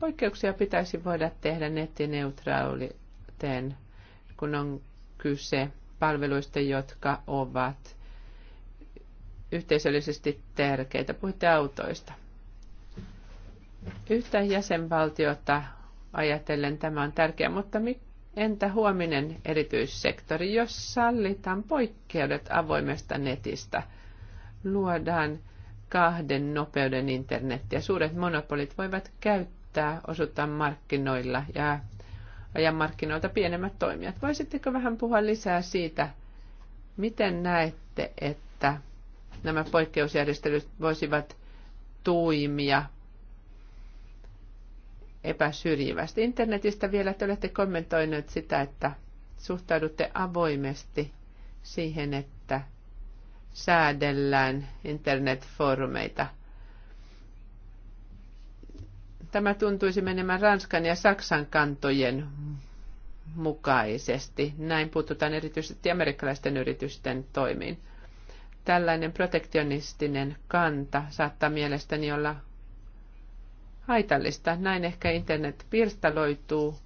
Poikkeuksia pitäisi voida tehdä nettineutraaliten, kun on kyse palveluista, jotka ovat yhteisöllisesti tärkeitä. Puhutte autoista. Yhtä jäsenvaltiota ajatellen tämä on tärkeää, mutta entä huominen erityissektori, jos sallitaan poikkeudet avoimesta netistä? Luodaan kahden nopeuden internettiä. Suuret monopolit voivat käyttää pitää osoittaa markkinoilla ja ajan markkinoilta pienemmät toimijat. Voisitteko vähän puhua lisää siitä, miten näette, että nämä poikkeusjärjestelyt voisivat toimia epäsyrjivästi. Internetistä vielä te olette kommentoineet sitä, että suhtaudutte avoimesti siihen, että säädellään internetfoorumeita – Tämä tuntuisi menemään Ranskan ja Saksan kantojen mukaisesti. Näin puututaan erityisesti amerikkalaisten yritysten toimiin. Tällainen protektionistinen kanta saattaa mielestäni olla haitallista. Näin ehkä internet pirstaloituu.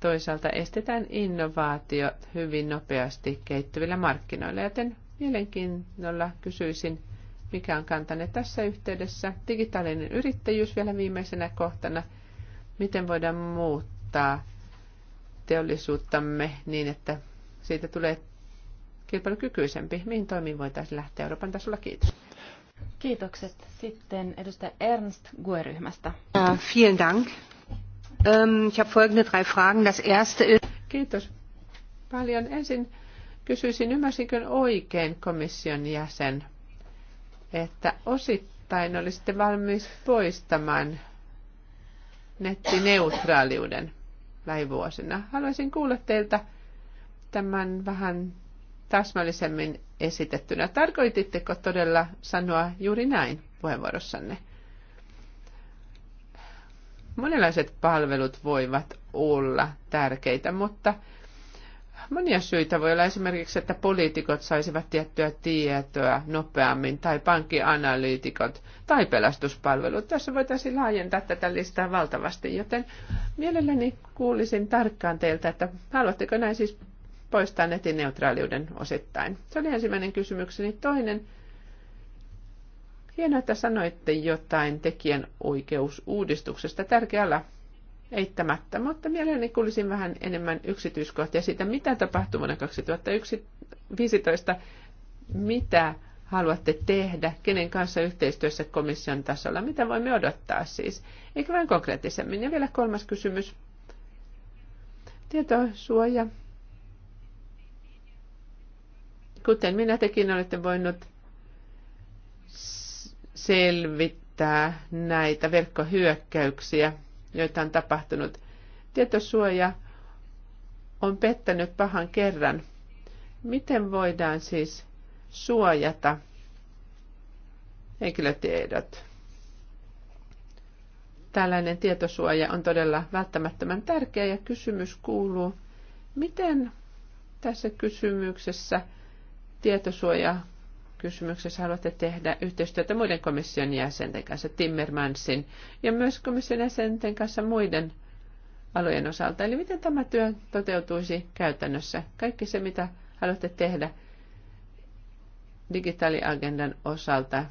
Toisaalta estetään innovaatio hyvin nopeasti kehittyvillä markkinoilla, joten mielenkiinnolla kysyisin, mikä on kantanne tässä yhteydessä. Digitaalinen yrittäjyys vielä viimeisenä kohtana. Miten voidaan muuttaa teollisuuttamme niin, että siitä tulee kilpailukykyisempi? Mihin toimiin voitaisiin lähteä Euroopan tasolla? Kiitos. Kiitokset. Sitten edustaja Ernst GUE-ryhmästä. Uh, vielen Dank. Um, ich habe folgende drei Fragen. Das erste ist... Kiitos paljon. Ensin kysyisin, ymmärsinkö oikein komission jäsen että osittain olisitte valmis poistamaan nettineutraaliuden lähivuosina. Haluaisin kuulla teiltä tämän vähän täsmällisemmin esitettynä. Tarkoititteko todella sanoa juuri näin puheenvuorossanne? Monenlaiset palvelut voivat olla tärkeitä, mutta Monia syitä voi olla esimerkiksi, että poliitikot saisivat tiettyä tietoa nopeammin, tai pankkianalyytikot, tai pelastuspalvelut. Tässä voitaisiin laajentaa tätä listaa valtavasti, joten mielelläni kuulisin tarkkaan teiltä, että haluatteko näin siis poistaa netin neutraaliuden osittain. Se oli ensimmäinen kysymykseni. Toinen, hienoa, että sanoitte jotain tekijän oikeusuudistuksesta. tärkeällä eittämättä, mutta mielelläni kuulisin vähän enemmän yksityiskohtia siitä, mitä tapahtui vuonna 2015, mitä haluatte tehdä, kenen kanssa yhteistyössä komission tasolla, mitä voimme odottaa siis, eikä vain konkreettisemmin. Ja vielä kolmas kysymys. Tietosuoja. Kuten minä tekin olette voinut selvittää näitä verkkohyökkäyksiä, joita on tapahtunut. Tietosuoja on pettänyt pahan kerran. Miten voidaan siis suojata henkilötiedot? Tällainen tietosuoja on todella välttämättömän tärkeä ja kysymys kuuluu, miten tässä kysymyksessä tietosuoja kysymyksessä haluatte tehdä yhteistyötä muiden komission jäsenten kanssa, Timmermansin, ja myös komission jäsenten kanssa muiden alojen osalta. Eli miten tämä työ toteutuisi käytännössä? Kaikki se, mitä haluatte tehdä digitaaliagendan osalta,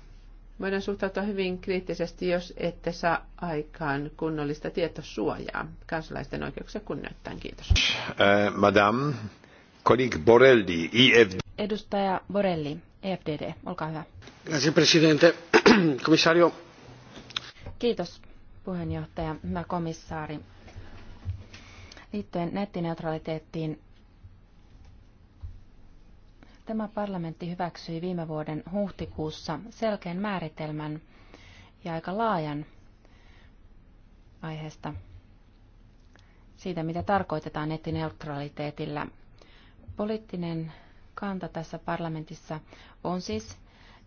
voidaan suhtautua hyvin kriittisesti, jos ette saa aikaan kunnollista tietosuojaa kansalaisten oikeuksia kunnioittain. Kiitos. Eh, madame, Borelli, IFD. Edustaja Borelli, EFDD, olkaa hyvä. Kiitos, puheenjohtaja. Hyvä komissaari. Liittyen nettineutraliteettiin, tämä parlamentti hyväksyi viime vuoden huhtikuussa selkeän määritelmän ja aika laajan aiheesta siitä, mitä tarkoitetaan nettineutraliteetilla. Poliittinen kanta tässä parlamentissa on siis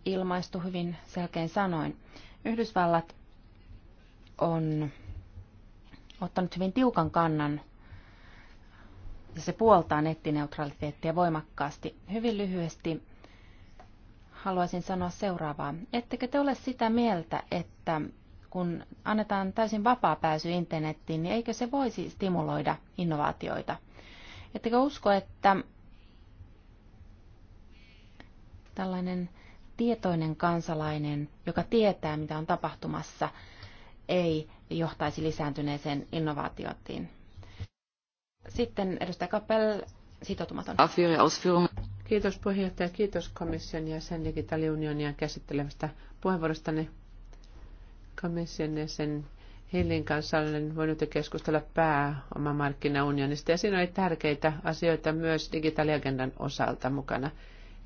ilmaistu hyvin selkein sanoin. Yhdysvallat on ottanut hyvin tiukan kannan ja se puoltaa nettineutraliteettia voimakkaasti. Hyvin lyhyesti haluaisin sanoa seuraavaa. Ettekö te ole sitä mieltä, että kun annetaan täysin vapaa pääsy internettiin, niin eikö se voisi stimuloida innovaatioita? Ettekö usko, että Tällainen tietoinen kansalainen, joka tietää, mitä on tapahtumassa, ei johtaisi lisääntyneeseen innovaatiotiin. Sitten edustaja Kappel, sitoutumaton. Kiitos puheenjohtaja, kiitos komission ja sen digitaaliunionia käsittelevästä puheenvuorostani. Komission ja sen Hillin kanssa olen voinut keskustella pääomamarkkinaunionista ja siinä oli tärkeitä asioita myös digitaaliagendan osalta mukana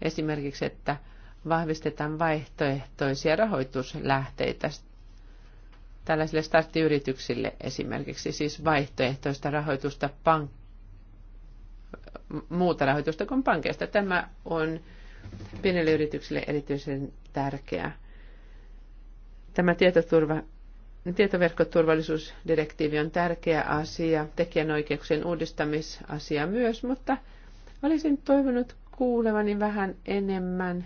esimerkiksi, että vahvistetaan vaihtoehtoisia rahoituslähteitä tällaisille starttiyrityksille esimerkiksi, siis vaihtoehtoista rahoitusta, pank- muuta rahoitusta kuin pankeista. Tämä on pienelle yrityksille erityisen tärkeää. Tämä tietoturva, tietoverkkoturvallisuusdirektiivi on tärkeä asia, tekijänoikeuksien uudistamisasia myös, mutta olisin toivonut kuulevani vähän enemmän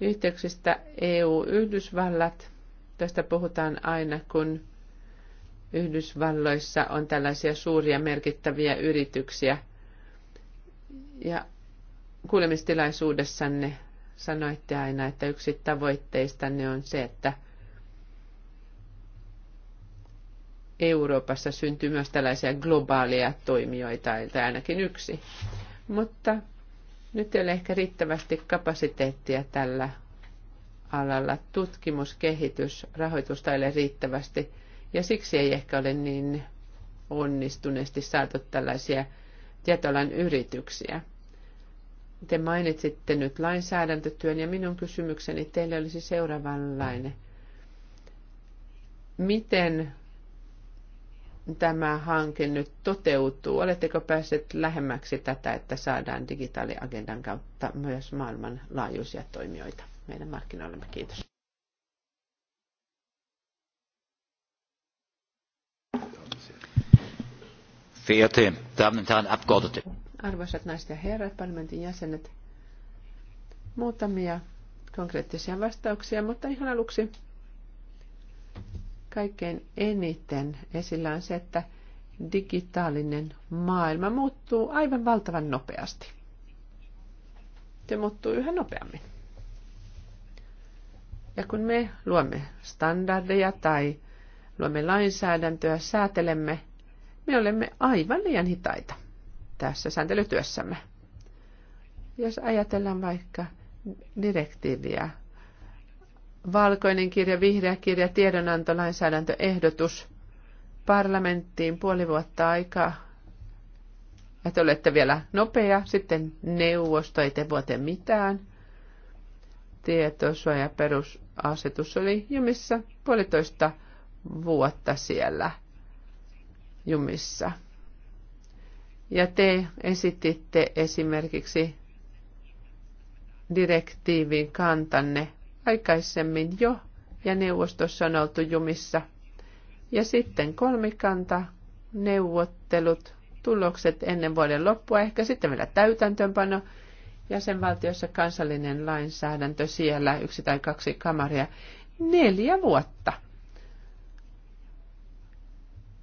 yhteyksistä EU-Yhdysvallat. Tästä puhutaan aina, kun Yhdysvalloissa on tällaisia suuria merkittäviä yrityksiä. Ja kuulemistilaisuudessanne sanoitte aina, että yksi tavoitteistanne on se, että Euroopassa syntyy myös tällaisia globaaleja toimijoita, tai ainakin yksi. Mutta nyt ei ole ehkä riittävästi kapasiteettia tällä alalla. Tutkimus, kehitys, rahoitusta ei ole riittävästi ja siksi ei ehkä ole niin onnistuneesti saatu tällaisia tietoalan yrityksiä. Te mainitsitte nyt lainsäädäntötyön ja minun kysymykseni teille olisi seuraavanlainen. Miten tämä hanke nyt toteutuu? Oletteko päässeet lähemmäksi tätä, että saadaan digitaaliagendan kautta myös maailmanlaajuisia toimijoita meidän markkinoillemme? Kiitos. Arvoisat naiset ja herrat, parlamentin jäsenet, muutamia konkreettisia vastauksia, mutta ihan aluksi kaikkein eniten esillä on se, että digitaalinen maailma muuttuu aivan valtavan nopeasti. Se muuttuu yhä nopeammin. Ja kun me luomme standardeja tai luomme lainsäädäntöä, säätelemme, me olemme aivan liian hitaita tässä sääntelytyössämme. Jos ajatellaan vaikka direktiiviä valkoinen kirja, vihreä kirja, tiedonanto, Parlamenttiin puoli vuotta aikaa. että olette vielä nopea, sitten neuvosto, ei te vuote mitään. Tietosuoja perusasetus oli jumissa puolitoista vuotta siellä jumissa. Ja te esititte esimerkiksi direktiivin kantanne aikaisemmin jo ja neuvostossa on oltu jumissa. Ja sitten kolmikanta, neuvottelut, tulokset ennen vuoden loppua, ehkä sitten vielä täytäntöönpano, jäsenvaltiossa kansallinen lainsäädäntö siellä, yksi tai kaksi kamaria, neljä vuotta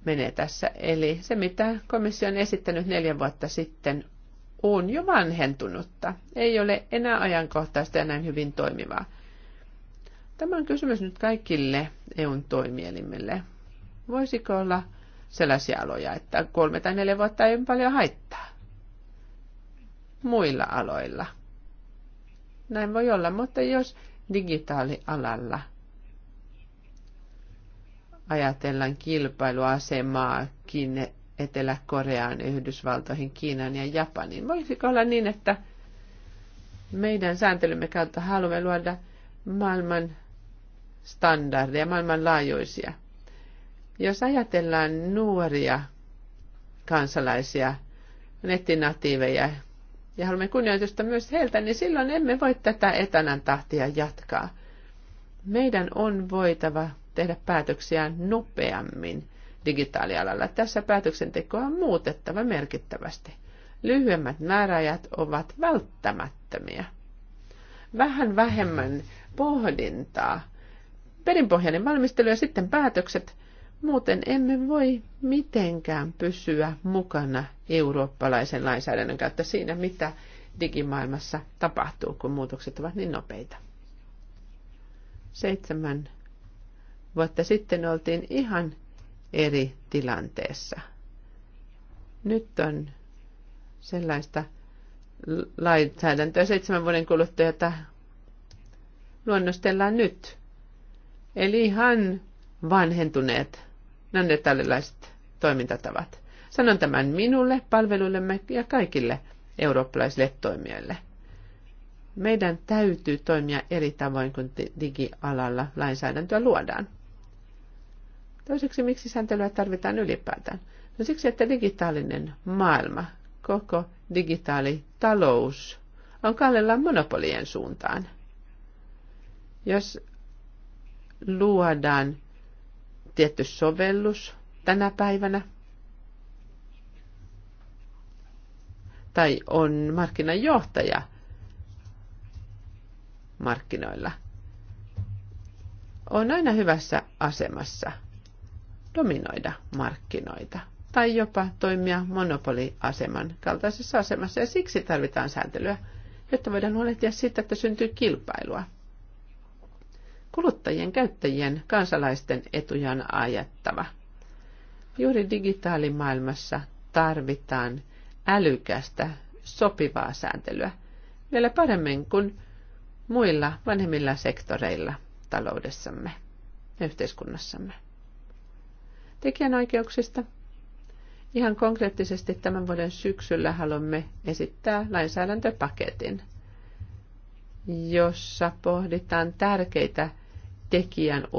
menee tässä. Eli se, mitä komissio on esittänyt neljä vuotta sitten, on jo vanhentunutta. Ei ole enää ajankohtaista ja näin hyvin toimivaa. Tämä on kysymys nyt kaikille EUn toimielimille. Voisiko olla sellaisia aloja, että kolme tai neljä vuotta ei paljon haittaa muilla aloilla? Näin voi olla, mutta jos digitaalialalla ajatellaan kilpailuasemaakin Etelä-Koreaan, Yhdysvaltoihin, Kiinaan ja Japaniin. Voisiko olla niin, että meidän sääntelymme kautta haluamme luoda maailman standardeja, maailmanlaajuisia. Jos ajatellaan nuoria kansalaisia, nettinatiiveja, ja haluamme kunnioitusta myös heiltä, niin silloin emme voi tätä etänän tahtia jatkaa. Meidän on voitava tehdä päätöksiä nopeammin digitaalialalla. Tässä päätöksentekoa on muutettava merkittävästi. Lyhyemmät määräajat ovat välttämättömiä. Vähän vähemmän pohdintaa perinpohjainen valmistelu ja sitten päätökset. Muuten emme voi mitenkään pysyä mukana eurooppalaisen lainsäädännön kautta siinä, mitä digimaailmassa tapahtuu, kun muutokset ovat niin nopeita. Seitsemän vuotta sitten oltiin ihan eri tilanteessa. Nyt on sellaista lainsäädäntöä seitsemän vuoden kuluttua, jota luonnostellaan nyt. Eli ihan vanhentuneet, ne tällaiset toimintatavat. Sanon tämän minulle, palveluillemme ja kaikille eurooppalaisille toimijoille. Meidän täytyy toimia eri tavoin, kun digialalla lainsäädäntöä luodaan. Toiseksi, miksi sääntelyä tarvitaan ylipäätään? No siksi, että digitaalinen maailma, koko digitaalitalous, on kallellaan monopolien suuntaan. Jos luodaan tietty sovellus tänä päivänä, tai on markkinajohtaja markkinoilla, on aina hyvässä asemassa dominoida markkinoita tai jopa toimia monopoliaseman kaltaisessa asemassa. Ja siksi tarvitaan sääntelyä, jotta voidaan huolehtia siitä, että syntyy kilpailua kuluttajien, käyttäjien, kansalaisten etujan ajattava. Juuri digitaalimaailmassa tarvitaan älykästä, sopivaa sääntelyä vielä paremmin kuin muilla vanhemmilla sektoreilla taloudessamme ja yhteiskunnassamme. Tekijänoikeuksista. Ihan konkreettisesti tämän vuoden syksyllä haluamme esittää lainsäädäntöpaketin, jossa pohditaan tärkeitä tekijänoikeuskysymyksiä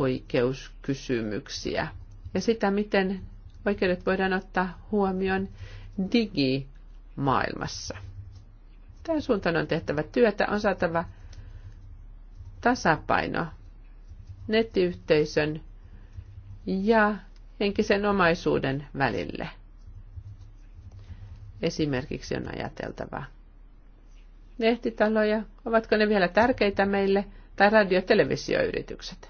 oikeuskysymyksiä ja sitä, miten oikeudet voidaan ottaa huomioon digimaailmassa. Tämän suuntaan on tehtävä työtä, on saatava tasapaino nettiyhteisön ja henkisen omaisuuden välille. Esimerkiksi on ajateltava lehtitaloja, ovatko ne vielä tärkeitä meille – tai radio- ja televisioyritykset.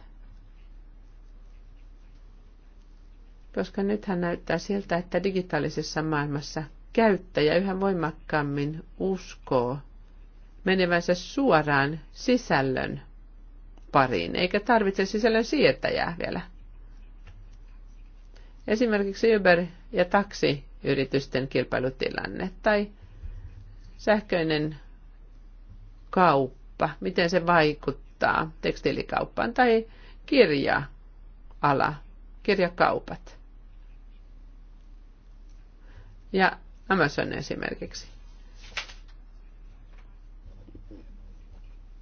Koska nythän näyttää siltä, että digitaalisessa maailmassa käyttäjä yhä voimakkaammin uskoo menevänsä suoraan sisällön pariin, eikä tarvitse sisällön siirtäjää vielä. Esimerkiksi Uber- ja taksiyritysten kilpailutilanne tai sähköinen kauppa, miten se vaikuttaa vaikuttaa tekstiilikauppaan tai kirja-ala, kirjakaupat. Ja Amazon esimerkiksi.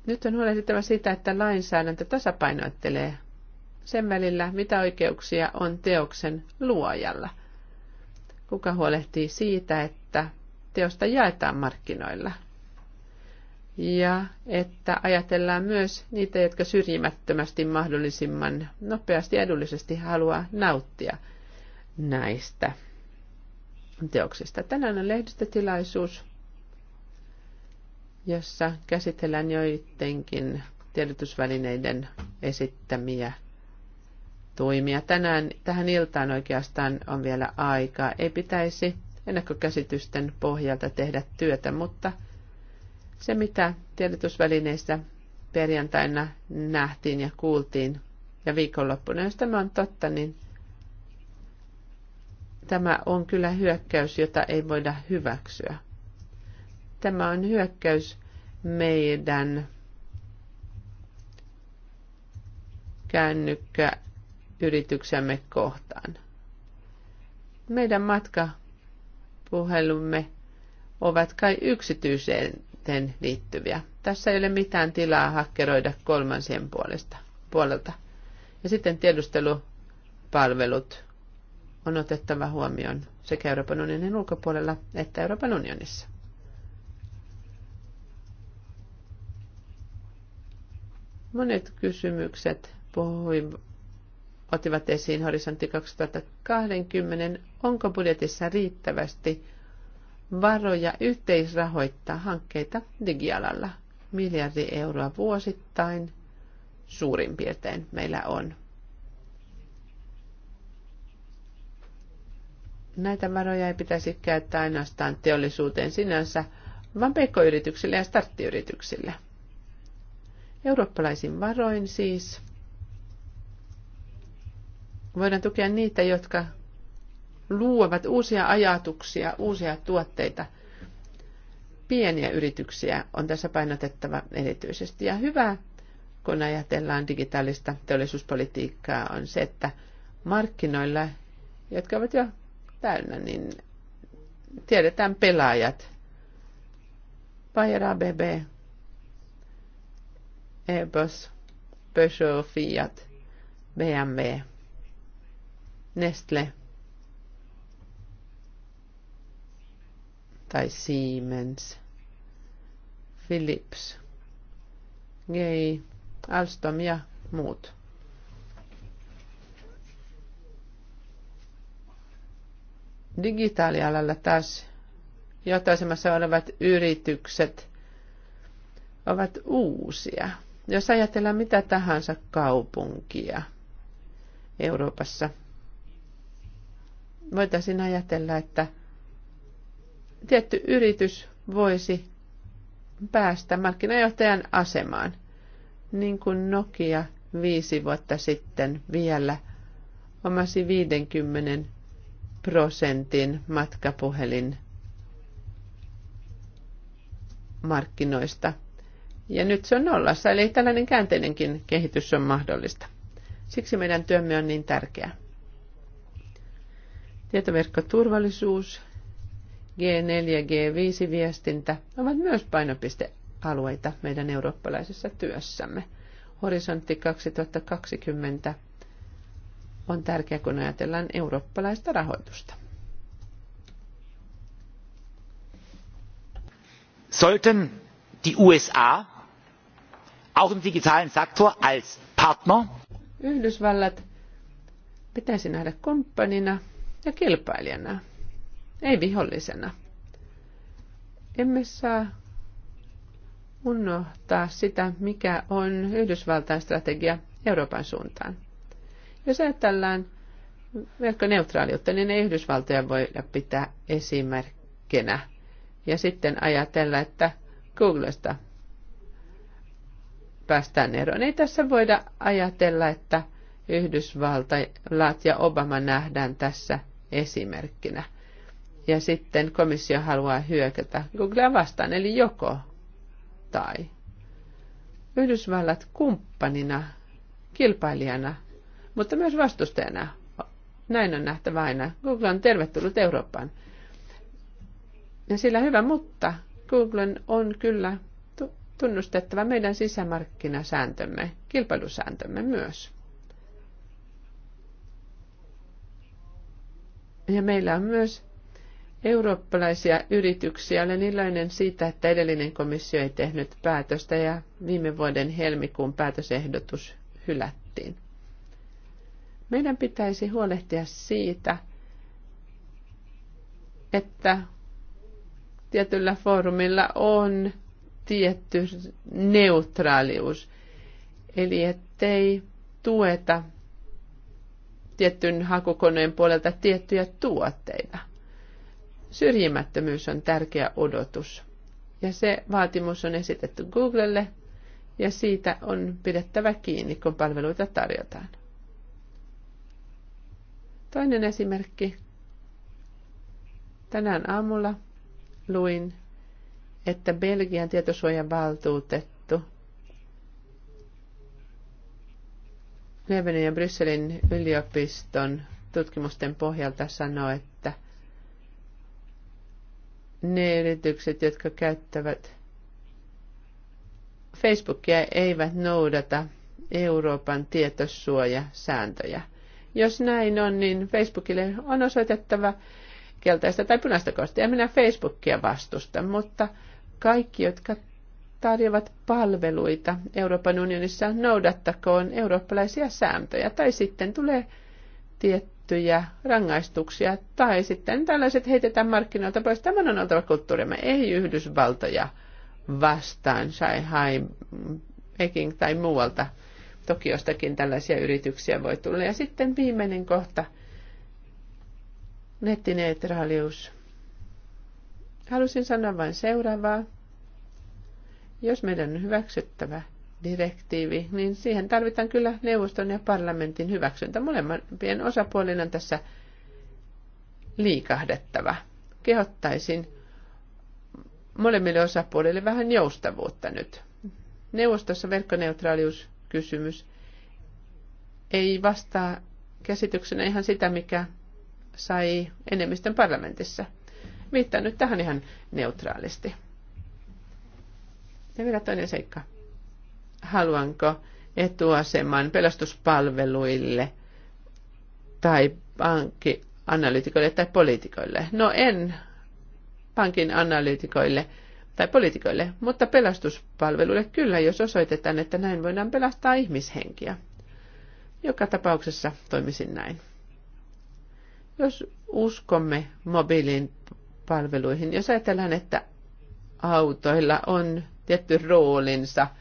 Nyt on huolehdittava siitä, että lainsäädäntö tasapainoittelee sen välillä, mitä oikeuksia on teoksen luojalla. Kuka huolehtii siitä, että teosta jaetaan markkinoilla – ja että ajatellaan myös niitä, jotka syrjimättömästi mahdollisimman nopeasti ja edullisesti haluaa nauttia näistä teoksista. Tänään on lehdistötilaisuus, jossa käsitellään joidenkin tiedotusvälineiden esittämiä toimia. Tänään tähän iltaan oikeastaan on vielä aikaa. Ei pitäisi ennakkokäsitysten pohjalta tehdä työtä, mutta – se, mitä tiedotusvälineissä perjantaina nähtiin ja kuultiin ja viikonloppuna, jos tämä on totta, niin tämä on kyllä hyökkäys, jota ei voida hyväksyä. Tämä on hyökkäys meidän yrityksemme kohtaan. Meidän matkapuhelumme ovat kai yksityiseen ihmisten liittyviä. Tässä ei ole mitään tilaa hakkeroida kolmansien puolesta, puolelta. Ja sitten tiedustelupalvelut on otettava huomioon sekä Euroopan unionin ulkopuolella että Euroopan unionissa. Monet kysymykset puhuin, ottivat esiin horisontti 2020. Onko budjetissa riittävästi varoja yhteisrahoittaa hankkeita digialalla. Miljardi euroa vuosittain suurin piirtein meillä on. Näitä varoja ei pitäisi käyttää ainoastaan teollisuuteen sinänsä, vaan pk-yrityksille ja starttiyrityksille. Eurooppalaisin varoin siis voidaan tukea niitä, jotka luovat uusia ajatuksia, uusia tuotteita. Pieniä yrityksiä on tässä painotettava erityisesti. Ja hyvä, kun ajatellaan digitaalista teollisuuspolitiikkaa, on se, että markkinoilla, jotka ovat jo täynnä, niin tiedetään pelaajat. Bayer ABB, Airbus, Peugeot, Fiat, BMW, Nestle – tai Siemens, Philips, Gei, Alstom ja muut. Digitaalialalla taas johtoasemassa olevat yritykset ovat uusia. Jos ajatellaan mitä tahansa kaupunkia Euroopassa, voitaisiin ajatella, että – tietty yritys voisi päästä markkinajohtajan asemaan, niin kuin Nokia viisi vuotta sitten vielä omasi 50 prosentin matkapuhelin markkinoista. Ja nyt se on nollassa, eli tällainen käänteinenkin kehitys on mahdollista. Siksi meidän työmme on niin tärkeä. Tietoverkkoturvallisuus, G4 ja G5 viestintä ovat myös painopistealueita meidän eurooppalaisessa työssämme. Horisontti 2020 on tärkeä, kun ajatellaan eurooppalaista rahoitusta. Sollten die USA auch im digitalen Sektor als Partner Yhdysvallat pitäisi nähdä kumppanina ja kilpailijana ei vihollisena. Emme saa unohtaa sitä, mikä on Yhdysvaltain strategia Euroopan suuntaan. Jos ajatellaan verkkoneutraaliutta, niin ei Yhdysvaltoja voida pitää esimerkkinä. Ja sitten ajatella, että Googlesta päästään eroon. Ei tässä voida ajatella, että Yhdysvallat ja Obama nähdään tässä esimerkkinä – ja sitten komissio haluaa hyökätä Googlea vastaan, eli joko tai. Yhdysvallat kumppanina, kilpailijana, mutta myös vastustajana. Näin on nähtävä aina. Google on tervetullut Eurooppaan. Ja sillä hyvä, mutta Googlen on kyllä tunnustettava meidän sisämarkkinasääntömme, kilpailusääntömme myös. Ja meillä on myös eurooppalaisia yrityksiä. Olen iloinen siitä, että edellinen komissio ei tehnyt päätöstä ja viime vuoden helmikuun päätösehdotus hylättiin. Meidän pitäisi huolehtia siitä, että tietyllä foorumilla on tietty neutraalius, eli ettei tueta tietyn hakukoneen puolelta tiettyjä tuotteita Syrjimättömyys on tärkeä odotus. Ja se vaatimus on esitetty Googlelle ja siitä on pidettävä kiinni, kun palveluita tarjotaan. Toinen esimerkki. Tänään aamulla luin, että Belgian tietosuojan valtuutettu Levenen ja Brysselin yliopiston tutkimusten pohjalta sanoi, että – ne yritykset, jotka käyttävät Facebookia, eivät noudata Euroopan tietosuojasääntöjä. Jos näin on, niin Facebookille on osoitettava keltaista tai punaista kostia. Minä Facebookia vastustan, mutta kaikki, jotka tarjoavat palveluita Euroopan unionissa, noudattakoon eurooppalaisia sääntöjä. Tai sitten tulee tietty tiettyjä rangaistuksia tai sitten tällaiset heitetään markkinoilta pois. Tämän on oltava kulttuurimme, ei Yhdysvaltoja vastaan, Shanghai, Peking tai muualta. Tokiostakin tällaisia yrityksiä voi tulla. Ja sitten viimeinen kohta, nettineutraalius. Halusin sanoa vain seuraavaa. Jos meidän on hyväksyttävä direktiivi, niin siihen tarvitaan kyllä neuvoston ja parlamentin hyväksyntä. Molempien osapuolien on tässä liikahdettava. Kehottaisin molemmille osapuolille vähän joustavuutta nyt. Neuvostossa verkkoneutraaliuskysymys ei vastaa käsityksenä ihan sitä, mikä sai enemmistön parlamentissa. Viittaan nyt tähän ihan neutraalisti. Ja vielä toinen seikka haluanko etuaseman pelastuspalveluille tai pankkianalyytikoille tai poliitikoille. No en pankin analyytikoille tai poliitikoille, mutta pelastuspalveluille kyllä, jos osoitetaan, että näin voidaan pelastaa ihmishenkiä. Joka tapauksessa toimisin näin. Jos uskomme mobiilin palveluihin, jos ajatellaan, että autoilla on tietty roolinsa –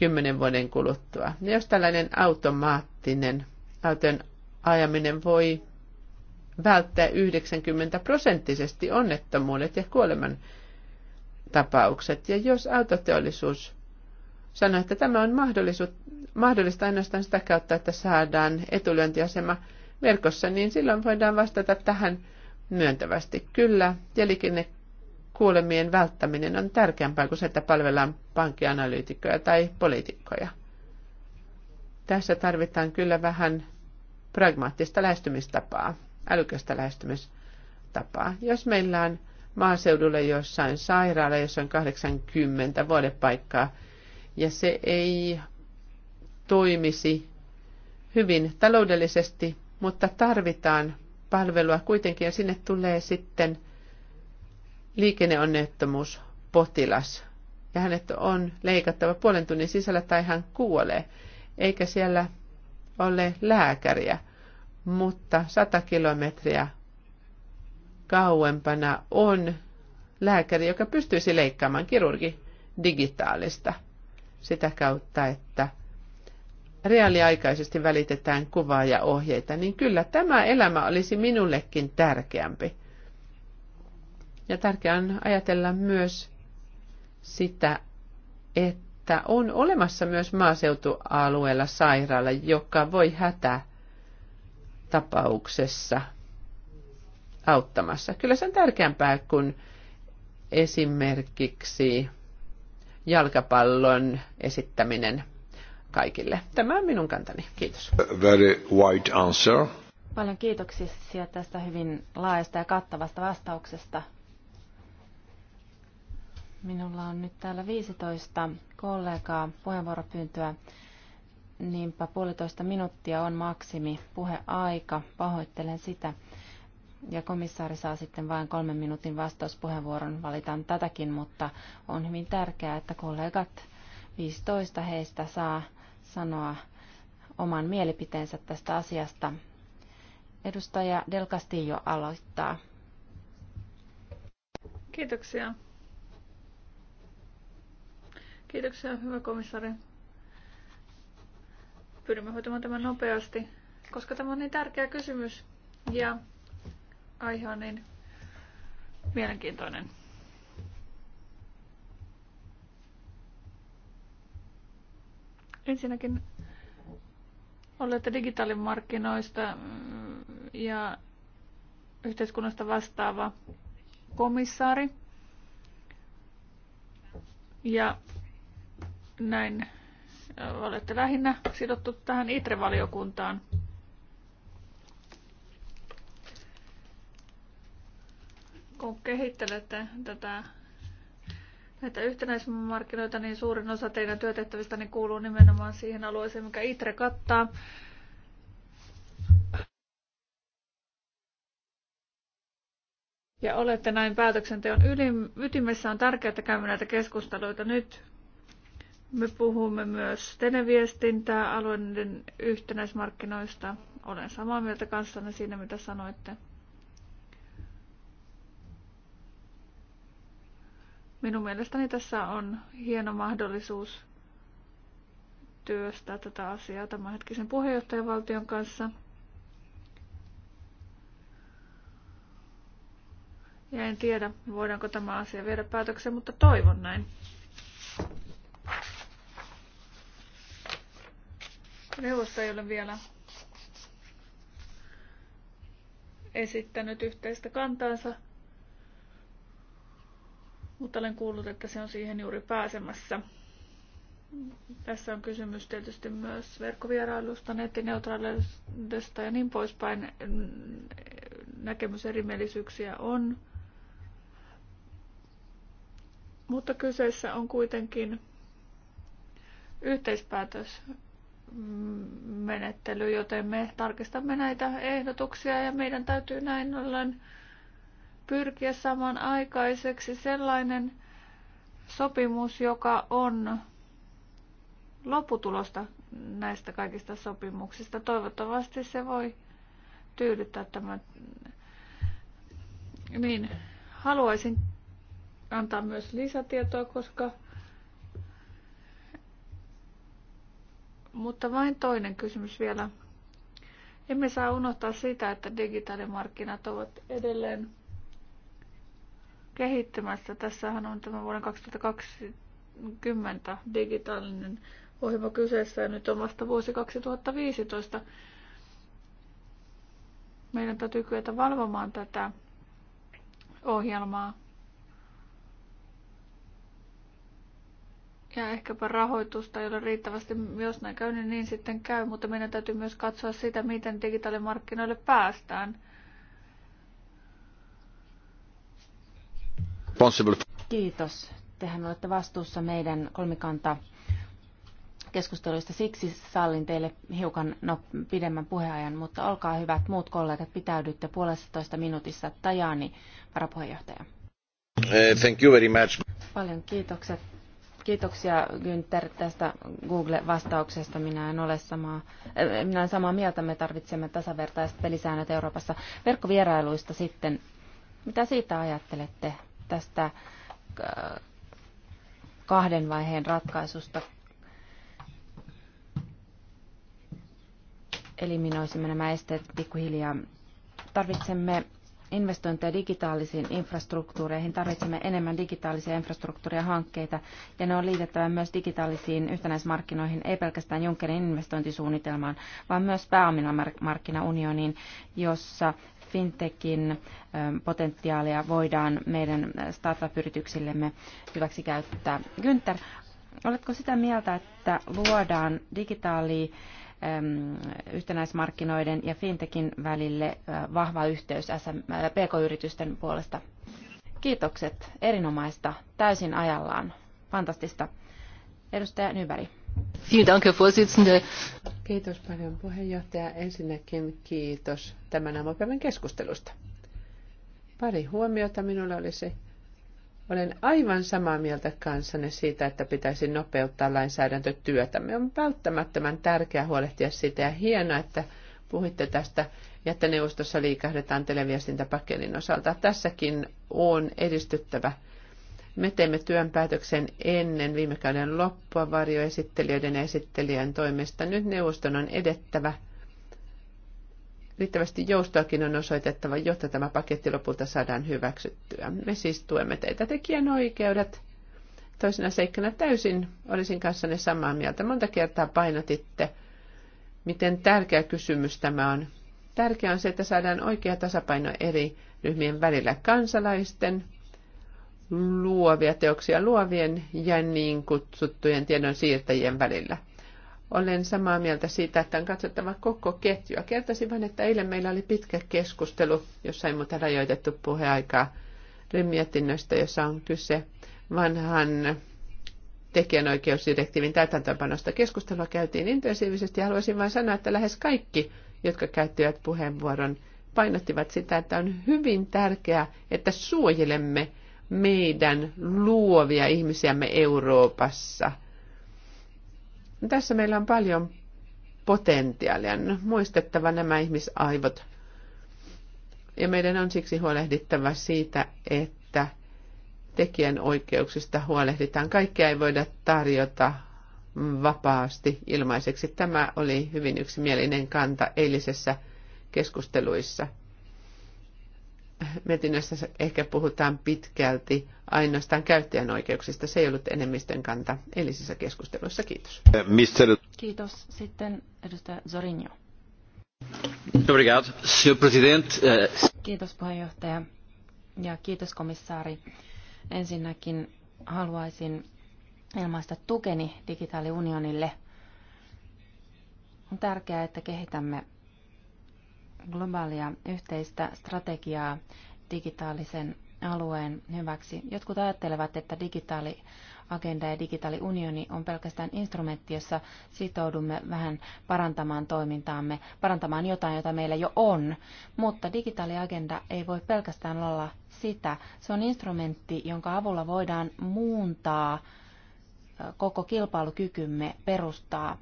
kymmenen vuoden kuluttua. Jos tällainen automaattinen auton ajaminen voi välttää 90 prosenttisesti onnettomuudet ja kuoleman tapaukset. Ja jos autoteollisuus sanoi, että tämä on mahdollista ainoastaan sitä kautta, että saadaan etulyöntiasema verkossa, niin silloin voidaan vastata tähän myöntävästi. Kyllä, tieliikenne kuulemien välttäminen on tärkeämpää kuin se, että palvellaan pankkianalyytikkoja tai poliitikkoja. Tässä tarvitaan kyllä vähän pragmaattista lähestymistapaa, älykästä lähestymistapaa. Jos meillä on maaseudulla jossain sairaala, jossa on 80 vuodepaikkaa, ja se ei toimisi hyvin taloudellisesti, mutta tarvitaan palvelua kuitenkin, ja sinne tulee sitten – liikenneonnettomuus potilas ja hänet on leikattava puolen tunnin sisällä tai hän kuolee, eikä siellä ole lääkäriä, mutta sata kilometriä kauempana on lääkäri, joka pystyisi leikkaamaan kirurgi digitaalista sitä kautta, että reaaliaikaisesti välitetään kuvaa ja ohjeita, niin kyllä tämä elämä olisi minullekin tärkeämpi. Ja tärkeää on ajatella myös sitä, että on olemassa myös maaseutualueella sairaala, joka voi hätä tapauksessa auttamassa. Kyllä se on tärkeämpää kuin esimerkiksi jalkapallon esittäminen kaikille. Tämä on minun kantani. Kiitos. Very wide answer. Paljon kiitoksia tästä hyvin laajasta ja kattavasta vastauksesta. Minulla on nyt täällä 15 kollegaa puheenvuoropyyntöä. Niinpä puolitoista minuuttia on maksimi puheaika. Pahoittelen sitä. Ja komissaari saa sitten vain kolmen minuutin vastauspuheenvuoron. Valitan tätäkin, mutta on hyvin tärkeää, että kollegat 15 heistä saa sanoa oman mielipiteensä tästä asiasta. Edustaja Del Castillo aloittaa. Kiitoksia Kiitoksia, hyvä komissaari. Pyrimme hoitamaan tämän nopeasti, koska tämä on niin tärkeä kysymys ja aihe on niin mielenkiintoinen. Ensinnäkin olette digitaalimarkkinoista mm, ja yhteiskunnasta vastaava komissaari. Ja näin olette lähinnä sidottu tähän ITRE-valiokuntaan. Kun kehittelette tätä, näitä yhtenäismarkkinoita, niin suurin osa teidän niin kuuluu nimenomaan siihen alueeseen, mikä ITRE kattaa. Ja olette näin päätöksenteon ytimessä. On tärkeää, että käymme näitä keskusteluita nyt me puhumme myös televiestintää alueiden yhtenäismarkkinoista. Olen samaa mieltä kanssanne siinä, mitä sanoitte. Minun mielestäni tässä on hieno mahdollisuus työstää tätä asiaa tämänhetkisen puheenjohtajavaltion kanssa. Ja en tiedä, voidaanko tämä asia viedä päätökseen, mutta toivon näin. Neuvosto ei ole vielä esittänyt yhteistä kantaansa, mutta olen kuullut, että se on siihen juuri pääsemässä. Tässä on kysymys tietysti myös verkkovierailusta, nettineutraaliudesta ja niin poispäin. Näkemyserimielisyyksiä on. Mutta kyseessä on kuitenkin yhteispäätös menettely, joten me tarkistamme näitä ehdotuksia ja meidän täytyy näin ollen pyrkiä saman aikaiseksi sellainen sopimus, joka on loputulosta näistä kaikista sopimuksista. Toivottavasti se voi tyydyttää tämän. Niin, haluaisin antaa myös lisätietoa, koska Mutta vain toinen kysymys vielä. Emme saa unohtaa sitä, että digitaalimarkkinat ovat edelleen kehittymässä. Tässähän on tämä vuoden 2020 digitaalinen ohjelma kyseessä ja nyt on vasta vuosi 2015. Meidän täytyy kyetä valvomaan tätä ohjelmaa ja ehkäpä rahoitusta ei ole riittävästi. Jos näin käy, niin, niin sitten käy, mutta meidän täytyy myös katsoa sitä, miten digitaalimarkkinoille päästään. Kiitos. Tehän olette vastuussa meidän kolmikanta keskusteluista. Siksi sallin teille hiukan no, pidemmän puheajan, mutta olkaa hyvät muut kollegat, pitäydytte puolestatoista minuutissa. Tajani, varapuheenjohtaja. Eh, thank you very much. Paljon kiitokset Kiitoksia Günther tästä Google-vastauksesta. Minä en ole samaa, eh, minä olen samaa mieltä, me tarvitsemme tasavertaiset pelisäännöt Euroopassa. Verkkovierailuista sitten, mitä siitä ajattelette tästä eh, kahden vaiheen ratkaisusta? Eliminoisimme nämä esteet pikkuhiljaa. Tarvitsemme investointeja digitaalisiin infrastruktuureihin. Tarvitsemme enemmän digitaalisia hankkeita ja ne on liitettävä myös digitaalisiin yhtenäismarkkinoihin, ei pelkästään Junckerin investointisuunnitelmaan, vaan myös pääominamarkkinaunioniin, jossa fintekin potentiaalia voidaan meidän startup-yrityksillemme hyväksi käyttää. Günther, oletko sitä mieltä, että luodaan digitaali yhtenäismarkkinoiden ja fintekin välille vahva yhteys PK-yritysten puolesta. Kiitokset, erinomaista, täysin ajallaan, fantastista. Edustaja Nyberg. Kiitos paljon puheenjohtaja. Ensinnäkin kiitos tämän aamupäivän keskustelusta. Pari huomiota minulla olisi. Olen aivan samaa mieltä kanssanne siitä, että pitäisi nopeuttaa lainsäädäntötyötämme. On välttämättömän tärkeää huolehtia siitä ja hienoa, että puhuitte tästä ja että neuvostossa liikahdetaan televiestintäpakelin osalta. Tässäkin on edistyttävä. Me teemme työn päätöksen ennen viime kauden loppua varjoesittelijöiden ja esittelijän toimesta. Nyt neuvoston on edettävä – riittävästi joustoakin on osoitettava, jotta tämä paketti lopulta saadaan hyväksyttyä. Me siis tuemme teitä tekijänoikeudet. Toisena seikkana täysin olisin kanssanne samaa mieltä. Monta kertaa painotitte, miten tärkeä kysymys tämä on. Tärkeää on se, että saadaan oikea tasapaino eri ryhmien välillä kansalaisten, luovia teoksia luovien ja niin kutsuttujen tiedon siirtäjien välillä – olen samaa mieltä siitä, että on katsottava koko ketjua. Kertoisin vain, että eilen meillä oli pitkä keskustelu, jossa ei muuta rajoitettu puheaikaa mietinnöstä, jossa on kyse vanhan tekijänoikeusdirektiivin täytäntöönpanosta. Keskustelua käytiin intensiivisesti ja haluaisin vain sanoa, että lähes kaikki, jotka käyttivät puheenvuoron, painottivat sitä, että on hyvin tärkeää, että suojelemme meidän luovia ihmisiämme Euroopassa – tässä meillä on paljon potentiaalia. On muistettava nämä ihmisaivot. Ja meidän on siksi huolehdittava siitä, että tekijän oikeuksista huolehditaan. Kaikkea ei voida tarjota vapaasti ilmaiseksi. Tämä oli hyvin yksimielinen kanta eilisessä keskusteluissa – mietinnössä ehkä puhutaan pitkälti ainoastaan käyttäjän oikeuksista. Se ei ollut enemmistön kanta eilisissä keskusteluissa. Kiitos. Mister... Kiitos. Sitten edustaja Zorinjo. Kiitos puheenjohtaja ja kiitos komissaari. Ensinnäkin haluaisin ilmaista tukeni digitaaliunionille. On tärkeää, että kehitämme globaalia yhteistä strategiaa digitaalisen alueen hyväksi. Jotkut ajattelevat, että digitaali agenda ja digitaaliunioni on pelkästään instrumentti, jossa sitoudumme vähän parantamaan toimintaamme, parantamaan jotain, jota meillä jo on. Mutta digitaaliagenda ei voi pelkästään olla sitä. Se on instrumentti, jonka avulla voidaan muuntaa koko kilpailukykymme perustaa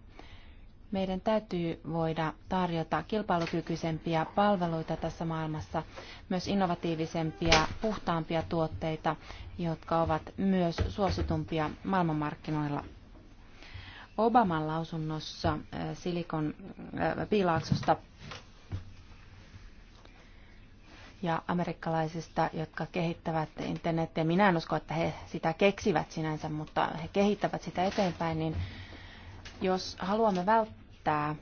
meidän täytyy voida tarjota kilpailukykyisempiä palveluita tässä maailmassa, myös innovatiivisempia, puhtaampia tuotteita, jotka ovat myös suositumpia maailmanmarkkinoilla. Obaman lausunnossa äh, Silikon äh, piilaaksosta ja amerikkalaisista, jotka kehittävät internetiä. Minä en usko, että he sitä keksivät sinänsä, mutta he kehittävät sitä eteenpäin, niin jos haluamme välttää käyttää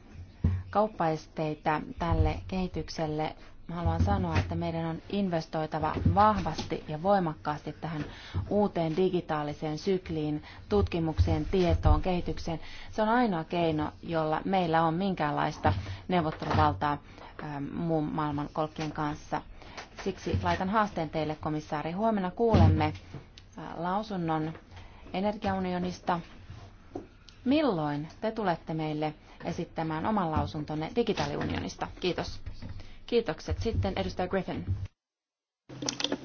kauppaesteitä tälle kehitykselle. Haluan sanoa, että meidän on investoitava vahvasti ja voimakkaasti tähän uuteen digitaaliseen sykliin, tutkimukseen, tietoon, kehitykseen. Se on ainoa keino, jolla meillä on minkäänlaista neuvotteluvaltaa ähm, muun maailman kolkien kanssa. Siksi laitan haasteen teille, komissaari. Huomenna kuulemme äh, lausunnon energiaunionista. Milloin te tulette meille esittämään oman lausuntonne digitaaliunionista. Kiitos. Kiitokset. Sitten edustaja Griffin. Uh,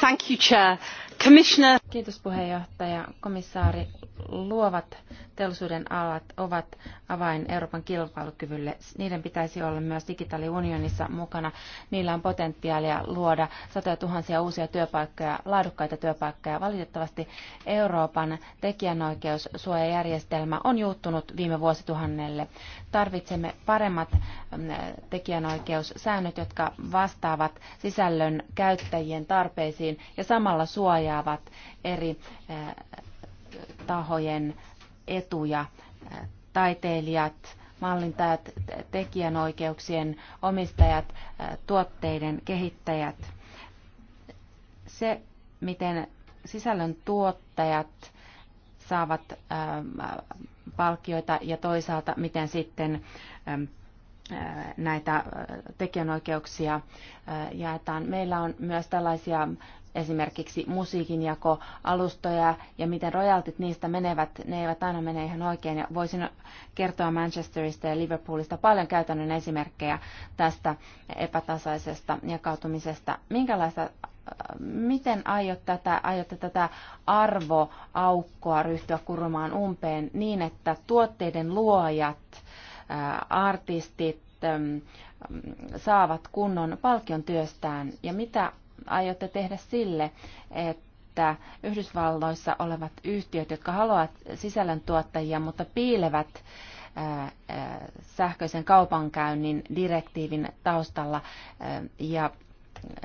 thank you, Chair. Commissioner... Kiitos puheenjohtaja. Komissaari, luovat teollisuuden alat ovat avain Euroopan kilpailukyvylle. Niiden pitäisi olla myös digitaaliunionissa mukana. Niillä on potentiaalia luoda satoja tuhansia uusia työpaikkoja, laadukkaita työpaikkoja. Valitettavasti Euroopan tekijänoikeussuojajärjestelmä on juuttunut viime vuosituhannelle. Tarvitsemme paremmat mm, tekijänoikeussäännöt, jotka vastaavat sisällön käyttäjien tarpeisiin ja samalla suojaavat eri eh, tahojen etuja. Taiteilijat, mallintajat, tekijänoikeuksien omistajat, tuotteiden kehittäjät. Se, miten sisällön tuottajat saavat ähm, palkkioita ja toisaalta miten sitten ähm, äh, näitä äh, tekijänoikeuksia äh, jaetaan. Meillä on myös tällaisia esimerkiksi musiikinjakoalustoja ja miten rojaltit niistä menevät, ne eivät aina mene ihan oikein. Ja voisin kertoa Manchesterista ja Liverpoolista paljon käytännön esimerkkejä tästä epätasaisesta jakautumisesta. Minkälaista miten aiot tätä, aiotte tätä arvoaukkoa ryhtyä kurumaan umpeen niin, että tuotteiden luojat, artistit saavat kunnon palkion työstään ja mitä aiotte tehdä sille, että Yhdysvalloissa olevat yhtiöt, jotka haluavat sisällöntuottajia, mutta piilevät sähköisen kaupankäynnin direktiivin taustalla ja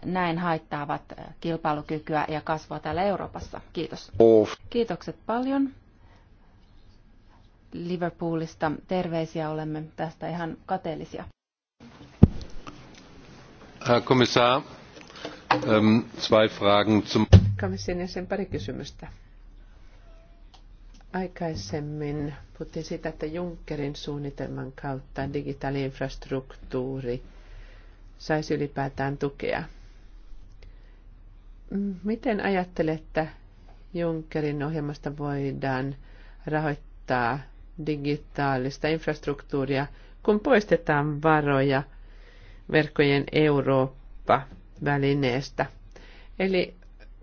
näin haittaavat kilpailukykyä ja kasvua täällä Euroopassa. Kiitos. Kiitokset paljon Liverpoolista. Terveisiä olemme tästä ihan kateellisia. Herr Kommissar, Ähm, Komission jäsen pari kysymystä. Aikaisemmin puhuttiin siitä, että Junckerin suunnitelman kautta digitaali-infrastruktuuri saisi ylipäätään tukea. Mm, miten ajattelette, Junckerin ohjelmasta voidaan rahoittaa digitaalista infrastruktuuria, kun poistetaan varoja verkkojen Eurooppa välineestä. Eli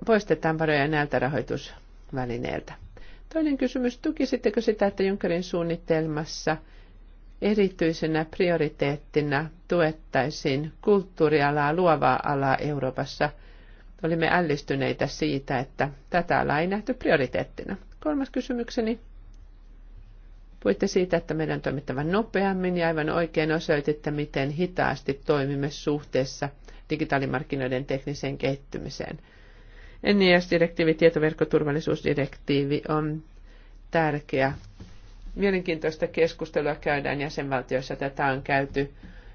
poistetaan varoja näiltä rahoitusvälineiltä. Toinen kysymys, tukisitteko sitä, että Junckerin suunnitelmassa erityisenä prioriteettina tuettaisiin kulttuurialaa, luovaa alaa Euroopassa? Olimme ällistyneitä siitä, että tätä alaa ei nähty prioriteettina. Kolmas kysymykseni. Puitte siitä, että meidän on toimittava nopeammin ja aivan oikein osoititte, miten hitaasti toimimme suhteessa – digitaalimarkkinoiden tekniseen kehittymiseen. NIS-direktiivi, tietoverkkoturvallisuusdirektiivi on tärkeä. Mielenkiintoista keskustelua käydään jäsenvaltioissa. Tätä on käyty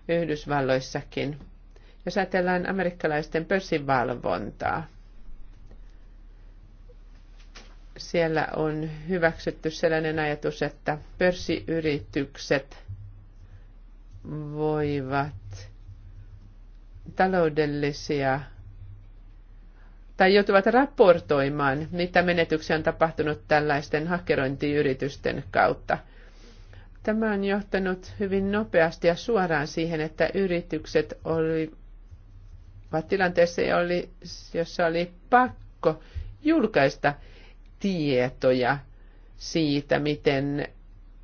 Yhdysvalloissakin. Jos ajatellaan amerikkalaisten pörssivalvontaa, siellä on hyväksytty sellainen ajatus, että pörssiyritykset voivat taloudellisia tai joutuvat raportoimaan, mitä menetyksiä on tapahtunut tällaisten hakkerointiyritysten kautta. Tämä on johtanut hyvin nopeasti ja suoraan siihen, että yritykset olivat tilanteessa, jossa oli pakko julkaista tietoja siitä, miten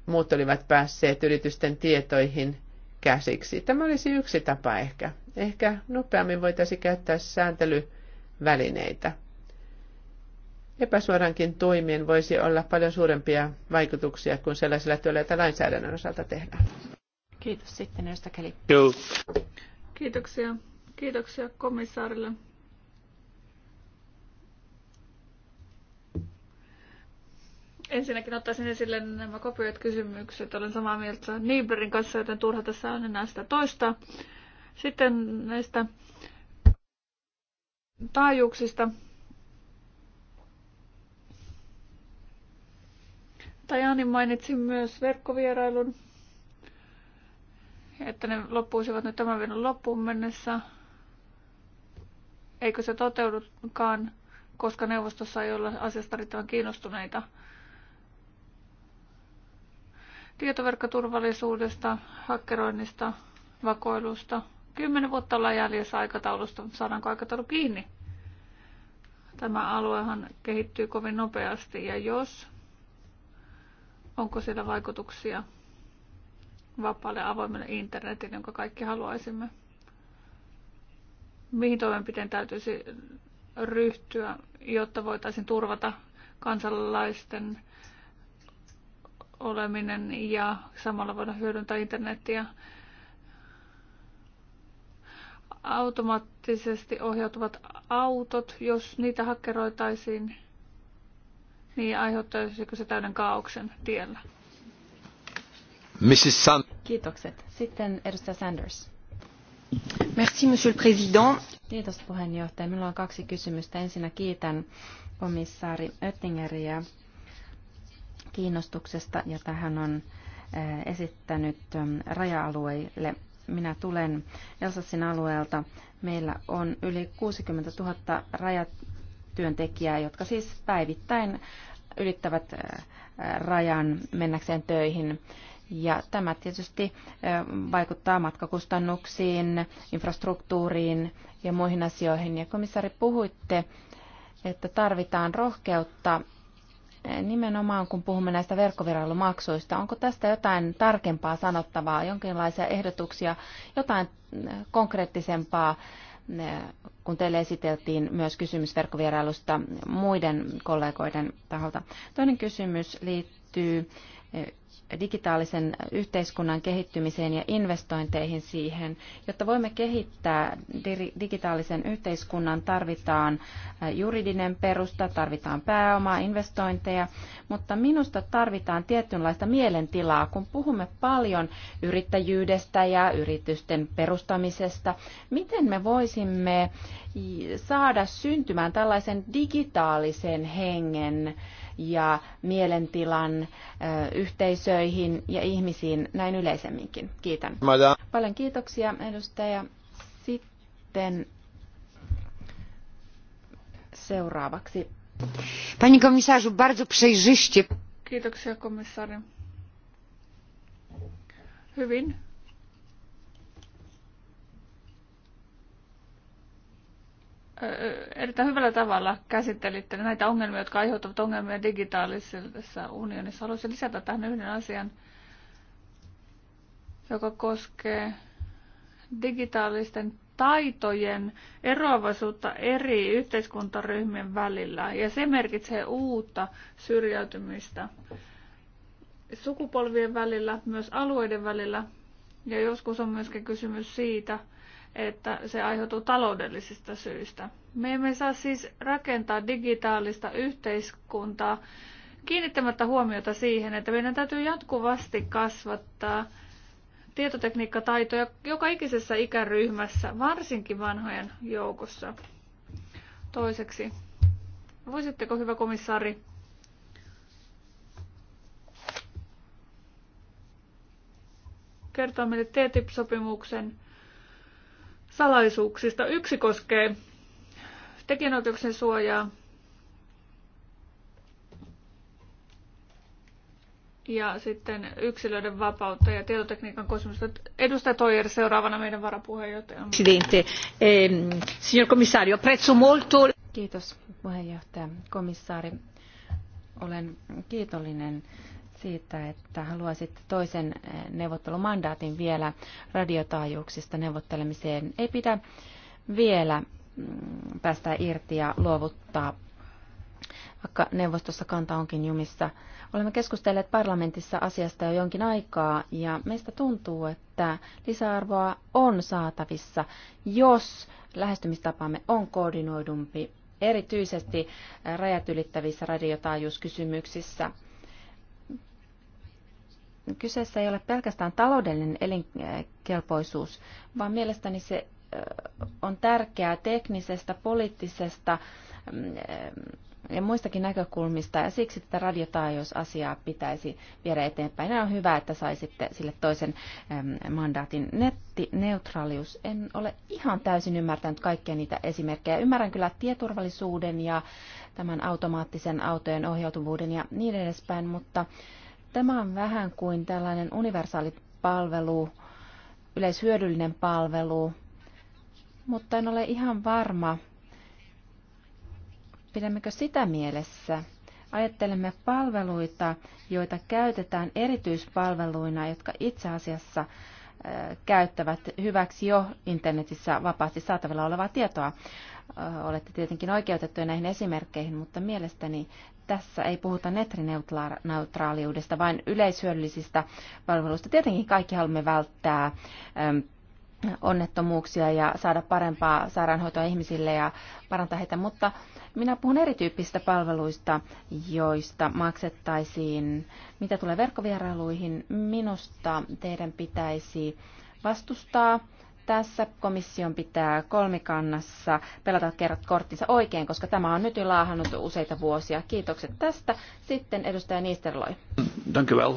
muut olivat päässeet yritysten tietoihin käsiksi. Tämä olisi yksi tapa ehkä. Ehkä nopeammin voitaisiin käyttää sääntelyvälineitä. Epäsuorankin toimien voisi olla paljon suurempia vaikutuksia kuin sellaisilla työllä, joita lainsäädännön osalta tehdään. Kiitos sitten, näistä Keli. Kiitoksia. Kiitoksia komissaarille. Ensinnäkin ottaisin esille nämä kopiot kysymykset Olen samaa mieltä Niiberin kanssa, joten turha tässä on enää sitä toista. Sitten näistä taajuuksista. Tajani mainitsi myös verkkovierailun, että ne loppuisivat nyt tämän vuoden loppuun mennessä. Eikö se toteudukaan, koska neuvostossa ei olla asiasta riittävän kiinnostuneita. Tietoverkkoturvallisuudesta, hakkeroinnista, vakoilusta – Kymmenen vuotta ollaan jäljessä aikataulusta, saadaanko aikataulu kiinni? Tämä aluehan kehittyy kovin nopeasti ja jos, onko siellä vaikutuksia vapaalle avoimelle internetille, jonka kaikki haluaisimme? Mihin toimenpiteen täytyisi ryhtyä, jotta voitaisiin turvata kansalaisten oleminen ja samalla voida hyödyntää internetiä automaattisesti ohjautuvat autot, jos niitä hakkeroitaisiin, niin aiheuttaisiko se täyden kaauksen tiellä? Mrs. Kiitokset. Sitten edustaja Sanders. Merci, monsieur le président. Kiitos puheenjohtaja. Minulla on kaksi kysymystä. Ensinnä kiitän komissaari Oettingeriä kiinnostuksesta, ja tähän on eh, esittänyt mm, raja-alueille minä tulen Elsassin alueelta. Meillä on yli 60 000 rajatyöntekijää, jotka siis päivittäin ylittävät rajan mennäkseen töihin. Ja tämä tietysti vaikuttaa matkakustannuksiin, infrastruktuuriin ja muihin asioihin. Ja komissari, puhuitte, että tarvitaan rohkeutta Nimenomaan kun puhumme näistä verkkoviralumaksuista, onko tästä jotain tarkempaa sanottavaa, jonkinlaisia ehdotuksia, jotain konkreettisempaa, kun teille esiteltiin myös kysymys verkkovierailusta muiden kollegoiden taholta. Toinen kysymys liittyy Eh, digitaalisen yhteiskunnan kehittymiseen ja investointeihin siihen. Jotta voimme kehittää digitaalisen yhteiskunnan, tarvitaan eh, juridinen perusta, tarvitaan pääomaa, investointeja, mutta minusta tarvitaan tietynlaista mielentilaa, kun puhumme paljon yrittäjyydestä ja yritysten perustamisesta. Miten me voisimme eh, saada syntymään tällaisen digitaalisen hengen, ja mielentilan yhteisöihin ja ihmisiin näin yleisemminkin. Kiitän. Paljon kiitoksia edustaja. Sitten seuraavaksi. Pani komisarzu, bardzo przejrzyście. Kiitoksia komissaari. Hyvin erittäin hyvällä tavalla käsittelitte näitä ongelmia, jotka aiheuttavat ongelmia digitaalisessa unionissa. Haluaisin lisätä tähän yhden asian, joka koskee digitaalisten taitojen eroavaisuutta eri yhteiskuntaryhmien välillä. Ja se merkitsee uutta syrjäytymistä sukupolvien välillä, myös alueiden välillä. Ja joskus on myöskin kysymys siitä, että se aiheutuu taloudellisista syistä. Me emme saa siis rakentaa digitaalista yhteiskuntaa kiinnittämättä huomiota siihen, että meidän täytyy jatkuvasti kasvattaa tietotekniikkataitoja joka ikisessä ikäryhmässä, varsinkin vanhojen joukossa. Toiseksi, voisitteko hyvä komissaari kertoa meille TTIP-sopimuksen salaisuuksista. Yksi koskee tekijänoikeuksien suojaa ja sitten yksilöiden vapautta ja tietotekniikan kosmista. Edustaja Toijer seuraavana meidän varapuheenjohtajamme. Presidente, eh, signor commissario, prezzo molto. Kiitos puheenjohtaja, komissaari. Olen kiitollinen siitä, että haluaisit toisen eh, neuvottelumandaatin vielä radiotaajuuksista neuvottelemiseen. Ei pidä vielä mm, päästä irti ja luovuttaa, vaikka neuvostossa kanta onkin jumissa. Olemme keskustelleet parlamentissa asiasta jo jonkin aikaa ja meistä tuntuu, että lisäarvoa on saatavissa, jos lähestymistapamme on koordinoidumpi erityisesti eh, rajat ylittävissä radiotaajuuskysymyksissä kyseessä ei ole pelkästään taloudellinen elinkelpoisuus, vaan mielestäni se on tärkeää teknisestä, poliittisesta mm, ja muistakin näkökulmista, ja siksi tätä radiotaajuusasiaa pitäisi viedä eteenpäin. Ja on hyvä, että saisitte sille toisen mandaatin nettineutraalius. En ole ihan täysin ymmärtänyt kaikkia niitä esimerkkejä. Ymmärrän kyllä tieturvallisuuden ja tämän automaattisen autojen ohjautuvuuden ja niin edespäin, mutta Tämä on vähän kuin tällainen universaali palvelu, yleishyödyllinen palvelu, mutta en ole ihan varma, pidämmekö sitä mielessä. Ajattelemme palveluita, joita käytetään erityispalveluina, jotka itse asiassa äh, käyttävät hyväksi jo internetissä vapaasti saatavilla olevaa tietoa. Äh, olette tietenkin oikeutettuja näihin esimerkkeihin, mutta mielestäni tässä ei puhuta netrineutraaliudesta, vaan yleishyödyllisistä palveluista. Tietenkin kaikki haluamme välttää ähm, onnettomuuksia ja saada parempaa sairaanhoitoa ihmisille ja parantaa heitä, mutta minä puhun erityyppisistä palveluista, joista maksettaisiin. Mitä tulee verkkovierailuihin, minusta teidän pitäisi vastustaa tässä komission pitää kolmikannassa pelata kerrat korttinsa oikein, koska tämä on nyt jo laahannut useita vuosia. Kiitokset tästä. Sitten edustaja Niisterloi. wel.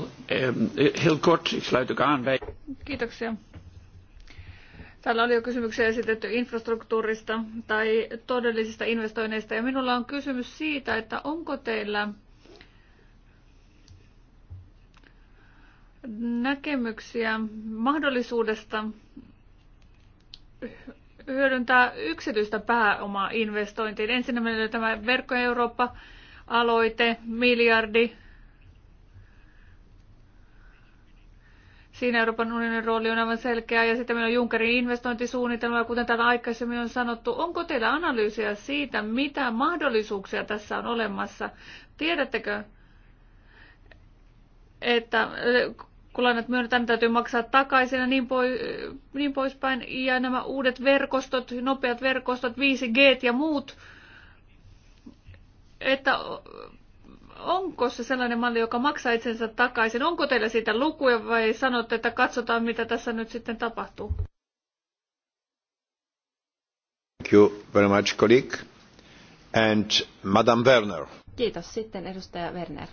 kort, um, Kiitoksia. Täällä oli jo kysymyksiä esitetty infrastruktuurista tai todellisista investoinneista. Ja minulla on kysymys siitä, että onko teillä näkemyksiä mahdollisuudesta hyödyntää yksityistä pääomaa investointiin. Ensin meillä tämä Verkko Eurooppa-aloite, miljardi. Siinä Euroopan unionin rooli on aivan selkeä. Ja sitten meillä on Junckerin investointisuunnitelma, kuten täällä aikaisemmin on sanottu. Onko teillä analyysiä siitä, mitä mahdollisuuksia tässä on olemassa? Tiedättekö, että kun lainat myönnetään, niin täytyy maksaa takaisin ja niin, poi, niin poispäin. Ja nämä uudet verkostot, nopeat verkostot, 5G ja muut, että onko se sellainen malli, joka maksaa itsensä takaisin? Onko teillä siitä lukuja vai sanotte, että katsotaan, mitä tässä nyt sitten tapahtuu? Thank you very much, colleague. And Madame Werner. Kiitos. Sitten edustaja Werner.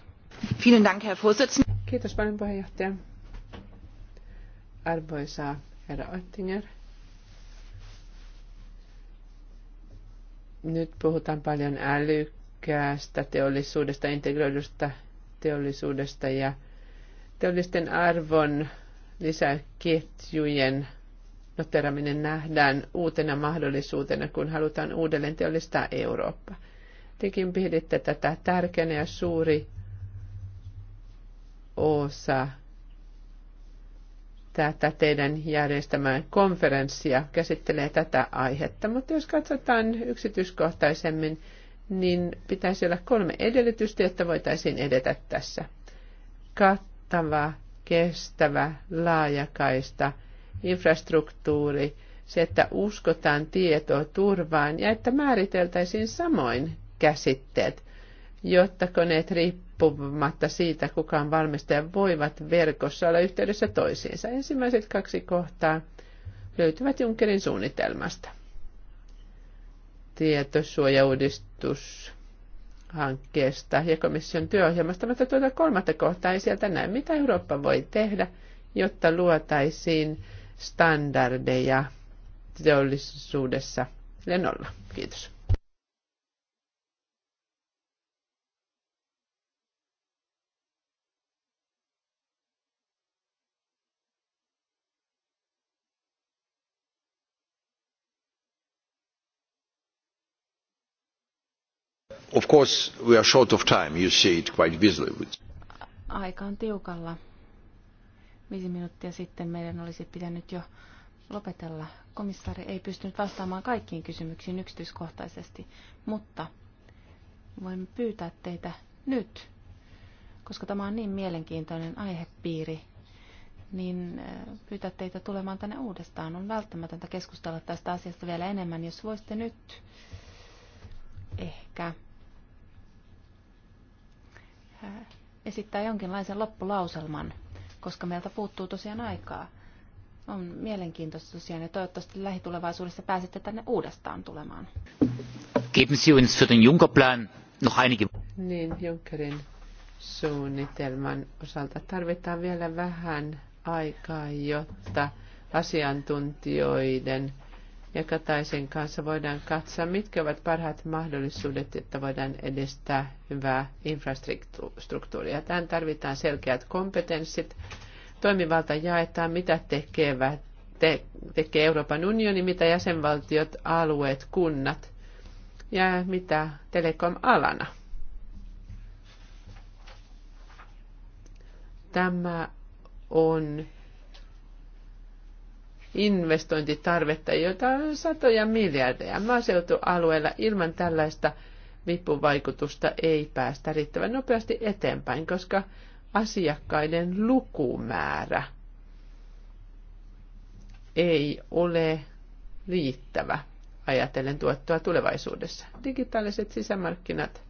Vielen Dank, Herr Vorsitzender. Kiitos paljon puheenjohtaja. Arvoisa herra Oettinger. Nyt puhutaan paljon älykkäästä teollisuudesta, integroidusta teollisuudesta ja teollisten arvon lisäketjujen noteraminen nähdään uutena mahdollisuutena, kun halutaan uudelleen teollistaa Eurooppa. Tekin piditte tätä tärkeänä ja suuri osa tätä teidän järjestämään konferenssia käsittelee tätä aihetta. Mutta jos katsotaan yksityiskohtaisemmin, niin pitäisi olla kolme edellytystä, jotta voitaisiin edetä tässä. Kattava, kestävä, laajakaista, infrastruktuuri, se, että uskotaan tietoa turvaan ja että määriteltäisiin samoin käsitteet, jotta koneet riippuvat riippumatta siitä, kuka on valmistaja, voivat verkossa olla yhteydessä toisiinsa. Ensimmäiset kaksi kohtaa löytyvät Junckerin suunnitelmasta. Tietosuojauudistus hankkeesta ja komission työohjelmasta, mutta tuota kolmatta kohtaa ei sieltä näe, mitä Eurooppa voi tehdä, jotta luotaisiin standardeja teollisuudessa lennolla. Kiitos. Of course, we are short of time. You see it quite visibly. Aika on tiukalla. Viisi minuuttia sitten meidän olisi pitänyt jo lopetella. Komissaari ei pystynyt vastaamaan kaikkiin kysymyksiin yksityiskohtaisesti, mutta voimme pyytää teitä nyt, koska tämä on niin mielenkiintoinen aihepiiri, niin äh, pyytää teitä tulemaan tänne uudestaan. On välttämätöntä keskustella tästä asiasta vielä enemmän, jos voisitte nyt ehkä Äh, esittää jonkinlaisen loppulauselman, koska meiltä puuttuu tosiaan aikaa. On mielenkiintoista tosiaan ja toivottavasti lähitulevaisuudessa pääsette tänne uudestaan tulemaan. Geben Sie uns für den juncker noch einige... Niin, Junckerin suunnitelman osalta tarvitaan vielä vähän aikaa, jotta asiantuntijoiden ja Kataisen kanssa voidaan katsoa, mitkä ovat parhaat mahdollisuudet, että voidaan edistää hyvää infrastruktuuria. Tähän tarvitaan selkeät kompetenssit. Toimivalta jaetaan, mitä tekevät, te, tekee Euroopan unioni, mitä jäsenvaltiot, alueet, kunnat ja mitä telekom-alana. Tämä on investointitarvetta, jota on satoja miljardeja. Maaseutualueella ilman tällaista vipuvaikutusta ei päästä riittävän nopeasti eteenpäin, koska asiakkaiden lukumäärä ei ole riittävä ajatellen tuottoa tulevaisuudessa. Digitaaliset sisämarkkinat.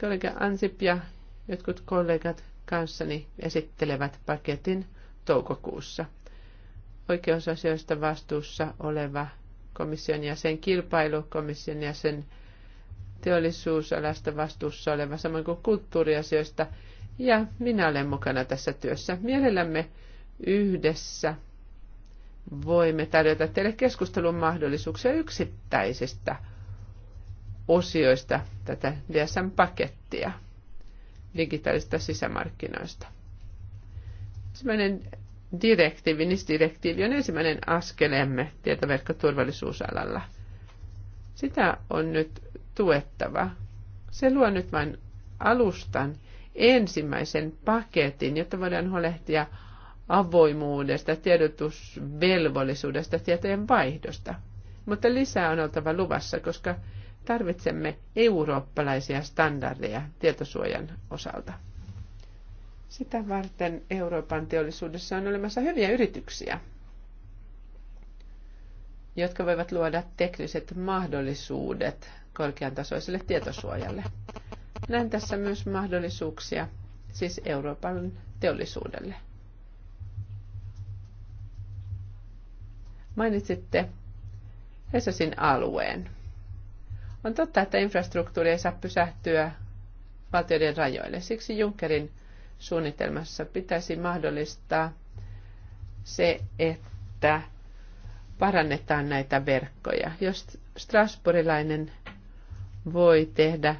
Kollega Ansip ja jotkut kollegat kanssani esittelevät paketin toukokuussa – oikeusasioista vastuussa oleva komission jäsen, kilpailukomission jäsen, teollisuusalasta vastuussa oleva, samoin kuin kulttuuriasioista. Ja minä olen mukana tässä työssä. Mielellämme yhdessä voimme tarjota teille keskustelun mahdollisuuksia yksittäisistä osioista tätä DSM-pakettia digitaalista sisämarkkinoista. Ensimmäinen direktiivi, NIS-direktiivi on ensimmäinen askelemme tietoverkkoturvallisuusalalla. Sitä on nyt tuettava. Se luo nyt vain alustan ensimmäisen paketin, jotta voidaan huolehtia avoimuudesta, tiedotusvelvollisuudesta, tietojen vaihdosta. Mutta lisää on oltava luvassa, koska tarvitsemme eurooppalaisia standardeja tietosuojan osalta. Sitä varten Euroopan teollisuudessa on olemassa hyviä yrityksiä, jotka voivat luoda tekniset mahdollisuudet korkean tasoiselle tietosuojalle. Näen tässä myös mahdollisuuksia siis Euroopan teollisuudelle. Mainitsitte Hesasin alueen. On totta, että infrastruktuuri ei saa pysähtyä valtioiden rajoille. Siksi Junckerin suunnitelmassa pitäisi mahdollistaa se, että parannetaan näitä verkkoja. Jos Strasbourgilainen voi tehdä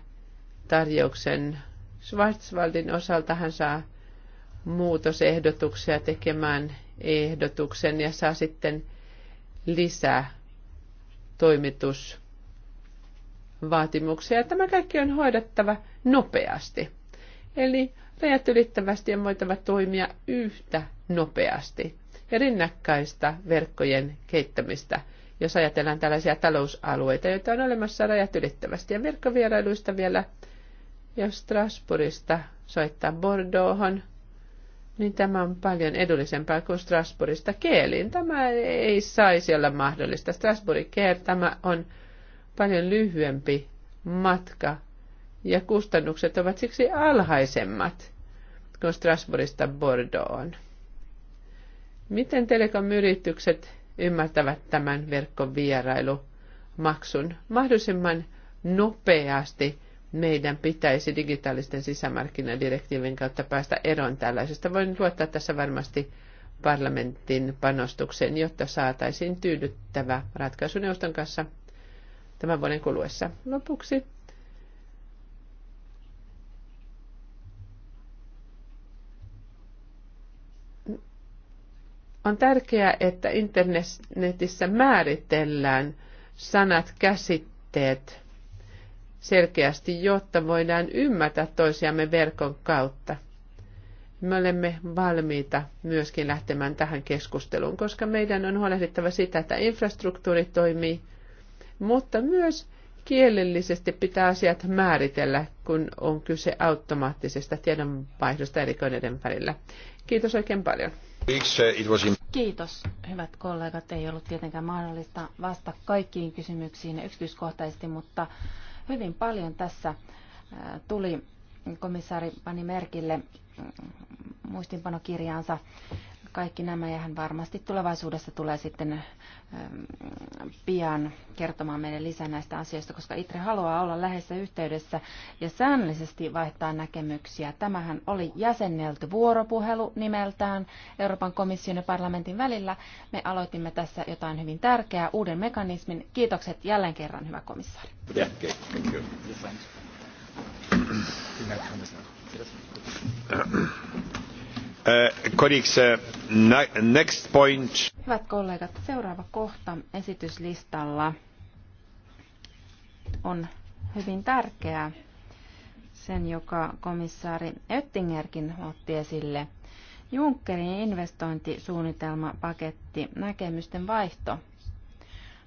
tarjouksen Schwarzwaldin osalta, hän saa muutosehdotuksia tekemään ehdotuksen ja saa sitten lisää vaatimuksia. Tämä kaikki on hoidettava nopeasti. Eli rajat ylittävästi on voitava toimia yhtä nopeasti. Ja rinnakkaista verkkojen keittämistä, jos ajatellaan tällaisia talousalueita, joita on olemassa rajat ylittävästi. Ja verkkovierailuista vielä, jos Strasbourgista soittaa Bordeauxhon, niin tämä on paljon edullisempaa kuin Strasbourgista Keeliin. Tämä ei saisi olla mahdollista. Strasbourg Keel, tämä on paljon lyhyempi matka ja kustannukset ovat siksi alhaisemmat kuin Strasbourgista Bordeauxon. Miten telekomyritykset ymmärtävät tämän verkkovierailumaksun? Mahdollisimman nopeasti meidän pitäisi digitaalisten sisämarkkinadirektiivin kautta päästä eroon tällaisesta. Voin luottaa tässä varmasti parlamentin panostukseen, jotta saataisiin tyydyttävä ratkaisu neuvoston kanssa tämän vuoden kuluessa. Lopuksi On tärkeää, että internetissä määritellään sanat, käsitteet selkeästi, jotta voidaan ymmärtää toisiamme verkon kautta. Me olemme valmiita myöskin lähtemään tähän keskusteluun, koska meidän on huolehdittava sitä, että infrastruktuuri toimii, mutta myös kielellisesti pitää asiat määritellä, kun on kyse automaattisesta tiedonvaihdosta eri koneiden välillä. Kiitos oikein paljon. Kiitos, hyvät kollegat. Ei ollut tietenkään mahdollista vastata kaikkiin kysymyksiin yksityiskohtaisesti, mutta hyvin paljon tässä äh, tuli komissaari pani merkille mm, muistinpanokirjaansa kaikki nämä ja hän varmasti tulevaisuudessa tulee sitten ähm, pian kertomaan meille lisää näistä asioista, koska Itre haluaa olla läheisessä yhteydessä ja säännöllisesti vaihtaa näkemyksiä. Tämähän oli jäsennelty vuoropuhelu nimeltään Euroopan komission ja parlamentin välillä. Me aloitimme tässä jotain hyvin tärkeää, uuden mekanismin. Kiitokset jälleen kerran, hyvä komissaari. Yeah, okay. Thank you. Eh, eh, next point. Hyvät kollegat, seuraava kohta esityslistalla on hyvin tärkeä. Sen, joka komissaari Oettingerkin otti esille. Junckerin investointisuunnitelmapaketti näkemysten vaihto.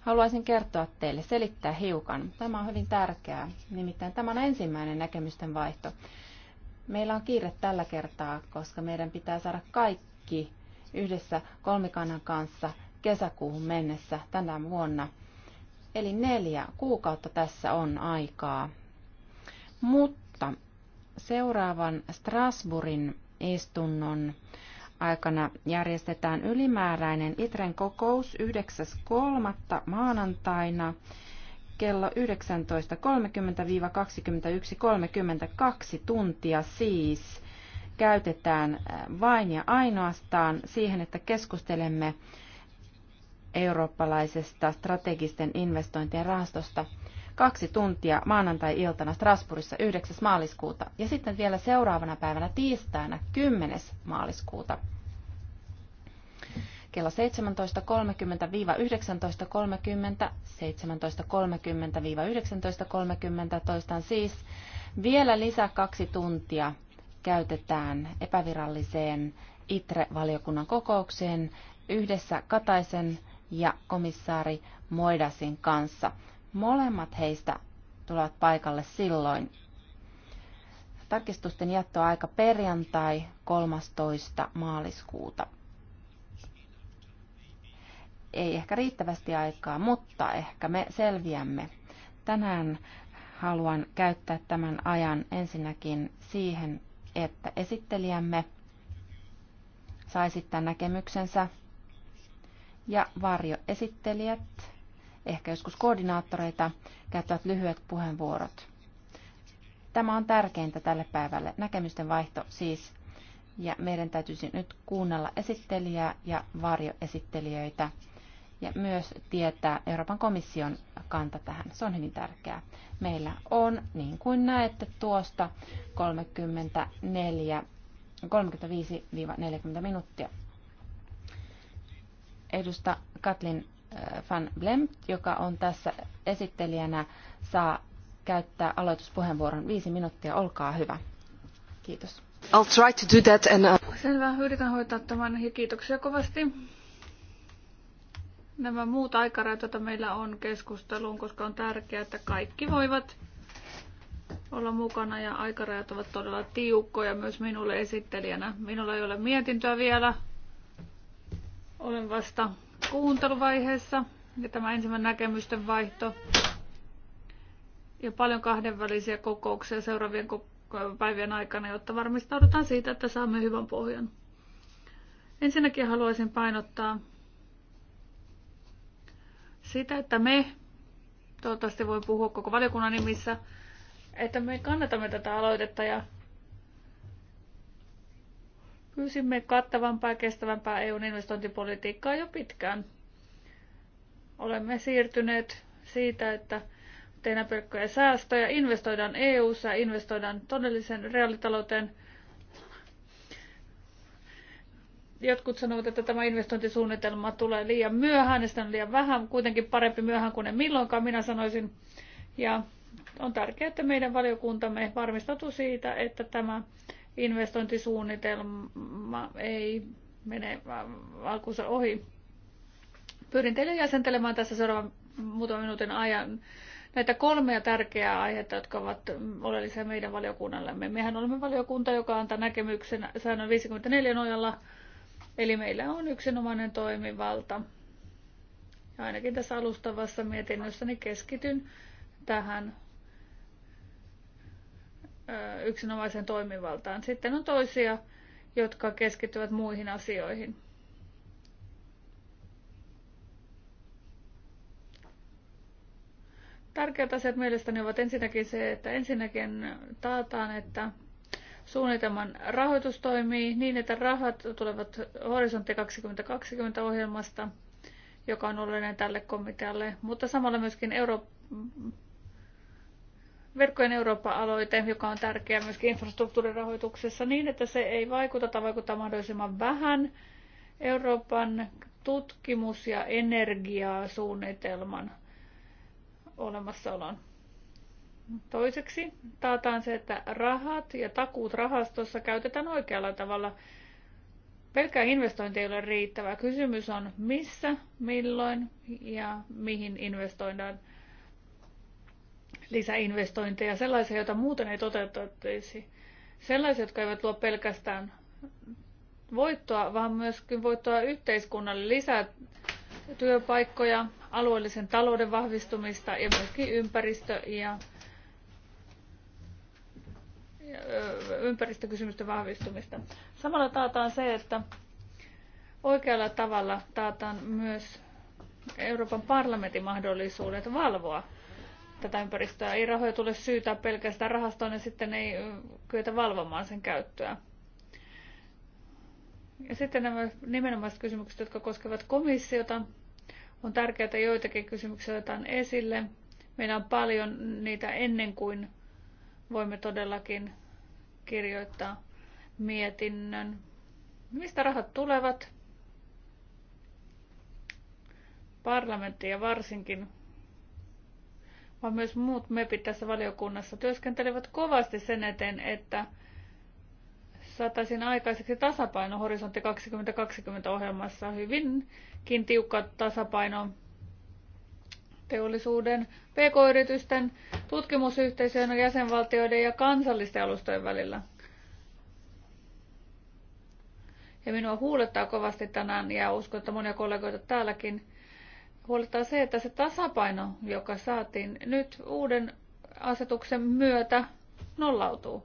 Haluaisin kertoa teille, selittää hiukan. Tämä on hyvin tärkeää, nimittäin tämä on ensimmäinen näkemysten vaihto. Meillä on kiire tällä kertaa, koska meidän pitää saada kaikki yhdessä kolmikannan kanssa kesäkuuhun mennessä tänä vuonna. Eli neljä kuukautta tässä on aikaa. Mutta seuraavan Strasbourgin istunnon aikana järjestetään ylimääräinen ITREN kokous 9.3. maanantaina kello 19.30-21.32 tuntia siis käytetään äh, vain ja ainoastaan siihen, että keskustelemme eurooppalaisesta strategisten investointien rahastosta kaksi tuntia maanantai-iltana Strasbourgissa 9. maaliskuuta ja sitten vielä seuraavana päivänä tiistaina 10. maaliskuuta kello 17.30-19.30, 17.30-19.30, toistan siis vielä lisää kaksi tuntia käytetään epäviralliseen ITRE-valiokunnan kokoukseen yhdessä Kataisen ja komissaari Moidasin kanssa. Molemmat heistä tulevat paikalle silloin. Tarkistusten jättöaika perjantai 13. maaliskuuta ei ehkä riittävästi aikaa, mutta ehkä me selviämme. Tänään haluan käyttää tämän ajan ensinnäkin siihen, että esittelijämme saa esittää näkemyksensä ja varjoesittelijät, ehkä joskus koordinaattoreita, käyttävät lyhyet puheenvuorot. Tämä on tärkeintä tälle päivälle, näkemysten vaihto siis, ja meidän täytyisi nyt kuunnella esittelijää ja varjoesittelijöitä ja myös tietää Euroopan komission kanta tähän. Se on hyvin tärkeää. Meillä on, niin kuin näette tuosta, 34, 35-40 minuuttia. Edusta Katlin äh, van Blem, joka on tässä esittelijänä, saa käyttää aloituspuheenvuoron viisi minuuttia. Olkaa hyvä. Kiitos. I'll try to do that and, uh... Selvä, yritän hoitaa tämän ja kiitoksia kovasti nämä muut aikarajat, joita meillä on keskusteluun, koska on tärkeää, että kaikki voivat olla mukana ja aikarajat ovat todella tiukkoja myös minulle esittelijänä. Minulla ei ole mietintöä vielä. Olen vasta kuunteluvaiheessa ja tämä ensimmäinen näkemysten vaihto ja paljon kahdenvälisiä kokouksia seuraavien päivien aikana, jotta varmistaudutaan siitä, että saamme hyvän pohjan. Ensinnäkin haluaisin painottaa sitä, että me, toivottavasti voi puhua koko valiokunnan nimissä, että me kannatamme tätä aloitetta ja pyysimme kattavampaa ja kestävämpää EUn investointipolitiikkaa jo pitkään. Olemme siirtyneet siitä, että tehdään pelkkoja säästöjä, investoidaan EU-ssa, investoidaan todelliseen reaalitalouteen – Jotkut sanovat, että tämä investointisuunnitelma tulee liian myöhään ja sitä on liian vähän, kuitenkin parempi myöhään kuin en milloinkaan, minä sanoisin. Ja on tärkeää, että meidän valiokuntamme varmistautuu siitä, että tämä investointisuunnitelma ei mene alkuunsa ohi. Pyrin teille jäsentelemään tässä seuraavan muutaman minuutin ajan näitä kolmea tärkeää aihetta, jotka ovat oleellisia meidän valiokunnallemme. Mehän olemme valiokunta, joka antaa näkemyksen säännön 54 nojalla Eli meillä on yksinomainen toimivalta. Ja ainakin tässä alustavassa mietinnössäni niin keskityn tähän yksinomaisen toimivaltaan. Sitten on toisia, jotka keskittyvät muihin asioihin. Tärkeät asiat mielestäni ovat ensinnäkin se, että ensinnäkin taataan, että Suunnitelman rahoitus toimii niin, että rahat tulevat Horisontti 2020 ohjelmasta, joka on oleellinen tälle komitealle, mutta samalla myöskin Euro- verkkojen Eurooppa-aloite, joka on tärkeä myöskin infrastruktuurirahoituksessa niin, että se ei vaikuta tai vaikuttaa mahdollisimman vähän Euroopan tutkimus- ja energiasuunnitelman olemassaolon. Toiseksi taataan se, että rahat ja takuut rahastossa käytetään oikealla tavalla. Pelkkä investointi ei ole riittävä. Kysymys on missä, milloin ja mihin investoidaan lisäinvestointeja, sellaisia, joita muuten ei toteutettaisi. Sellaisia, jotka eivät luo pelkästään voittoa, vaan myöskin voittoa yhteiskunnalle, lisää työpaikkoja, alueellisen talouden vahvistumista ja myöskin ympäristö- ja ympäristökysymysten vahvistumista. Samalla taataan se, että oikealla tavalla taataan myös Euroopan parlamentin mahdollisuudet valvoa tätä ympäristöä. Ei rahoja tule syytää pelkästään rahastoon ja sitten ei kyetä valvomaan sen käyttöä. Ja sitten nämä nimenomaiset kysymykset, jotka koskevat komissiota. On tärkeää, että joitakin kysymyksiä otetaan esille. Meillä on paljon niitä ennen kuin voimme todellakin kirjoittaa mietinnön. Mistä rahat tulevat? Parlamentti ja varsinkin, vaan myös muut MEPit tässä valiokunnassa työskentelevät kovasti sen eteen, että saataisiin aikaiseksi tasapaino Horisontti 2020 ohjelmassa. Hyvinkin tiukka tasapaino teollisuuden, pk-yritysten, tutkimusyhteisöjen, jäsenvaltioiden ja kansallisten alustojen välillä. Ja minua huulettaa kovasti tänään, ja uskon, että monia kollegoita täälläkin, huolettaa se, että se tasapaino, joka saatiin nyt uuden asetuksen myötä, nollautuu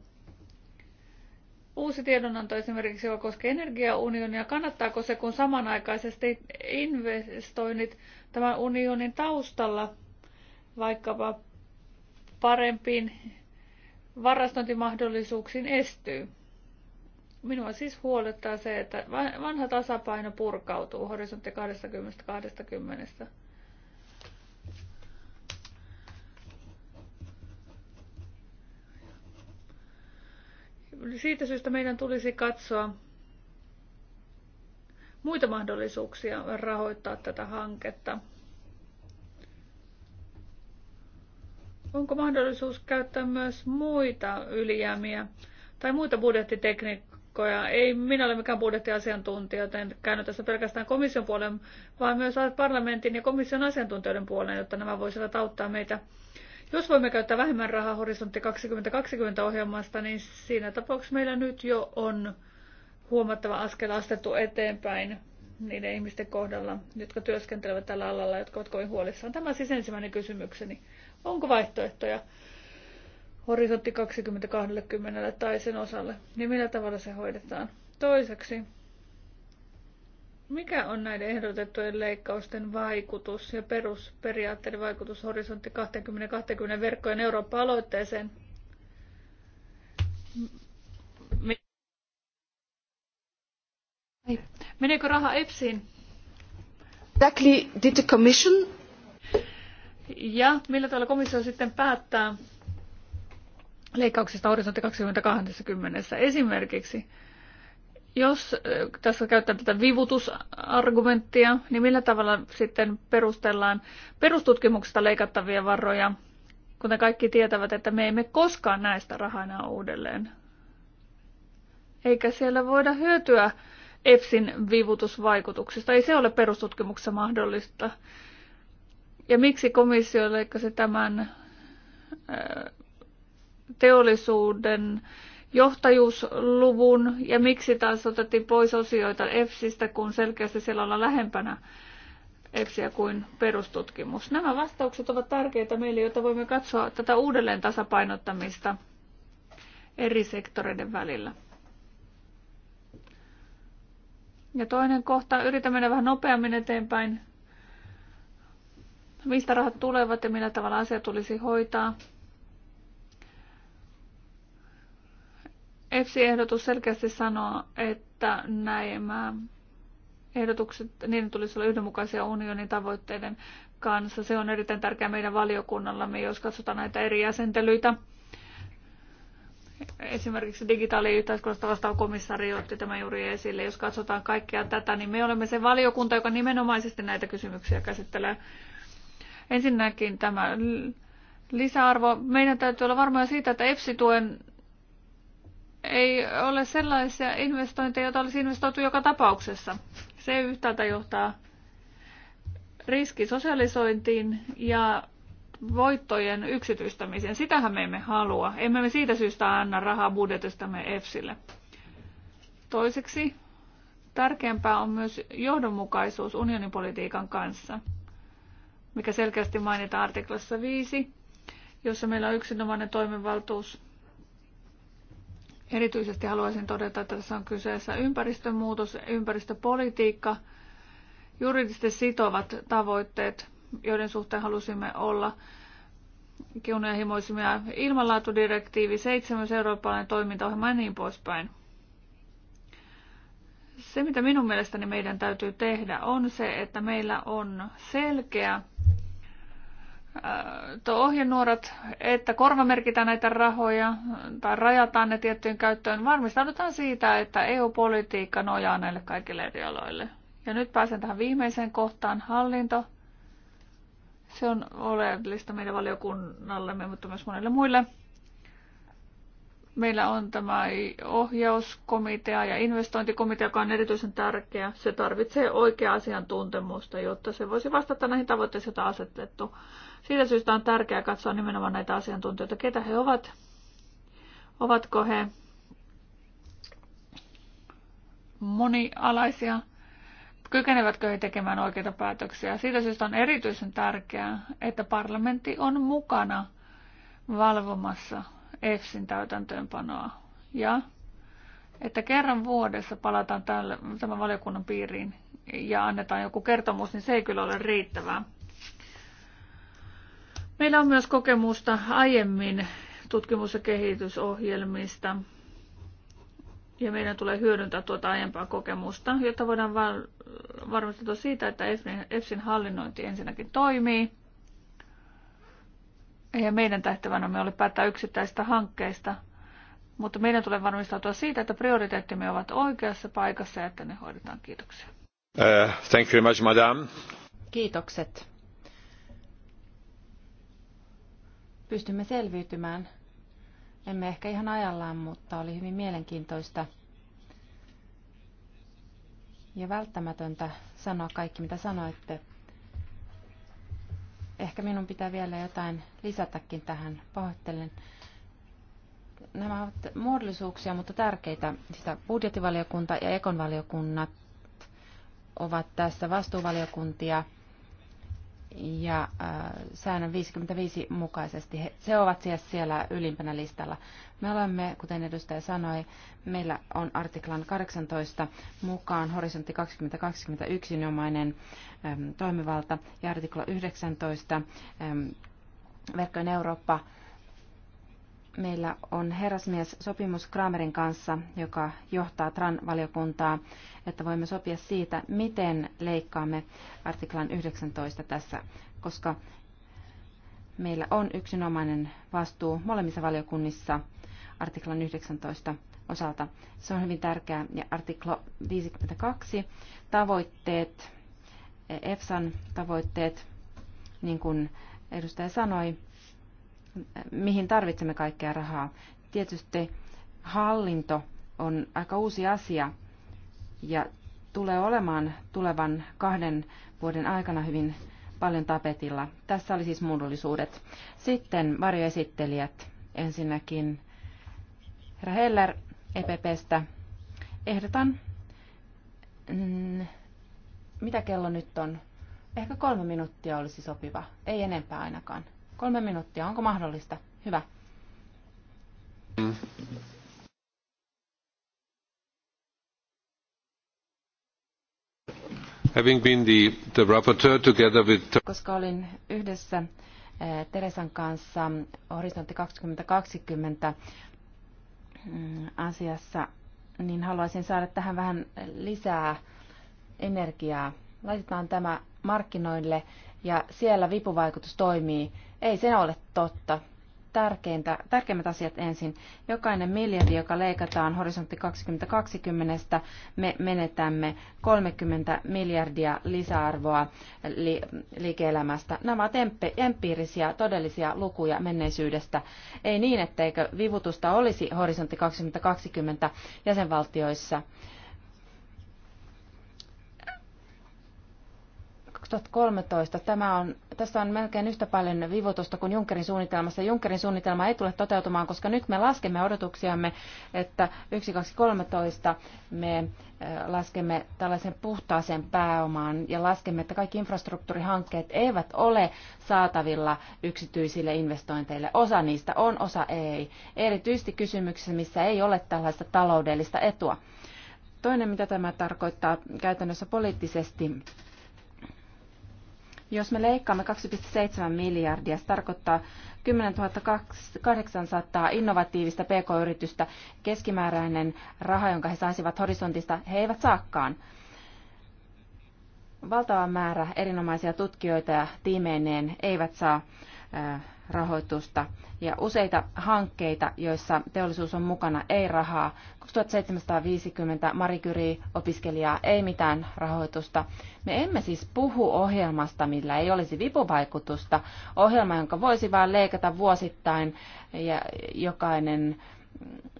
uusi tiedonanto esimerkiksi, joka koskee energiaunionia, kannattaako se, kun samanaikaisesti investoinnit tämän unionin taustalla vaikkapa parempiin varastointimahdollisuuksiin estyy? Minua siis huolettaa se, että vanha tasapaino purkautuu horisontti 20-20. siitä syystä meidän tulisi katsoa muita mahdollisuuksia rahoittaa tätä hanketta. Onko mahdollisuus käyttää myös muita ylijäämiä tai muita budjettitekniikkoja? Ei minä ole mikään budjettiasiantuntija, joten käyn tässä pelkästään komission puolen, vaan myös parlamentin ja komission asiantuntijoiden puoleen, jotta nämä voisivat auttaa meitä jos voimme käyttää vähemmän rahaa horisontti 2020 ohjelmasta, niin siinä tapauksessa meillä nyt jo on huomattava askel astettu eteenpäin niiden ihmisten kohdalla, jotka työskentelevät tällä alalla, jotka ovat kovin huolissaan. Tämä on siis ensimmäinen kysymykseni. Onko vaihtoehtoja horisontti 2020 tai sen osalle? Niin millä tavalla se hoidetaan? Toiseksi, mikä on näiden ehdotettujen leikkausten vaikutus ja perusperiaatteiden vaikutus horisontti 2020 verkkojen Eurooppa-aloitteeseen? Meneekö raha EPSiin? Exactly did the commission? Ja millä tavalla komissio sitten päättää leikkauksista horisontti 2020 esimerkiksi? Jos äh, tässä käyttää tätä vivutusargumenttia, niin millä tavalla sitten perustellaan perustutkimuksesta leikattavia varoja, kun ne kaikki tietävät, että me emme koskaan näistä rahana uudelleen. Eikä siellä voida hyötyä EFSin vivutusvaikutuksista. Ei se ole perustutkimuksessa mahdollista. Ja miksi komissio leikkasi tämän äh, teollisuuden johtajuusluvun ja miksi taas otettiin pois osioita EFSistä, kun selkeästi siellä ollaan lähempänä EFSiä kuin perustutkimus. Nämä vastaukset ovat tärkeitä meille, jotta voimme katsoa tätä uudelleen tasapainottamista eri sektoreiden välillä. Ja toinen kohta, yritän mennä vähän nopeammin eteenpäin. Mistä rahat tulevat ja millä tavalla asia tulisi hoitaa. EFSI-ehdotus selkeästi sanoo, että nämä ehdotukset, niiden tulisi olla yhdenmukaisia unionin tavoitteiden kanssa. Se on erittäin tärkeää meidän valiokunnallamme, jos katsotaan näitä eri jäsentelyitä. Esimerkiksi digitaaliyhteiskunnasta vastaava komissaari otti tämä juuri esille. Jos katsotaan kaikkea tätä, niin me olemme se valiokunta, joka nimenomaisesti näitä kysymyksiä käsittelee. Ensinnäkin tämä lisäarvo. Meidän täytyy olla varmoja siitä, että EPSI-tuen ei ole sellaisia investointeja, joita olisi investoitu joka tapauksessa. Se yhtäältä johtaa riski sosialisointiin ja voittojen yksityistämiseen. Sitähän me emme halua. Emme me siitä syystä anna rahaa budjetistamme EFSille. Toiseksi tärkeämpää on myös johdonmukaisuus unionipolitiikan kanssa, mikä selkeästi mainitaan artiklassa 5, jossa meillä on yksinomainen toimivaltuus Erityisesti haluaisin todeta, että tässä on kyseessä ympäristönmuutos, ympäristöpolitiikka, juridisesti sitovat tavoitteet, joiden suhteen halusimme olla kiunnianhimoisimia ilmanlaatudirektiivi, seitsemäs eurooppalainen toimintaohjelma ja niin poispäin. Se, mitä minun mielestäni meidän täytyy tehdä, on se, että meillä on selkeä tuo ohjenuorat, että korvamerkitään näitä rahoja tai rajataan ne tiettyyn käyttöön. Varmistaudutaan siitä, että EU-politiikka nojaa näille kaikille eri aloille. Ja nyt pääsen tähän viimeiseen kohtaan, hallinto. Se on oleellista meidän valiokunnallemme, mutta myös monille muille. Meillä on tämä ohjauskomitea ja investointikomitea, joka on erityisen tärkeä. Se tarvitsee oikea asiantuntemusta, jotta se voisi vastata näihin tavoitteisiin, joita on asetettu siitä syystä on tärkeää katsoa nimenomaan näitä asiantuntijoita, ketä he ovat, ovatko he monialaisia, kykenevätkö he tekemään oikeita päätöksiä. Siitä syystä on erityisen tärkeää, että parlamentti on mukana valvomassa EFSin täytäntöönpanoa ja että kerran vuodessa palataan tälle, tämän valiokunnan piiriin ja annetaan joku kertomus, niin se ei kyllä ole riittävää. Meillä on myös kokemusta aiemmin tutkimus- ja kehitysohjelmista. Ja meidän tulee hyödyntää tuota aiempaa kokemusta, jotta voidaan varmistua siitä, että EFSin hallinnointi ensinnäkin toimii. Ja meidän me ole päättää yksittäisistä hankkeista, mutta meidän tulee varmistautua siitä, että prioriteettimme ovat oikeassa paikassa ja että ne hoidetaan. Kiitoksia. Uh, thank you very much, madam. Kiitokset. pystymme selviytymään. Emme ehkä ihan ajallaan, mutta oli hyvin mielenkiintoista ja välttämätöntä sanoa kaikki, mitä sanoitte. Ehkä minun pitää vielä jotain lisätäkin tähän, pahoittelen. Nämä ovat muodollisuuksia, mutta tärkeitä. Sitä budjettivaliokunta ja ekonvaliokunnat ovat tässä vastuuvaliokuntia – ja äh, säännön 55 mukaisesti. He, se ovat siis siellä ylimpänä listalla. Me olemme, kuten edustaja sanoi, meillä on artiklan 18 mukaan horisontti 2021 yksinomainen ähm, toimivalta ja artikla 19 ähm, verkkojen Eurooppa meillä on herrasmies sopimus Kramerin kanssa, joka johtaa TRAN-valiokuntaa, että voimme sopia siitä, miten leikkaamme artiklan 19 tässä, koska meillä on yksinomainen vastuu molemmissa valiokunnissa artiklan 19 osalta. Se on hyvin tärkeää. Ja artikla 52, tavoitteet, EFSAn tavoitteet, niin kuin edustaja sanoi, mihin tarvitsemme kaikkea rahaa. Tietysti hallinto on aika uusi asia ja tulee olemaan tulevan kahden vuoden aikana hyvin paljon tapetilla. Tässä oli siis muodollisuudet. Sitten varjoesittelijät. Ensinnäkin herra Heller EPPstä. Ehdotan, mm, mitä kello nyt on? Ehkä kolme minuuttia olisi sopiva, ei enempää ainakaan. Kolme minuuttia, onko mahdollista? Hyvä. Having been the, the rapporteur together with... Koska olin yhdessä eh, Teresan kanssa Horisontti 2020 mm, asiassa, niin haluaisin saada tähän vähän lisää energiaa. Laitetaan tämä markkinoille ja siellä vipuvaikutus toimii. Ei se ole totta. Tärkeintä, tärkeimmät asiat ensin. Jokainen miljardi, joka leikataan horisontti 2020, me menetämme 30 miljardia lisäarvoa li, liike-elämästä. Nämä ovat empiirisiä, todellisia lukuja menneisyydestä. Ei niin, etteikö vivutusta olisi horisontti 2020 jäsenvaltioissa. 2013. Tämä on, tässä on melkein yhtä paljon vivutusta kuin Junckerin suunnitelmassa. Junckerin suunnitelma ei tule toteutumaan, koska nyt me laskemme odotuksiamme, että 1213 me eh, laskemme tällaisen puhtaaseen pääomaan ja laskemme, että kaikki infrastruktuurihankkeet eivät ole saatavilla yksityisille investointeille. Osa niistä on, osa ei. Erityisesti kysymyksissä, missä ei ole tällaista taloudellista etua. Toinen, mitä tämä tarkoittaa käytännössä poliittisesti, jos me leikkaamme 2,7 miljardia, se tarkoittaa 10 800 innovatiivista pk-yritystä keskimääräinen raha, jonka he saisivat horisontista, he eivät saakkaan. Valtava määrä erinomaisia tutkijoita ja tiimeineen eivät saa rahoitusta ja useita hankkeita, joissa teollisuus on mukana, ei rahaa. 2750 Marie Curie-opiskelijaa, ei mitään rahoitusta. Me emme siis puhu ohjelmasta, millä ei olisi vipuvaikutusta. Ohjelma, jonka voisi vain leikata vuosittain ja jokainen mm,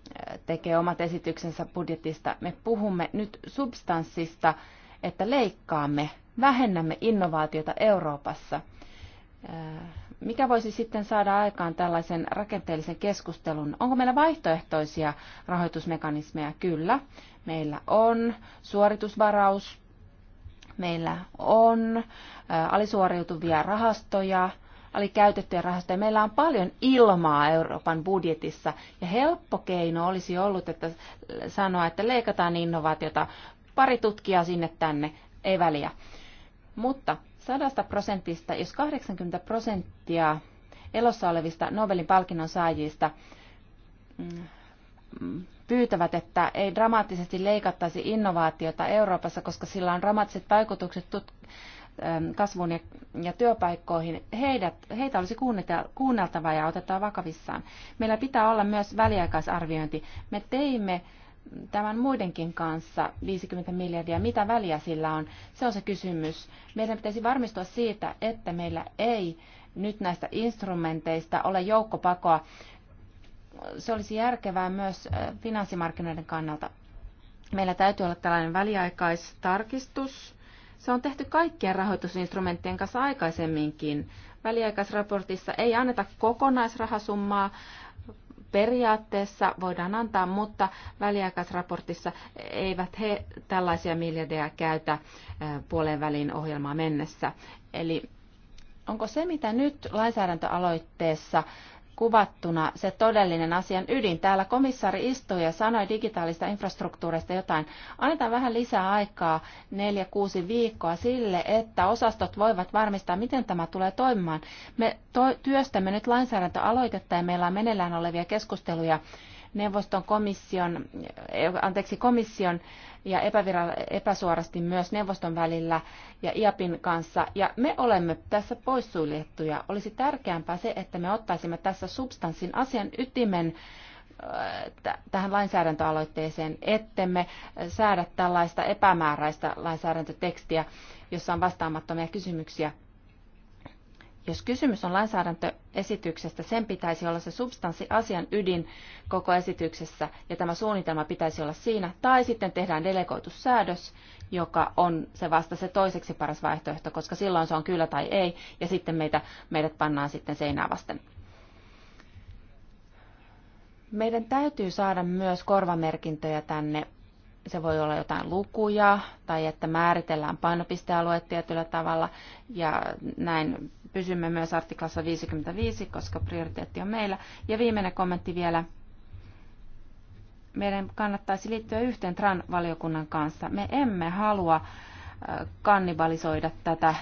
tekee omat esityksensä budjetista. Me puhumme nyt substanssista, että leikkaamme, vähennämme innovaatiota Euroopassa mikä voisi sitten saada aikaan tällaisen rakenteellisen keskustelun? Onko meillä vaihtoehtoisia rahoitusmekanismeja? Kyllä, meillä on suoritusvaraus, meillä on äh, alisuoriutuvia rahastoja, alikäytettyjä rahastoja. Meillä on paljon ilmaa Euroopan budjetissa ja helppo keino olisi ollut että sanoa, että leikataan innovaatiota, pari tutkijaa sinne tänne, ei väliä. Mutta 100 prosentista, jos 80 prosenttia elossa olevista Nobelin palkinnon saajista mm, pyytävät, että ei dramaattisesti leikattaisi innovaatiota Euroopassa, koska sillä on dramaattiset vaikutukset tut- kasvuun ja, ja työpaikkoihin. Heidät, heitä olisi kuunneltava ja otettava vakavissaan. Meillä pitää olla myös väliaikaisarviointi. Me teimme tämän muidenkin kanssa 50 miljardia, mitä väliä sillä on, se on se kysymys. Meidän pitäisi varmistua siitä, että meillä ei nyt näistä instrumenteista ole joukkopakoa. Se olisi järkevää myös äh, finanssimarkkinoiden kannalta. Meillä täytyy olla tällainen väliaikaistarkistus. Se on tehty kaikkien rahoitusinstrumenttien kanssa aikaisemminkin. Väliaikaisraportissa ei anneta kokonaisrahasummaa, periaatteessa voidaan antaa, mutta väliaikaisraportissa eivät he tällaisia miljardeja käytä puolen väliin ohjelmaa mennessä. Eli onko se, mitä nyt lainsäädäntöaloitteessa kuvattuna se todellinen asian ydin. Täällä komissaari istui ja sanoi digitaalista infrastruktuurista jotain. Annetaan vähän lisää aikaa, neljä, kuusi viikkoa sille, että osastot voivat varmistaa, miten tämä tulee toimimaan. Me to- työstämme nyt lainsäädäntöaloitetta ja meillä on meneillään olevia keskusteluja neuvoston komission, eh, anteeksi, komission ja epäviral- epäsuorasti myös neuvoston välillä ja IAPin kanssa. Ja me olemme tässä poissuljettuja. Olisi tärkeämpää se, että me ottaisimme tässä substanssin asian ytimen eh, tähän lainsäädäntöaloitteeseen, ettemme säädä tällaista epämääräistä lainsäädäntötekstiä, jossa on vastaamattomia kysymyksiä jos kysymys on lainsäädäntöesityksestä, sen pitäisi olla se substanssi asian ydin koko esityksessä ja tämä suunnitelma pitäisi olla siinä. Tai sitten tehdään delegoitu säädös, joka on se vasta se toiseksi paras vaihtoehto, koska silloin se on kyllä tai ei ja sitten meitä, meidät pannaan sitten seinää vasten. Meidän täytyy saada myös korvamerkintöjä tänne se voi olla jotain lukuja tai että määritellään painopistealueet tietyllä tavalla ja näin pysymme myös artiklassa 55, koska prioriteetti on meillä. Ja viimeinen kommentti vielä. Meidän kannattaisi liittyä yhteen TRAN-valiokunnan kanssa. Me emme halua äh, kannibalisoida tätä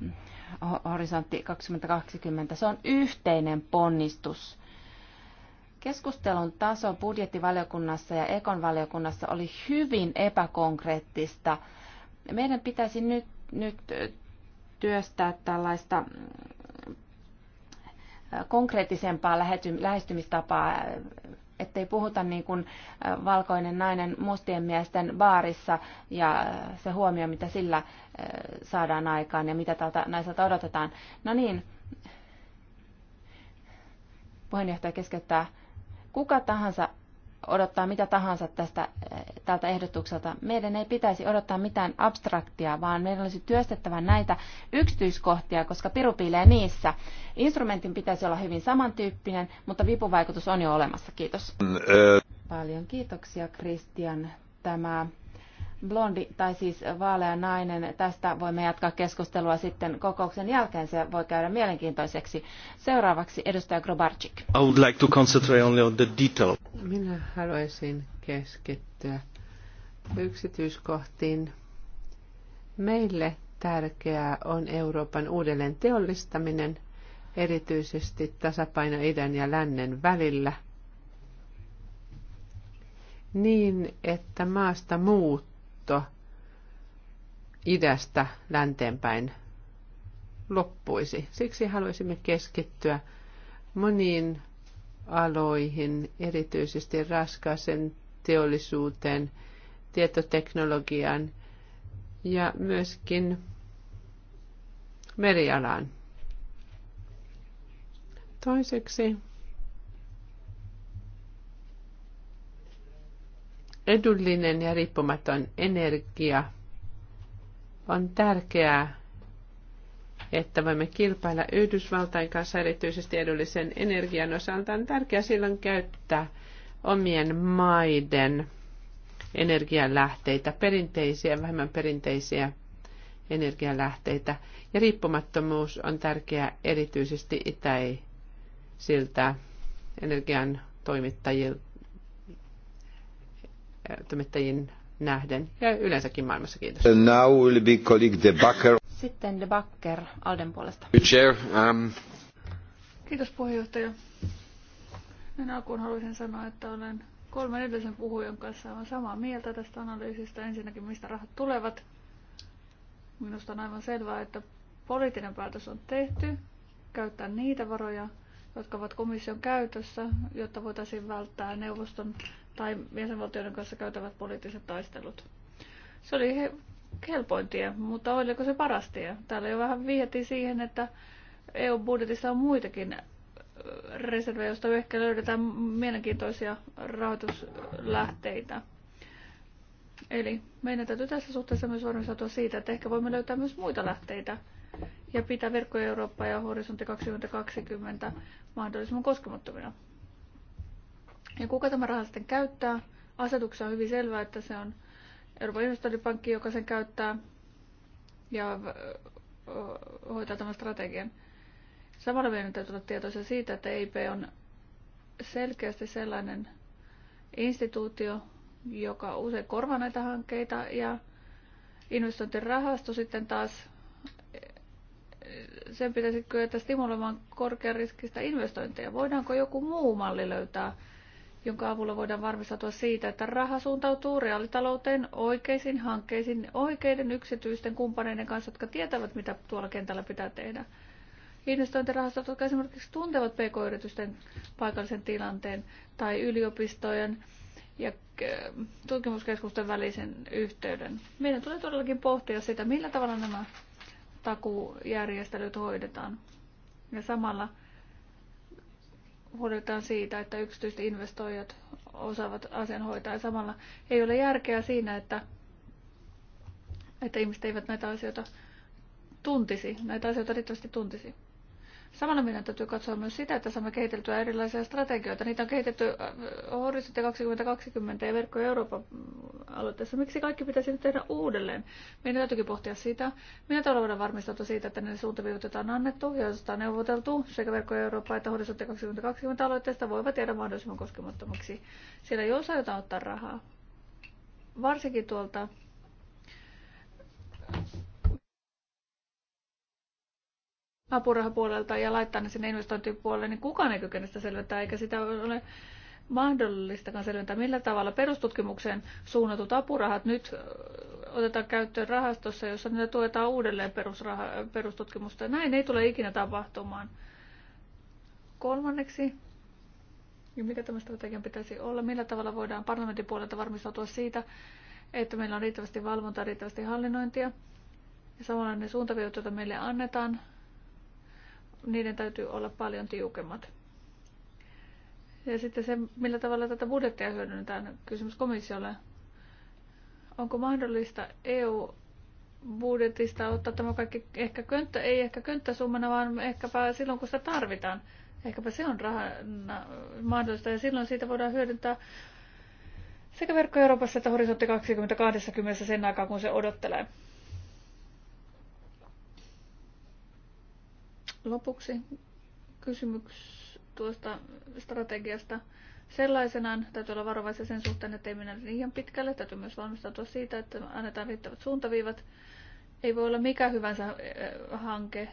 mm, horisontti 2020. Se on yhteinen ponnistus Keskustelun taso budjettivaliokunnassa ja Ekon valiokunnassa oli hyvin epäkonkreettista. Meidän pitäisi nyt, nyt työstää tällaista mm, konkreettisempaa lähestymistapaa, ettei puhuta niin kuin äh, valkoinen nainen mustien miesten baarissa ja se huomio, mitä sillä äh, saadaan aikaan ja mitä tältä naiselta odotetaan. No niin, puheenjohtaja keskeyttää Kuka tahansa odottaa mitä tahansa tästä, eh, tältä ehdotukselta. Meidän ei pitäisi odottaa mitään abstraktia, vaan meidän olisi työstettävä näitä yksityiskohtia, koska piru piilee niissä. Instrumentin pitäisi olla hyvin samantyyppinen, mutta vipuvaikutus on jo olemassa. Kiitos. Mm, Paljon kiitoksia, Christian. Tämä blondi tai siis vaalea nainen. Tästä voimme jatkaa keskustelua sitten kokouksen jälkeen. Se voi käydä mielenkiintoiseksi. Seuraavaksi edustaja Grobarczyk. I would like to concentrate only on the detail. Minä haluaisin keskittyä yksityiskohtiin. Meille tärkeää on Euroopan uudelleen teollistaminen, erityisesti tasapaino idän ja lännen välillä, niin että maasta muut muutto idästä länteenpäin loppuisi. Siksi haluaisimme keskittyä moniin aloihin, erityisesti raskaaseen teollisuuteen, tietoteknologiaan ja myöskin merialaan. Toiseksi Edullinen ja riippumaton energia on tärkeää, että voimme kilpailla Yhdysvaltain kanssa erityisesti edullisen energian osalta. On tärkeää silloin käyttää omien maiden energialähteitä, perinteisiä, vähemmän perinteisiä energialähteitä. Ja riippumattomuus on tärkeää erityisesti itäisiltä energian toimittajilta toimittajiin nähden ja yleensäkin maailmassa. Kiitos. Now will be colleague De Backer. Sitten De Backer Alden puolesta. Chair, um... Kiitos puheenjohtaja. Näin alkuun haluaisin sanoa, että olen kolmen edellisen puhujan kanssa on samaa mieltä tästä analyysistä. Ensinnäkin, mistä rahat tulevat. Minusta on aivan selvää, että poliittinen päätös on tehty käyttää niitä varoja, jotka ovat komission käytössä, jotta voitaisiin välttää neuvoston tai jäsenvaltioiden kanssa käytävät poliittiset taistelut. Se oli he, helpoin tie, mutta oliko se paras tie? Täällä jo vähän vihjattiin siihen, että EU-budjetissa on muitakin reservejä, joista ehkä löydetään mielenkiintoisia rahoituslähteitä. Eli meidän täytyy tässä suhteessa myös varmistautua siitä, että ehkä voimme löytää myös muita lähteitä ja pitää verkkoja Eurooppaa ja Horisontti 2020 mahdollisimman koskemattomina. Ja kuka tämä raha sitten käyttää? Asetuksessa on hyvin selvää, että se on Euroopan investointipankki, joka sen käyttää ja hoitaa tämän strategian. Samalla meidän täytyy olla tietoisia siitä, että EIP on selkeästi sellainen instituutio, joka usein korvaa näitä hankkeita ja investointirahasto sitten taas sen pitäisi kyetä stimuloimaan korkeariskistä investointeja. Voidaanko joku muu malli löytää jonka avulla voidaan varmistautua siitä, että raha suuntautuu reaalitalouteen oikeisiin hankkeisiin oikeiden yksityisten kumppaneiden kanssa, jotka tietävät, mitä tuolla kentällä pitää tehdä. Investointirahastot, jotka esimerkiksi tuntevat pk-yritysten paikallisen tilanteen tai yliopistojen ja tutkimuskeskusten välisen yhteyden. Meidän tulee todellakin pohtia sitä, millä tavalla nämä takuujärjestelyt hoidetaan. Ja samalla huolehditaan siitä, että yksityiset investoijat osaavat asian hoitaa. Ja samalla ei ole järkeä siinä, että, että ihmiset eivät näitä asioita tuntisi, näitä asioita riittävästi tuntisi. Samalla meidän täytyy katsoa myös sitä, että saamme kehiteltyä erilaisia strategioita. Niitä on kehitetty äh, Horisontti 2020 ja Verkko Euroopan aloitteessa. Miksi kaikki pitäisi nyt tehdä uudelleen? Meidän täytyykin pohtia sitä, Minä tavalla voidaan varmistautua siitä, että ne suuntaviivat, joita on annettu ja joista on neuvoteltu sekä Verkko Eurooppa että Horisontti 2020 aloitteesta, voivat jäädä mahdollisimman koskemattomiksi. Siellä jos aiotaan ottaa rahaa, varsinkin tuolta apurahapuolelta ja laittaa ne sinne investointipuolelle, niin kukaan ei kykene sitä selvittää, eikä sitä ole mahdollistakaan selventää, millä tavalla perustutkimukseen suunnatut apurahat nyt otetaan käyttöön rahastossa, jossa niitä tuetaan uudelleen perusraha- perustutkimusta. Näin ei tule ikinä tapahtumaan. Kolmanneksi, ja mikä tämä strategian pitäisi olla, millä tavalla voidaan parlamentin puolelta varmistautua siitä, että meillä on riittävästi valvontaa, riittävästi hallinnointia. Ja ne suuntaviot, joita meille annetaan, niiden täytyy olla paljon tiukemmat. Ja sitten se, millä tavalla tätä budjettia hyödynnetään, kysymys komissiolle. Onko mahdollista EU-budjetista ottaa tämä kaikki ehkä könttä, ei ehkä könttäsummana, vaan ehkäpä silloin, kun sitä tarvitaan. Ehkäpä se on rahana mahdollista ja silloin siitä voidaan hyödyntää sekä verkko Euroopassa että horisontti 2020 sen aikaa, kun se odottelee. Lopuksi kysymys tuosta strategiasta. Sellaisenaan täytyy olla varovaisia sen suhteen, että ei mennä liian pitkälle. Täytyy myös valmistautua siitä, että annetaan riittävät suuntaviivat. Ei voi olla mikä hyvänsä eh, hanke,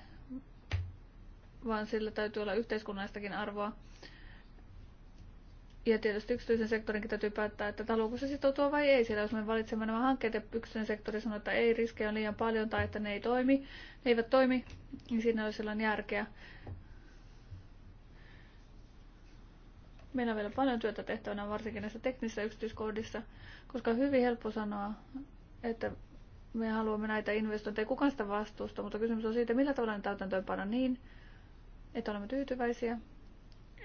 vaan sillä täytyy olla yhteiskunnallistakin arvoa. Ja tietysti yksityisen sektorinkin täytyy päättää, että haluaako se sitoutua vai ei, sillä jos me valitsemme nämä hankkeet ja yksityisen sektori sanoo, että ei, riskejä on liian paljon tai että ne ei toimi, ne eivät toimi, niin siinä olisi sellainen järkeä. Meillä on vielä paljon työtä tehtävänä, varsinkin näissä teknisissä yksityiskohdissa, koska on hyvin helppo sanoa, että me haluamme näitä investointeja, kukaan sitä vastuusta, mutta kysymys on siitä, millä tavalla ne täytäntöönpana niin, että olemme tyytyväisiä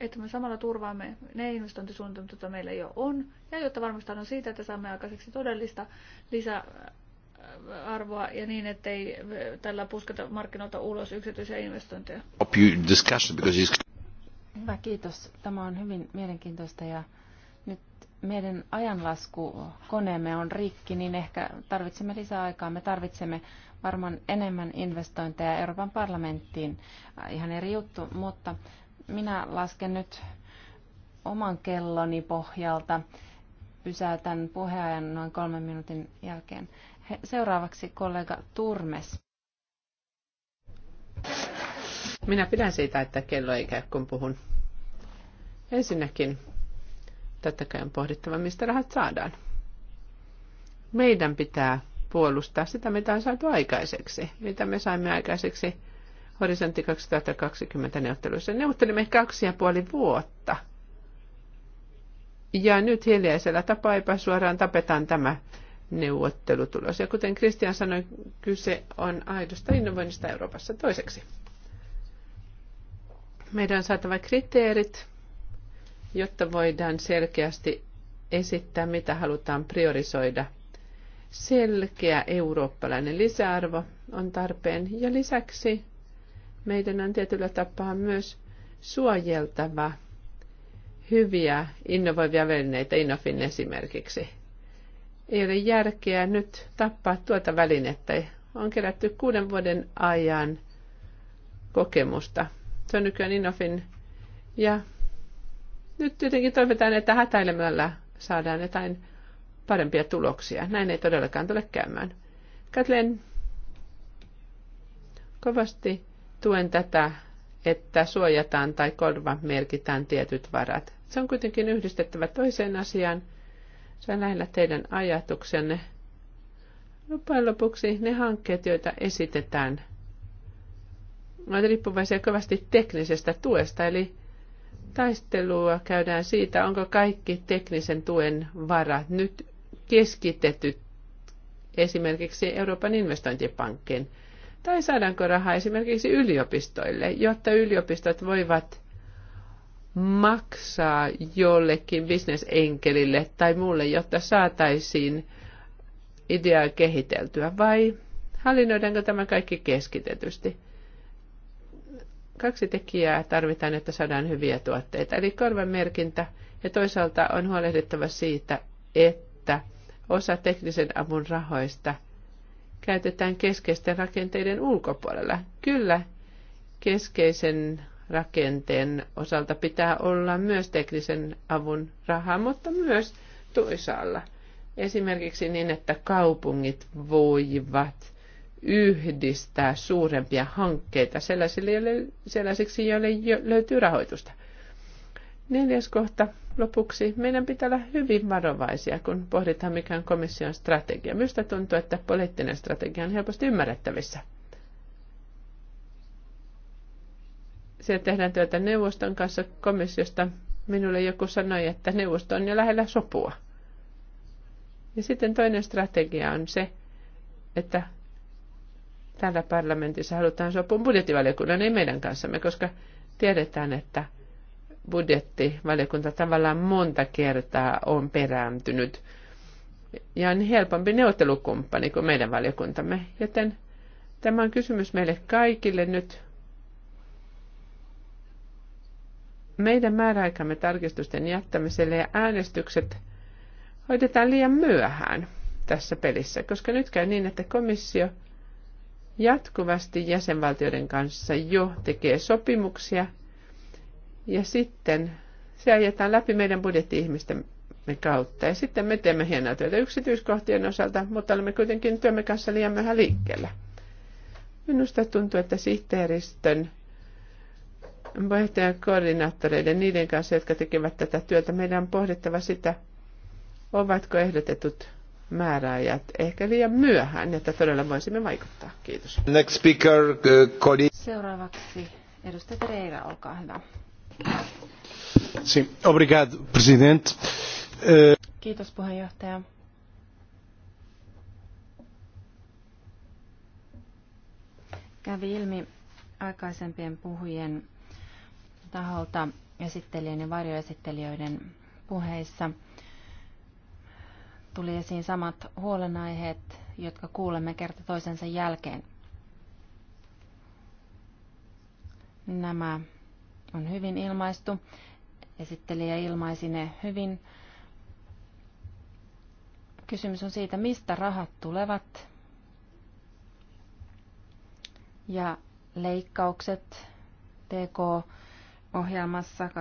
että me samalla turvaamme ne investointisuunnitelmat, joita meillä jo on, ja jotta varmistetaan siitä, että saamme aikaiseksi todellista lisäarvoa ja niin, ettei tällä pusketa markkinoilta ulos yksityisiä investointeja. Hyvä, kiitos. Tämä on hyvin mielenkiintoista ja nyt meidän ajanlasku koneemme on rikki, niin ehkä tarvitsemme lisää aikaa. Me tarvitsemme varmaan enemmän investointeja Euroopan parlamenttiin. Ihan eri juttu, mutta minä lasken nyt oman kelloni pohjalta. Pysäytän puheajan noin kolmen minuutin jälkeen. Seuraavaksi kollega Turmes. Minä pidän siitä, että kello ei käy, kun puhun. Ensinnäkin totta kai on pohdittava, mistä rahat saadaan. Meidän pitää puolustaa sitä, mitä on saatu aikaiseksi, mitä me saimme aikaiseksi horisontti 2020 neuvotteluissa. Neuvottelimme kaksi ja puoli vuotta. Ja nyt hiljaisella tapaa suoraan tapetaan tämä neuvottelutulos. Ja kuten Kristian sanoi, kyse on aidosta innovoinnista Euroopassa toiseksi. Meidän on saatava kriteerit, jotta voidaan selkeästi esittää, mitä halutaan priorisoida. Selkeä eurooppalainen lisäarvo on tarpeen ja lisäksi meidän on tietyllä tapaa myös suojeltava hyviä innovoivia välineitä, Innofin esimerkiksi. Ei ole järkeä nyt tappaa tuota välinettä. On kerätty kuuden vuoden ajan kokemusta. Se on nykyään Innofin. Ja nyt tietenkin toivotaan, että hätäilemällä saadaan jotain parempia tuloksia. Näin ei todellakaan tule käymään. Katlen kovasti tuen tätä, että suojataan tai korva merkitään tietyt varat. Se on kuitenkin yhdistettävä toiseen asiaan. Se on lähellä teidän ajatuksenne. Loppujen lopuksi ne hankkeet, joita esitetään, ovat riippuvaisia kovasti teknisestä tuesta, eli taistelua käydään siitä, onko kaikki teknisen tuen varat nyt keskitetyt esimerkiksi Euroopan investointipankin tai saadaanko rahaa esimerkiksi yliopistoille, jotta yliopistot voivat maksaa jollekin bisnesenkelille tai muulle, jotta saataisiin ideaa kehiteltyä, vai hallinnoidaanko tämä kaikki keskitetysti? Kaksi tekijää tarvitaan, että saadaan hyviä tuotteita, eli korvamerkintä ja toisaalta on huolehdittava siitä, että osa teknisen avun rahoista – käytetään keskeisten rakenteiden ulkopuolella. Kyllä, keskeisen rakenteen osalta pitää olla myös teknisen avun rahaa, mutta myös toisaalla. Esimerkiksi niin, että kaupungit voivat yhdistää suurempia hankkeita sellaisille, sellaisiksi, joille löytyy rahoitusta. Neljäs kohta lopuksi meidän pitää olla hyvin varovaisia, kun pohditaan mikä on komission strategia. Minusta tuntuu, että poliittinen strategia on helposti ymmärrettävissä. Siellä tehdään työtä neuvoston kanssa komissiosta. Minulle joku sanoi, että neuvosto on jo lähellä sopua. Ja sitten toinen strategia on se, että täällä parlamentissa halutaan sopua budjettivaliokunnan, ei meidän kanssamme, koska tiedetään, että – budjettivaliokunta tavallaan monta kertaa on perääntynyt ja on helpompi neuvottelukumppani kuin meidän valiokuntamme, joten tämä on kysymys meille kaikille nyt. Meidän määräaikamme tarkistusten jättämiselle ja äänestykset hoidetaan liian myöhään tässä pelissä, koska nyt käy niin, että komissio jatkuvasti jäsenvaltioiden kanssa jo tekee sopimuksia – ja sitten se ajetaan läpi meidän budjetti-ihmisten kautta. Ja sitten me teemme hienoa työtä yksityiskohtien osalta, mutta olemme kuitenkin työmme kanssa liian myöhään liikkeellä. Minusta tuntuu, että sihteeristön koordinaattoreiden niiden kanssa, jotka tekevät tätä työtä, meidän on pohdittava sitä, ovatko ehdotetut määräajat ehkä liian myöhään, että todella voisimme vaikuttaa. Kiitos. Next speaker, uh, Seuraavaksi edustaja Reira, olkaa hyvä. Eh, Kiitos puheenjohtaja. Kävi ilmi aikaisempien puhujien taholta esittelijöiden ja varjoesittelijöiden puheissa tuli esiin samat huolenaiheet, jotka kuulemme kerta toisensa jälkeen. Nämä on hyvin ilmaistu. Esittelijä ilmaisi ne hyvin. Kysymys on siitä, mistä rahat tulevat. Ja leikkaukset TK-ohjelmassa 2,7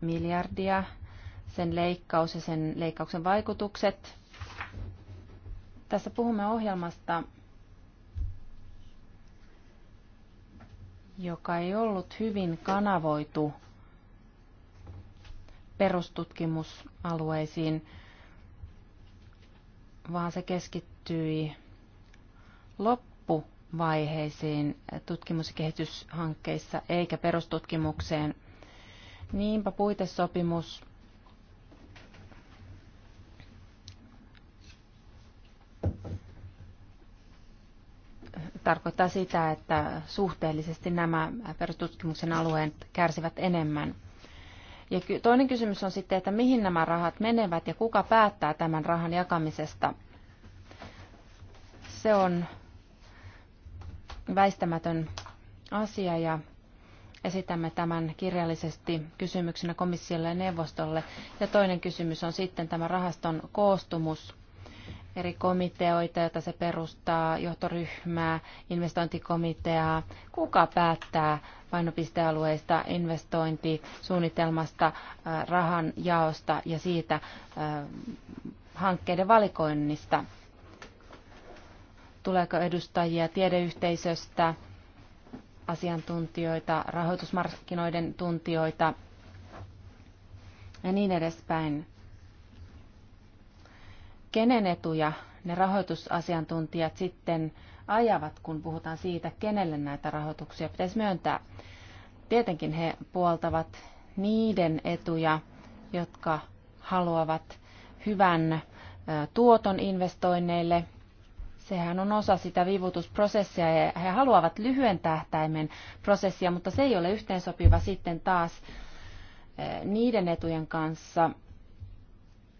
miljardia, sen leikkaus ja sen leikkauksen vaikutukset. Tässä puhumme ohjelmasta, joka ei ollut hyvin kanavoitu perustutkimusalueisiin, vaan se keskittyi loppuvaiheisiin tutkimus- ja kehityshankkeissa eikä perustutkimukseen. Niinpä puitesopimus tarkoittaa sitä, että suhteellisesti nämä perustutkimuksen alueet kärsivät enemmän. Ja toinen kysymys on sitten, että mihin nämä rahat menevät ja kuka päättää tämän rahan jakamisesta. Se on väistämätön asia ja esitämme tämän kirjallisesti kysymyksenä komissiolle ja neuvostolle. Ja toinen kysymys on sitten tämä rahaston koostumus eri komiteoita, joita se perustaa, johtoryhmää, investointikomiteaa. Kuka päättää painopistealueista, investointisuunnitelmasta, äh, rahan jaosta ja siitä äh, hankkeiden valikoinnista? Tuleeko edustajia tiedeyhteisöstä, asiantuntijoita, rahoitusmarkkinoiden tuntijoita ja niin edespäin? kenen etuja ne rahoitusasiantuntijat sitten ajavat, kun puhutaan siitä, kenelle näitä rahoituksia pitäisi myöntää. Tietenkin he puoltavat niiden etuja, jotka haluavat hyvän tuoton investoinneille. Sehän on osa sitä vivutusprosessia ja he haluavat lyhyen tähtäimen prosessia, mutta se ei ole yhteensopiva sitten taas niiden etujen kanssa,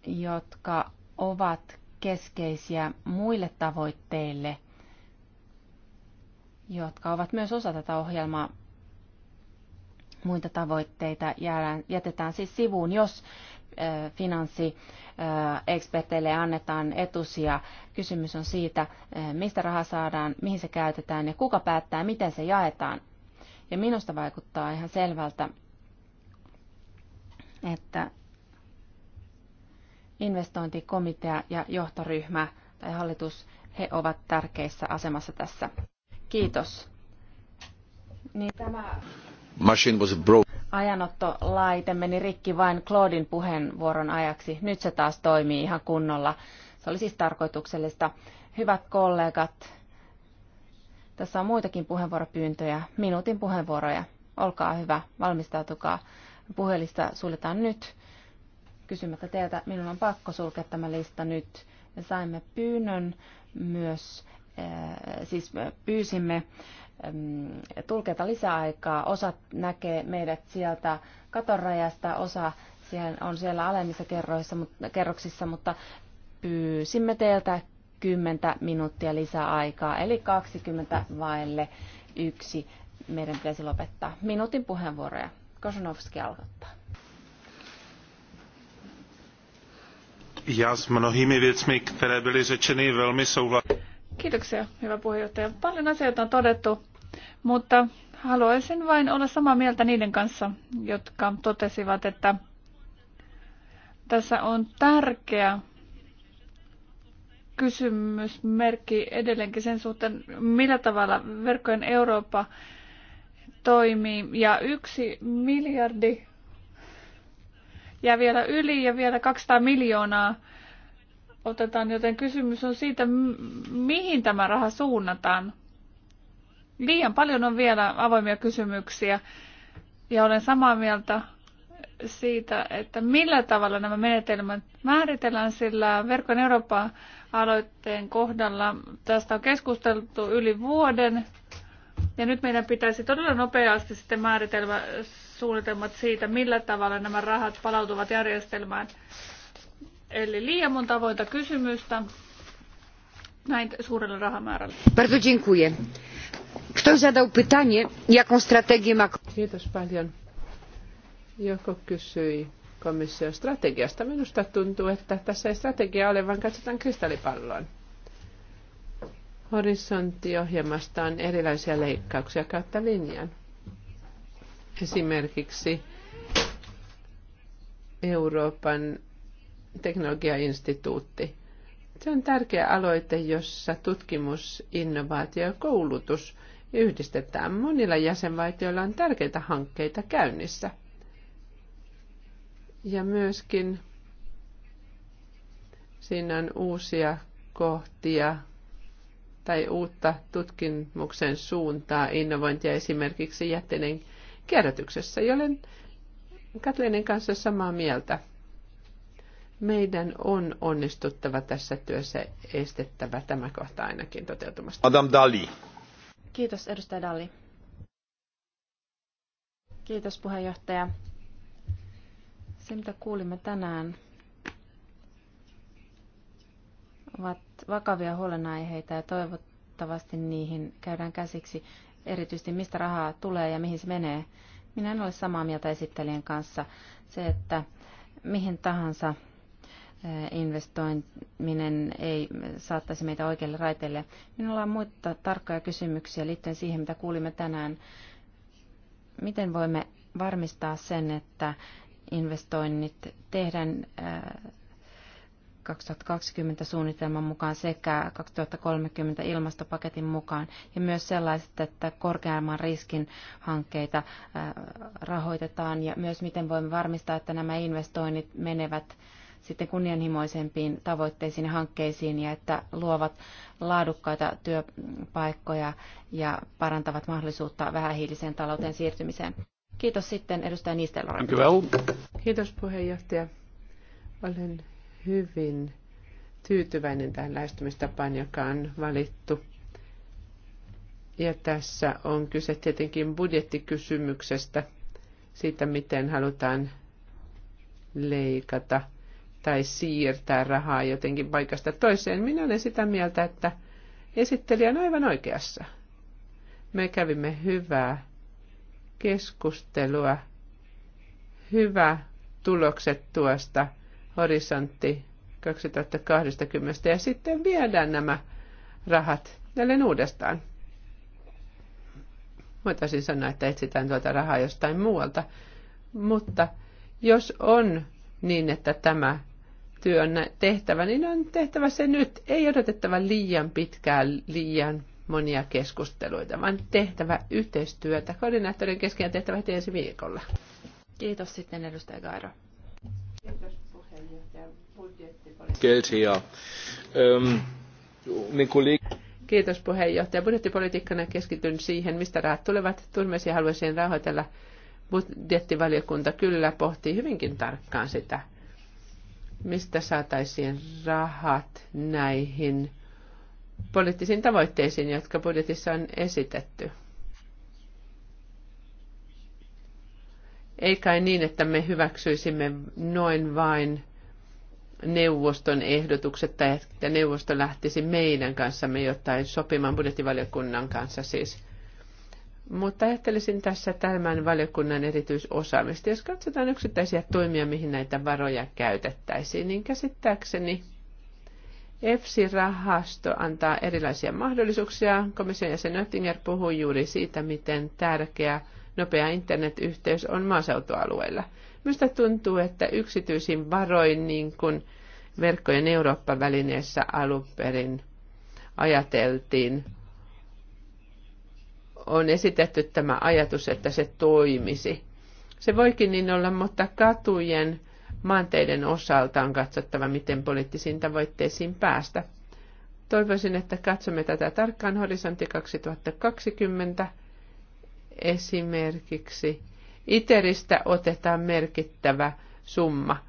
jotka ovat keskeisiä muille tavoitteille, jotka ovat myös osa tätä ohjelmaa. Muita tavoitteita jätetään siis sivuun, jos finanssieksperteille annetaan etusia. Kysymys on siitä, mistä raha saadaan, mihin se käytetään ja kuka päättää, miten se jaetaan. Ja minusta vaikuttaa ihan selvältä, että investointikomitea ja johtoryhmä tai hallitus, he ovat tärkeissä asemassa tässä. Kiitos. Niin tämä Machine was broke. Ajanottolaite meni rikki vain Claudin puheenvuoron ajaksi. Nyt se taas toimii ihan kunnolla. Se oli siis tarkoituksellista. Hyvät kollegat, tässä on muitakin puheenvuoropyyntöjä, minuutin puheenvuoroja. Olkaa hyvä, valmistautukaa. Puhelista suljetaan nyt kysymättä teiltä, minun on pakko sulkea tämä lista nyt. Me saimme pyynnön myös, eh, siis pyysimme tulkeita lisäaikaa. Osa näkee meidät sieltä katorajasta, osa on siellä alemmissa kerroissa, kerroksissa, mutta pyysimme teiltä 10 minuuttia lisäaikaa, eli 20 vaille yksi meidän pitäisi lopettaa. Minuutin puheenvuoroja. Kosunovski aloittaa. Já s mnohými věcmi, které byly řečeny, velmi souhlasím. Kiitoksia, hyvä puheenjohtaja. Paljon asioita on todettu, mutta haluaisin vain olla samaa mieltä niiden kanssa, jotka totesivat, että tässä on tärkeä kysymysmerkki edelleenkin sen suhteen, millä tavalla verkkojen Eurooppa toimii. Ja yksi miljardi jää vielä yli ja vielä 200 miljoonaa otetaan, joten kysymys on siitä, mihin tämä raha suunnataan. Liian paljon on vielä avoimia kysymyksiä ja olen samaa mieltä siitä, että millä tavalla nämä menetelmät määritellään, sillä Verkon Euroopan aloitteen kohdalla tästä on keskusteltu yli vuoden. Ja nyt meidän pitäisi todella nopeasti sitten määritelmä suunnitelmat siitä, millä tavalla nämä rahat palautuvat järjestelmään. Eli liian monta avointa kysymystä näin suurella rahamäärällä. Bardzo dziękuję. Kto zadał pytanie, jaką strategię ma... Kiitos paljon. Joko kysyi komission strategiasta. Minusta tuntuu, että tässä ei strategia ole, vaan katsotaan kristallipalloon. Horisonttiohjelmasta on erilaisia leikkauksia kautta linjan esimerkiksi Euroopan teknologiainstituutti. Se on tärkeä aloite, jossa tutkimus, innovaatio ja koulutus yhdistetään. Monilla jäsenvaltioilla on tärkeitä hankkeita käynnissä. Ja myöskin siinä on uusia kohtia tai uutta tutkimuksen suuntaa, innovointia esimerkiksi jätteiden kierrätyksessä. Ja olen Katleenin kanssa samaa mieltä. Meidän on onnistuttava tässä työssä estettävä tämä kohta ainakin toteutumasta. Adam Dali. Kiitos, edustaja Dali. Kiitos, puheenjohtaja. Se, mitä kuulimme tänään, ovat vakavia huolenaiheita ja toivottavasti niihin käydään käsiksi erityisesti mistä rahaa tulee ja mihin se menee. Minä en ole samaa mieltä esittelijän kanssa. Se, että mihin tahansa eh, investoiminen ei saattaisi meitä oikealle raiteelle. Minulla on muita tarkkoja kysymyksiä liittyen siihen, mitä kuulimme tänään. Miten voimme varmistaa sen, että investoinnit tehdään eh, 2020 suunnitelman mukaan sekä 2030 ilmastopaketin mukaan ja myös sellaiset, että korkeamman riskin hankkeita äh, rahoitetaan ja myös miten voimme varmistaa, että nämä investoinnit menevät sitten kunnianhimoisempiin tavoitteisiin ja hankkeisiin ja että luovat laadukkaita työpaikkoja ja parantavat mahdollisuutta vähähiiliseen talouteen siirtymiseen. Kiitos sitten edustaja Niistelora. Kiitos puheenjohtaja. Olen hyvin tyytyväinen tähän lähestymistapaan, joka on valittu. Ja tässä on kyse tietenkin budjettikysymyksestä, siitä miten halutaan leikata tai siirtää rahaa jotenkin paikasta toiseen. Minä olen sitä mieltä, että esittelijä on aivan oikeassa. Me kävimme hyvää keskustelua. Hyvä tulokset tuosta horisontti 2020 ja sitten viedään nämä rahat jälleen uudestaan. Voitaisiin sanoa, että etsitään tuota rahaa jostain muualta, mutta jos on niin, että tämä työ on tehtävä, niin on tehtävä se nyt. Ei odotettava liian pitkään, liian monia keskusteluita, vaan tehtävä yhteistyötä koordinaattorin kesken tehtävä heti ensi viikolla. Kiitos sitten edustaja Kairo. Kiitos. Geld her. Ähm, um ne Kollegen... Kiitos puheenjohtaja. Budjettipolitiikkana keskityn siihen, mistä rahat tulevat. Turmesi haluaisin rahoitella. Budjettivaliokunta kyllä pohtii hyvinkin tarkkaan sitä, mistä saataisiin rahat näihin poliittisiin tavoitteisiin, jotka budjetissa on esitetty. Ei kai niin, että me hyväksyisimme noin vain neuvoston ehdotukset tai että neuvosto lähtisi meidän kanssamme jotain sopimaan budjettivaliokunnan kanssa siis. Mutta ajattelisin tässä tämän valiokunnan erityisosaamista. Jos katsotaan yksittäisiä toimia, mihin näitä varoja käytettäisiin, niin käsittääkseni EFSI-rahasto antaa erilaisia mahdollisuuksia. Komission jäsen Oettinger puhui juuri siitä, miten tärkeä nopea internetyhteys on maaseutualueilla. Minusta tuntuu, että yksityisin varoin, niin kuin verkkojen Eurooppa-välineessä alun perin ajateltiin, on esitetty tämä ajatus, että se toimisi. Se voikin niin olla, mutta katujen maanteiden osalta on katsottava, miten poliittisiin tavoitteisiin päästä. Toivoisin, että katsomme tätä tarkkaan horisontti 2020 Esimerkiksi ITERistä otetaan merkittävä summa.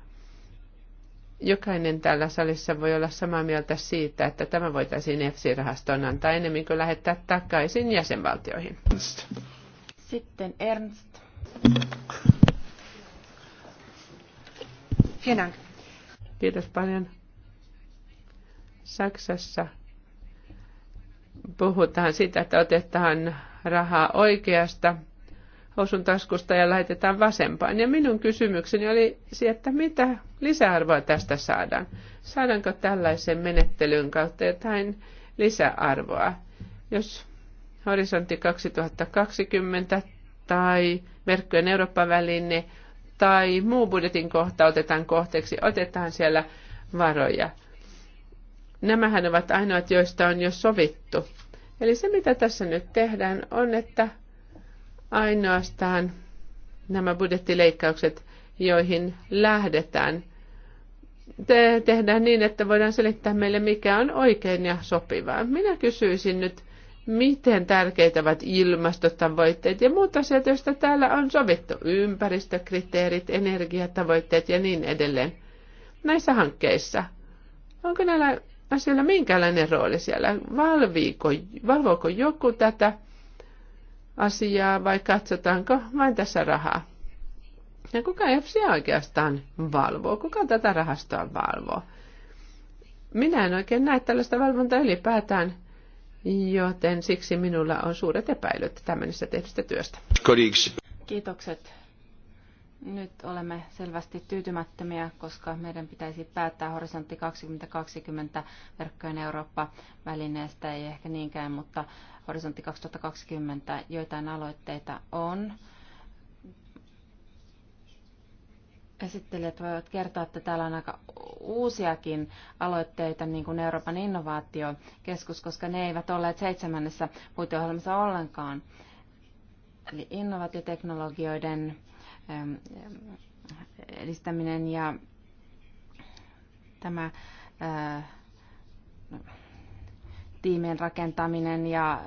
Jokainen täällä salissa voi olla samaa mieltä siitä, että tämä voitaisiin EFSI-rahastoon antaa enemmän kuin lähettää takaisin jäsenvaltioihin. Sitten Ernst. Kiitos paljon. Saksassa puhutaan siitä, että otetaan rahaa oikeasta osun taskusta ja laitetaan vasempaan. Ja minun kysymykseni oli se, että mitä lisäarvoa tästä saadaan? Saadaanko tällaisen menettelyn kautta jotain lisäarvoa? Jos horisontti 2020 tai verkkojen Euroopan väline tai muu budjetin kohta otetaan kohteeksi, otetaan siellä varoja. Nämähän ovat ainoat, joista on jo sovittu. Eli se, mitä tässä nyt tehdään, on, että ainoastaan nämä budjettileikkaukset, joihin lähdetään, te- tehdään niin, että voidaan selittää meille, mikä on oikein ja sopivaa. Minä kysyisin nyt, miten tärkeitä ovat ilmastotavoitteet ja muut asiat, joista täällä on sovittu, ympäristökriteerit, energiatavoitteet ja niin edelleen näissä hankkeissa. Onko näillä asioilla minkälainen rooli siellä? Valviiko, valvoiko joku tätä asiaa vai katsotaanko vain tässä rahaa? Ja kuka EFSI oikeastaan valvoo? Kuka tätä rahastoa valvoo? Minä en oikein näe tällaista valvontaa ylipäätään, joten siksi minulla on suuret epäilyt tämmöisestä tehdystä työstä. Kiitokset nyt olemme selvästi tyytymättömiä, koska meidän pitäisi päättää horisontti 2020 verkkojen Eurooppa-välineestä, ei ehkä niinkään, mutta horisontti 2020 joitain aloitteita on. Esittelijät voivat kertoa, että täällä on aika uusiakin aloitteita, niin kuin Euroopan innovaatiokeskus, koska ne eivät olleet seitsemännessä puiteohjelmassa ollenkaan. Eli innovaatioteknologioiden edistäminen ja tämä tiimien rakentaminen ja,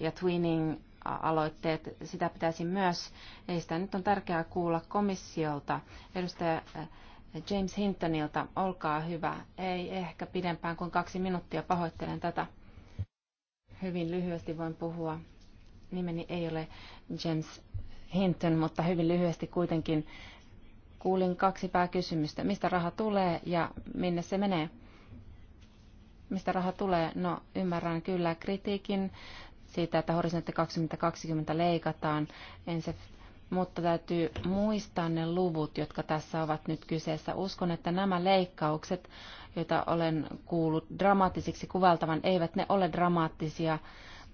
ja twinning aloitteet, sitä pitäisi myös edistää. Nyt on tärkeää kuulla komissiolta. Edustaja James Hintonilta, olkaa hyvä. Ei ehkä pidempään kuin kaksi minuuttia, pahoittelen tätä. Hyvin lyhyesti voin puhua. Nimeni ei ole James Hinton, mutta hyvin lyhyesti kuitenkin kuulin kaksi pääkysymystä. Mistä raha tulee ja minne se menee? Mistä raha tulee? No ymmärrän kyllä kritiikin siitä, että horisontti 2020 leikataan. En se mutta täytyy muistaa ne luvut, jotka tässä ovat nyt kyseessä. Uskon, että nämä leikkaukset, joita olen kuullut dramaattisiksi kuvaltavan, eivät ne ole dramaattisia.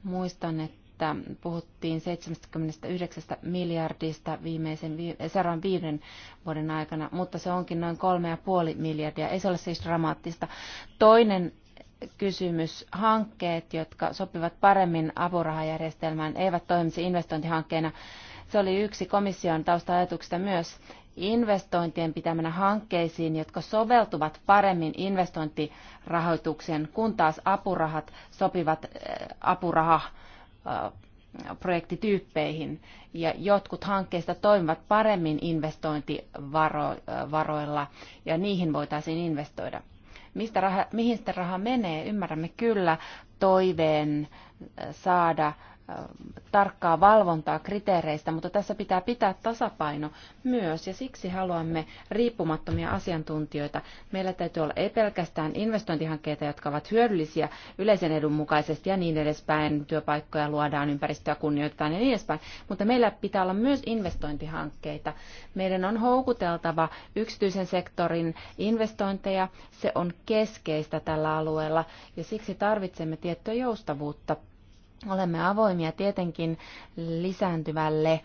Muistan, että että puhuttiin 79 miljardista viimeisen eh, seuraavan viiden vuoden aikana, mutta se onkin noin 3,5 miljardia. Ei se ole siis dramaattista. Toinen kysymys. Hankkeet, jotka sopivat paremmin apurahajärjestelmään, eivät toimisi investointihankkeena. Se oli yksi komission tausta-ajatuksista myös. Investointien pitämänä hankkeisiin, jotka soveltuvat paremmin investointirahoitukseen, kun taas apurahat sopivat eh, apuraha projektityyppeihin. Ja jotkut hankkeista toimivat paremmin investointivaroilla ja niihin voitaisiin investoida. Mistä raha, mihin sitä raha menee, ymmärrämme kyllä toiveen saada tarkkaa valvontaa kriteereistä, mutta tässä pitää pitää tasapaino myös ja siksi haluamme riippumattomia asiantuntijoita. Meillä täytyy olla ei pelkästään investointihankkeita, jotka ovat hyödyllisiä yleisen edun mukaisesti ja niin edespäin, työpaikkoja luodaan, ympäristöä kunnioitetaan ja niin edespäin, mutta meillä pitää olla myös investointihankkeita. Meidän on houkuteltava yksityisen sektorin investointeja, se on keskeistä tällä alueella ja siksi tarvitsemme tiettyä joustavuutta Olemme avoimia tietenkin lisääntyvälle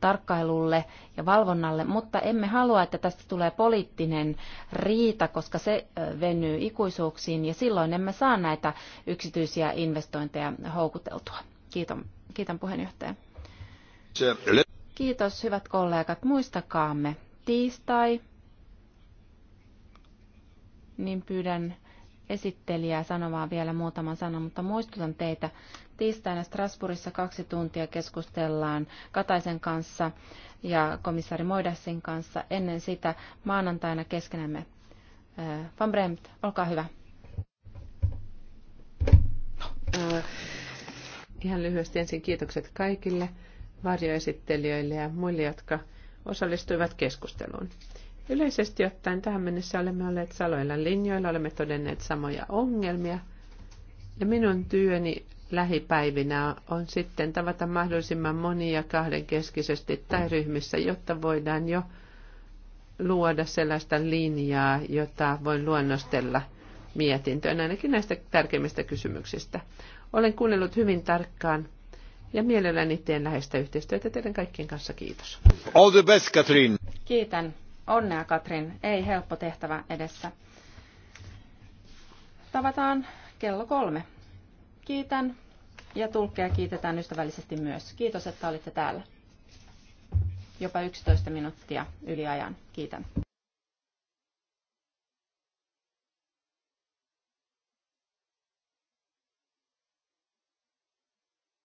tarkkailulle ja valvonnalle, mutta emme halua, että tästä tulee poliittinen riita, koska se venyy ikuisuuksiin ja silloin emme saa näitä yksityisiä investointeja houkuteltua. Kiitos, kiitän puheenjohtaja. Kiitos hyvät kollegat. Muistakaamme tiistai, niin pyydän esittelijää sanomaan vielä muutaman sanan, mutta muistutan teitä. Tiistaina Strasbourgissa kaksi tuntia keskustellaan Kataisen kanssa ja komissaari Moidassin kanssa. Ennen sitä maanantaina keskenämme. Äh, Van Bremt, olkaa hyvä. Äh, ihan lyhyesti ensin kiitokset kaikille varjoesittelijöille ja muille, jotka osallistuivat keskusteluun. Yleisesti ottaen tähän mennessä olemme olleet saloilla linjoilla, olemme todenneet samoja ongelmia. Ja minun työni lähipäivinä on sitten tavata mahdollisimman monia kahdenkeskisesti tai ryhmissä, jotta voidaan jo luoda sellaista linjaa, jota voin luonnostella mietintöön, ainakin näistä tärkeimmistä kysymyksistä. Olen kuunnellut hyvin tarkkaan ja mielelläni teen läheistä yhteistyötä teidän kaikkien kanssa. Kiitos. All the best, Katrin. Kiitän. Onnea Katrin, ei helppo tehtävä edessä. Tavataan kello kolme. Kiitän ja tulkkeja kiitetään ystävällisesti myös. Kiitos, että olitte täällä. Jopa 11 minuuttia yli ajan. Kiitän.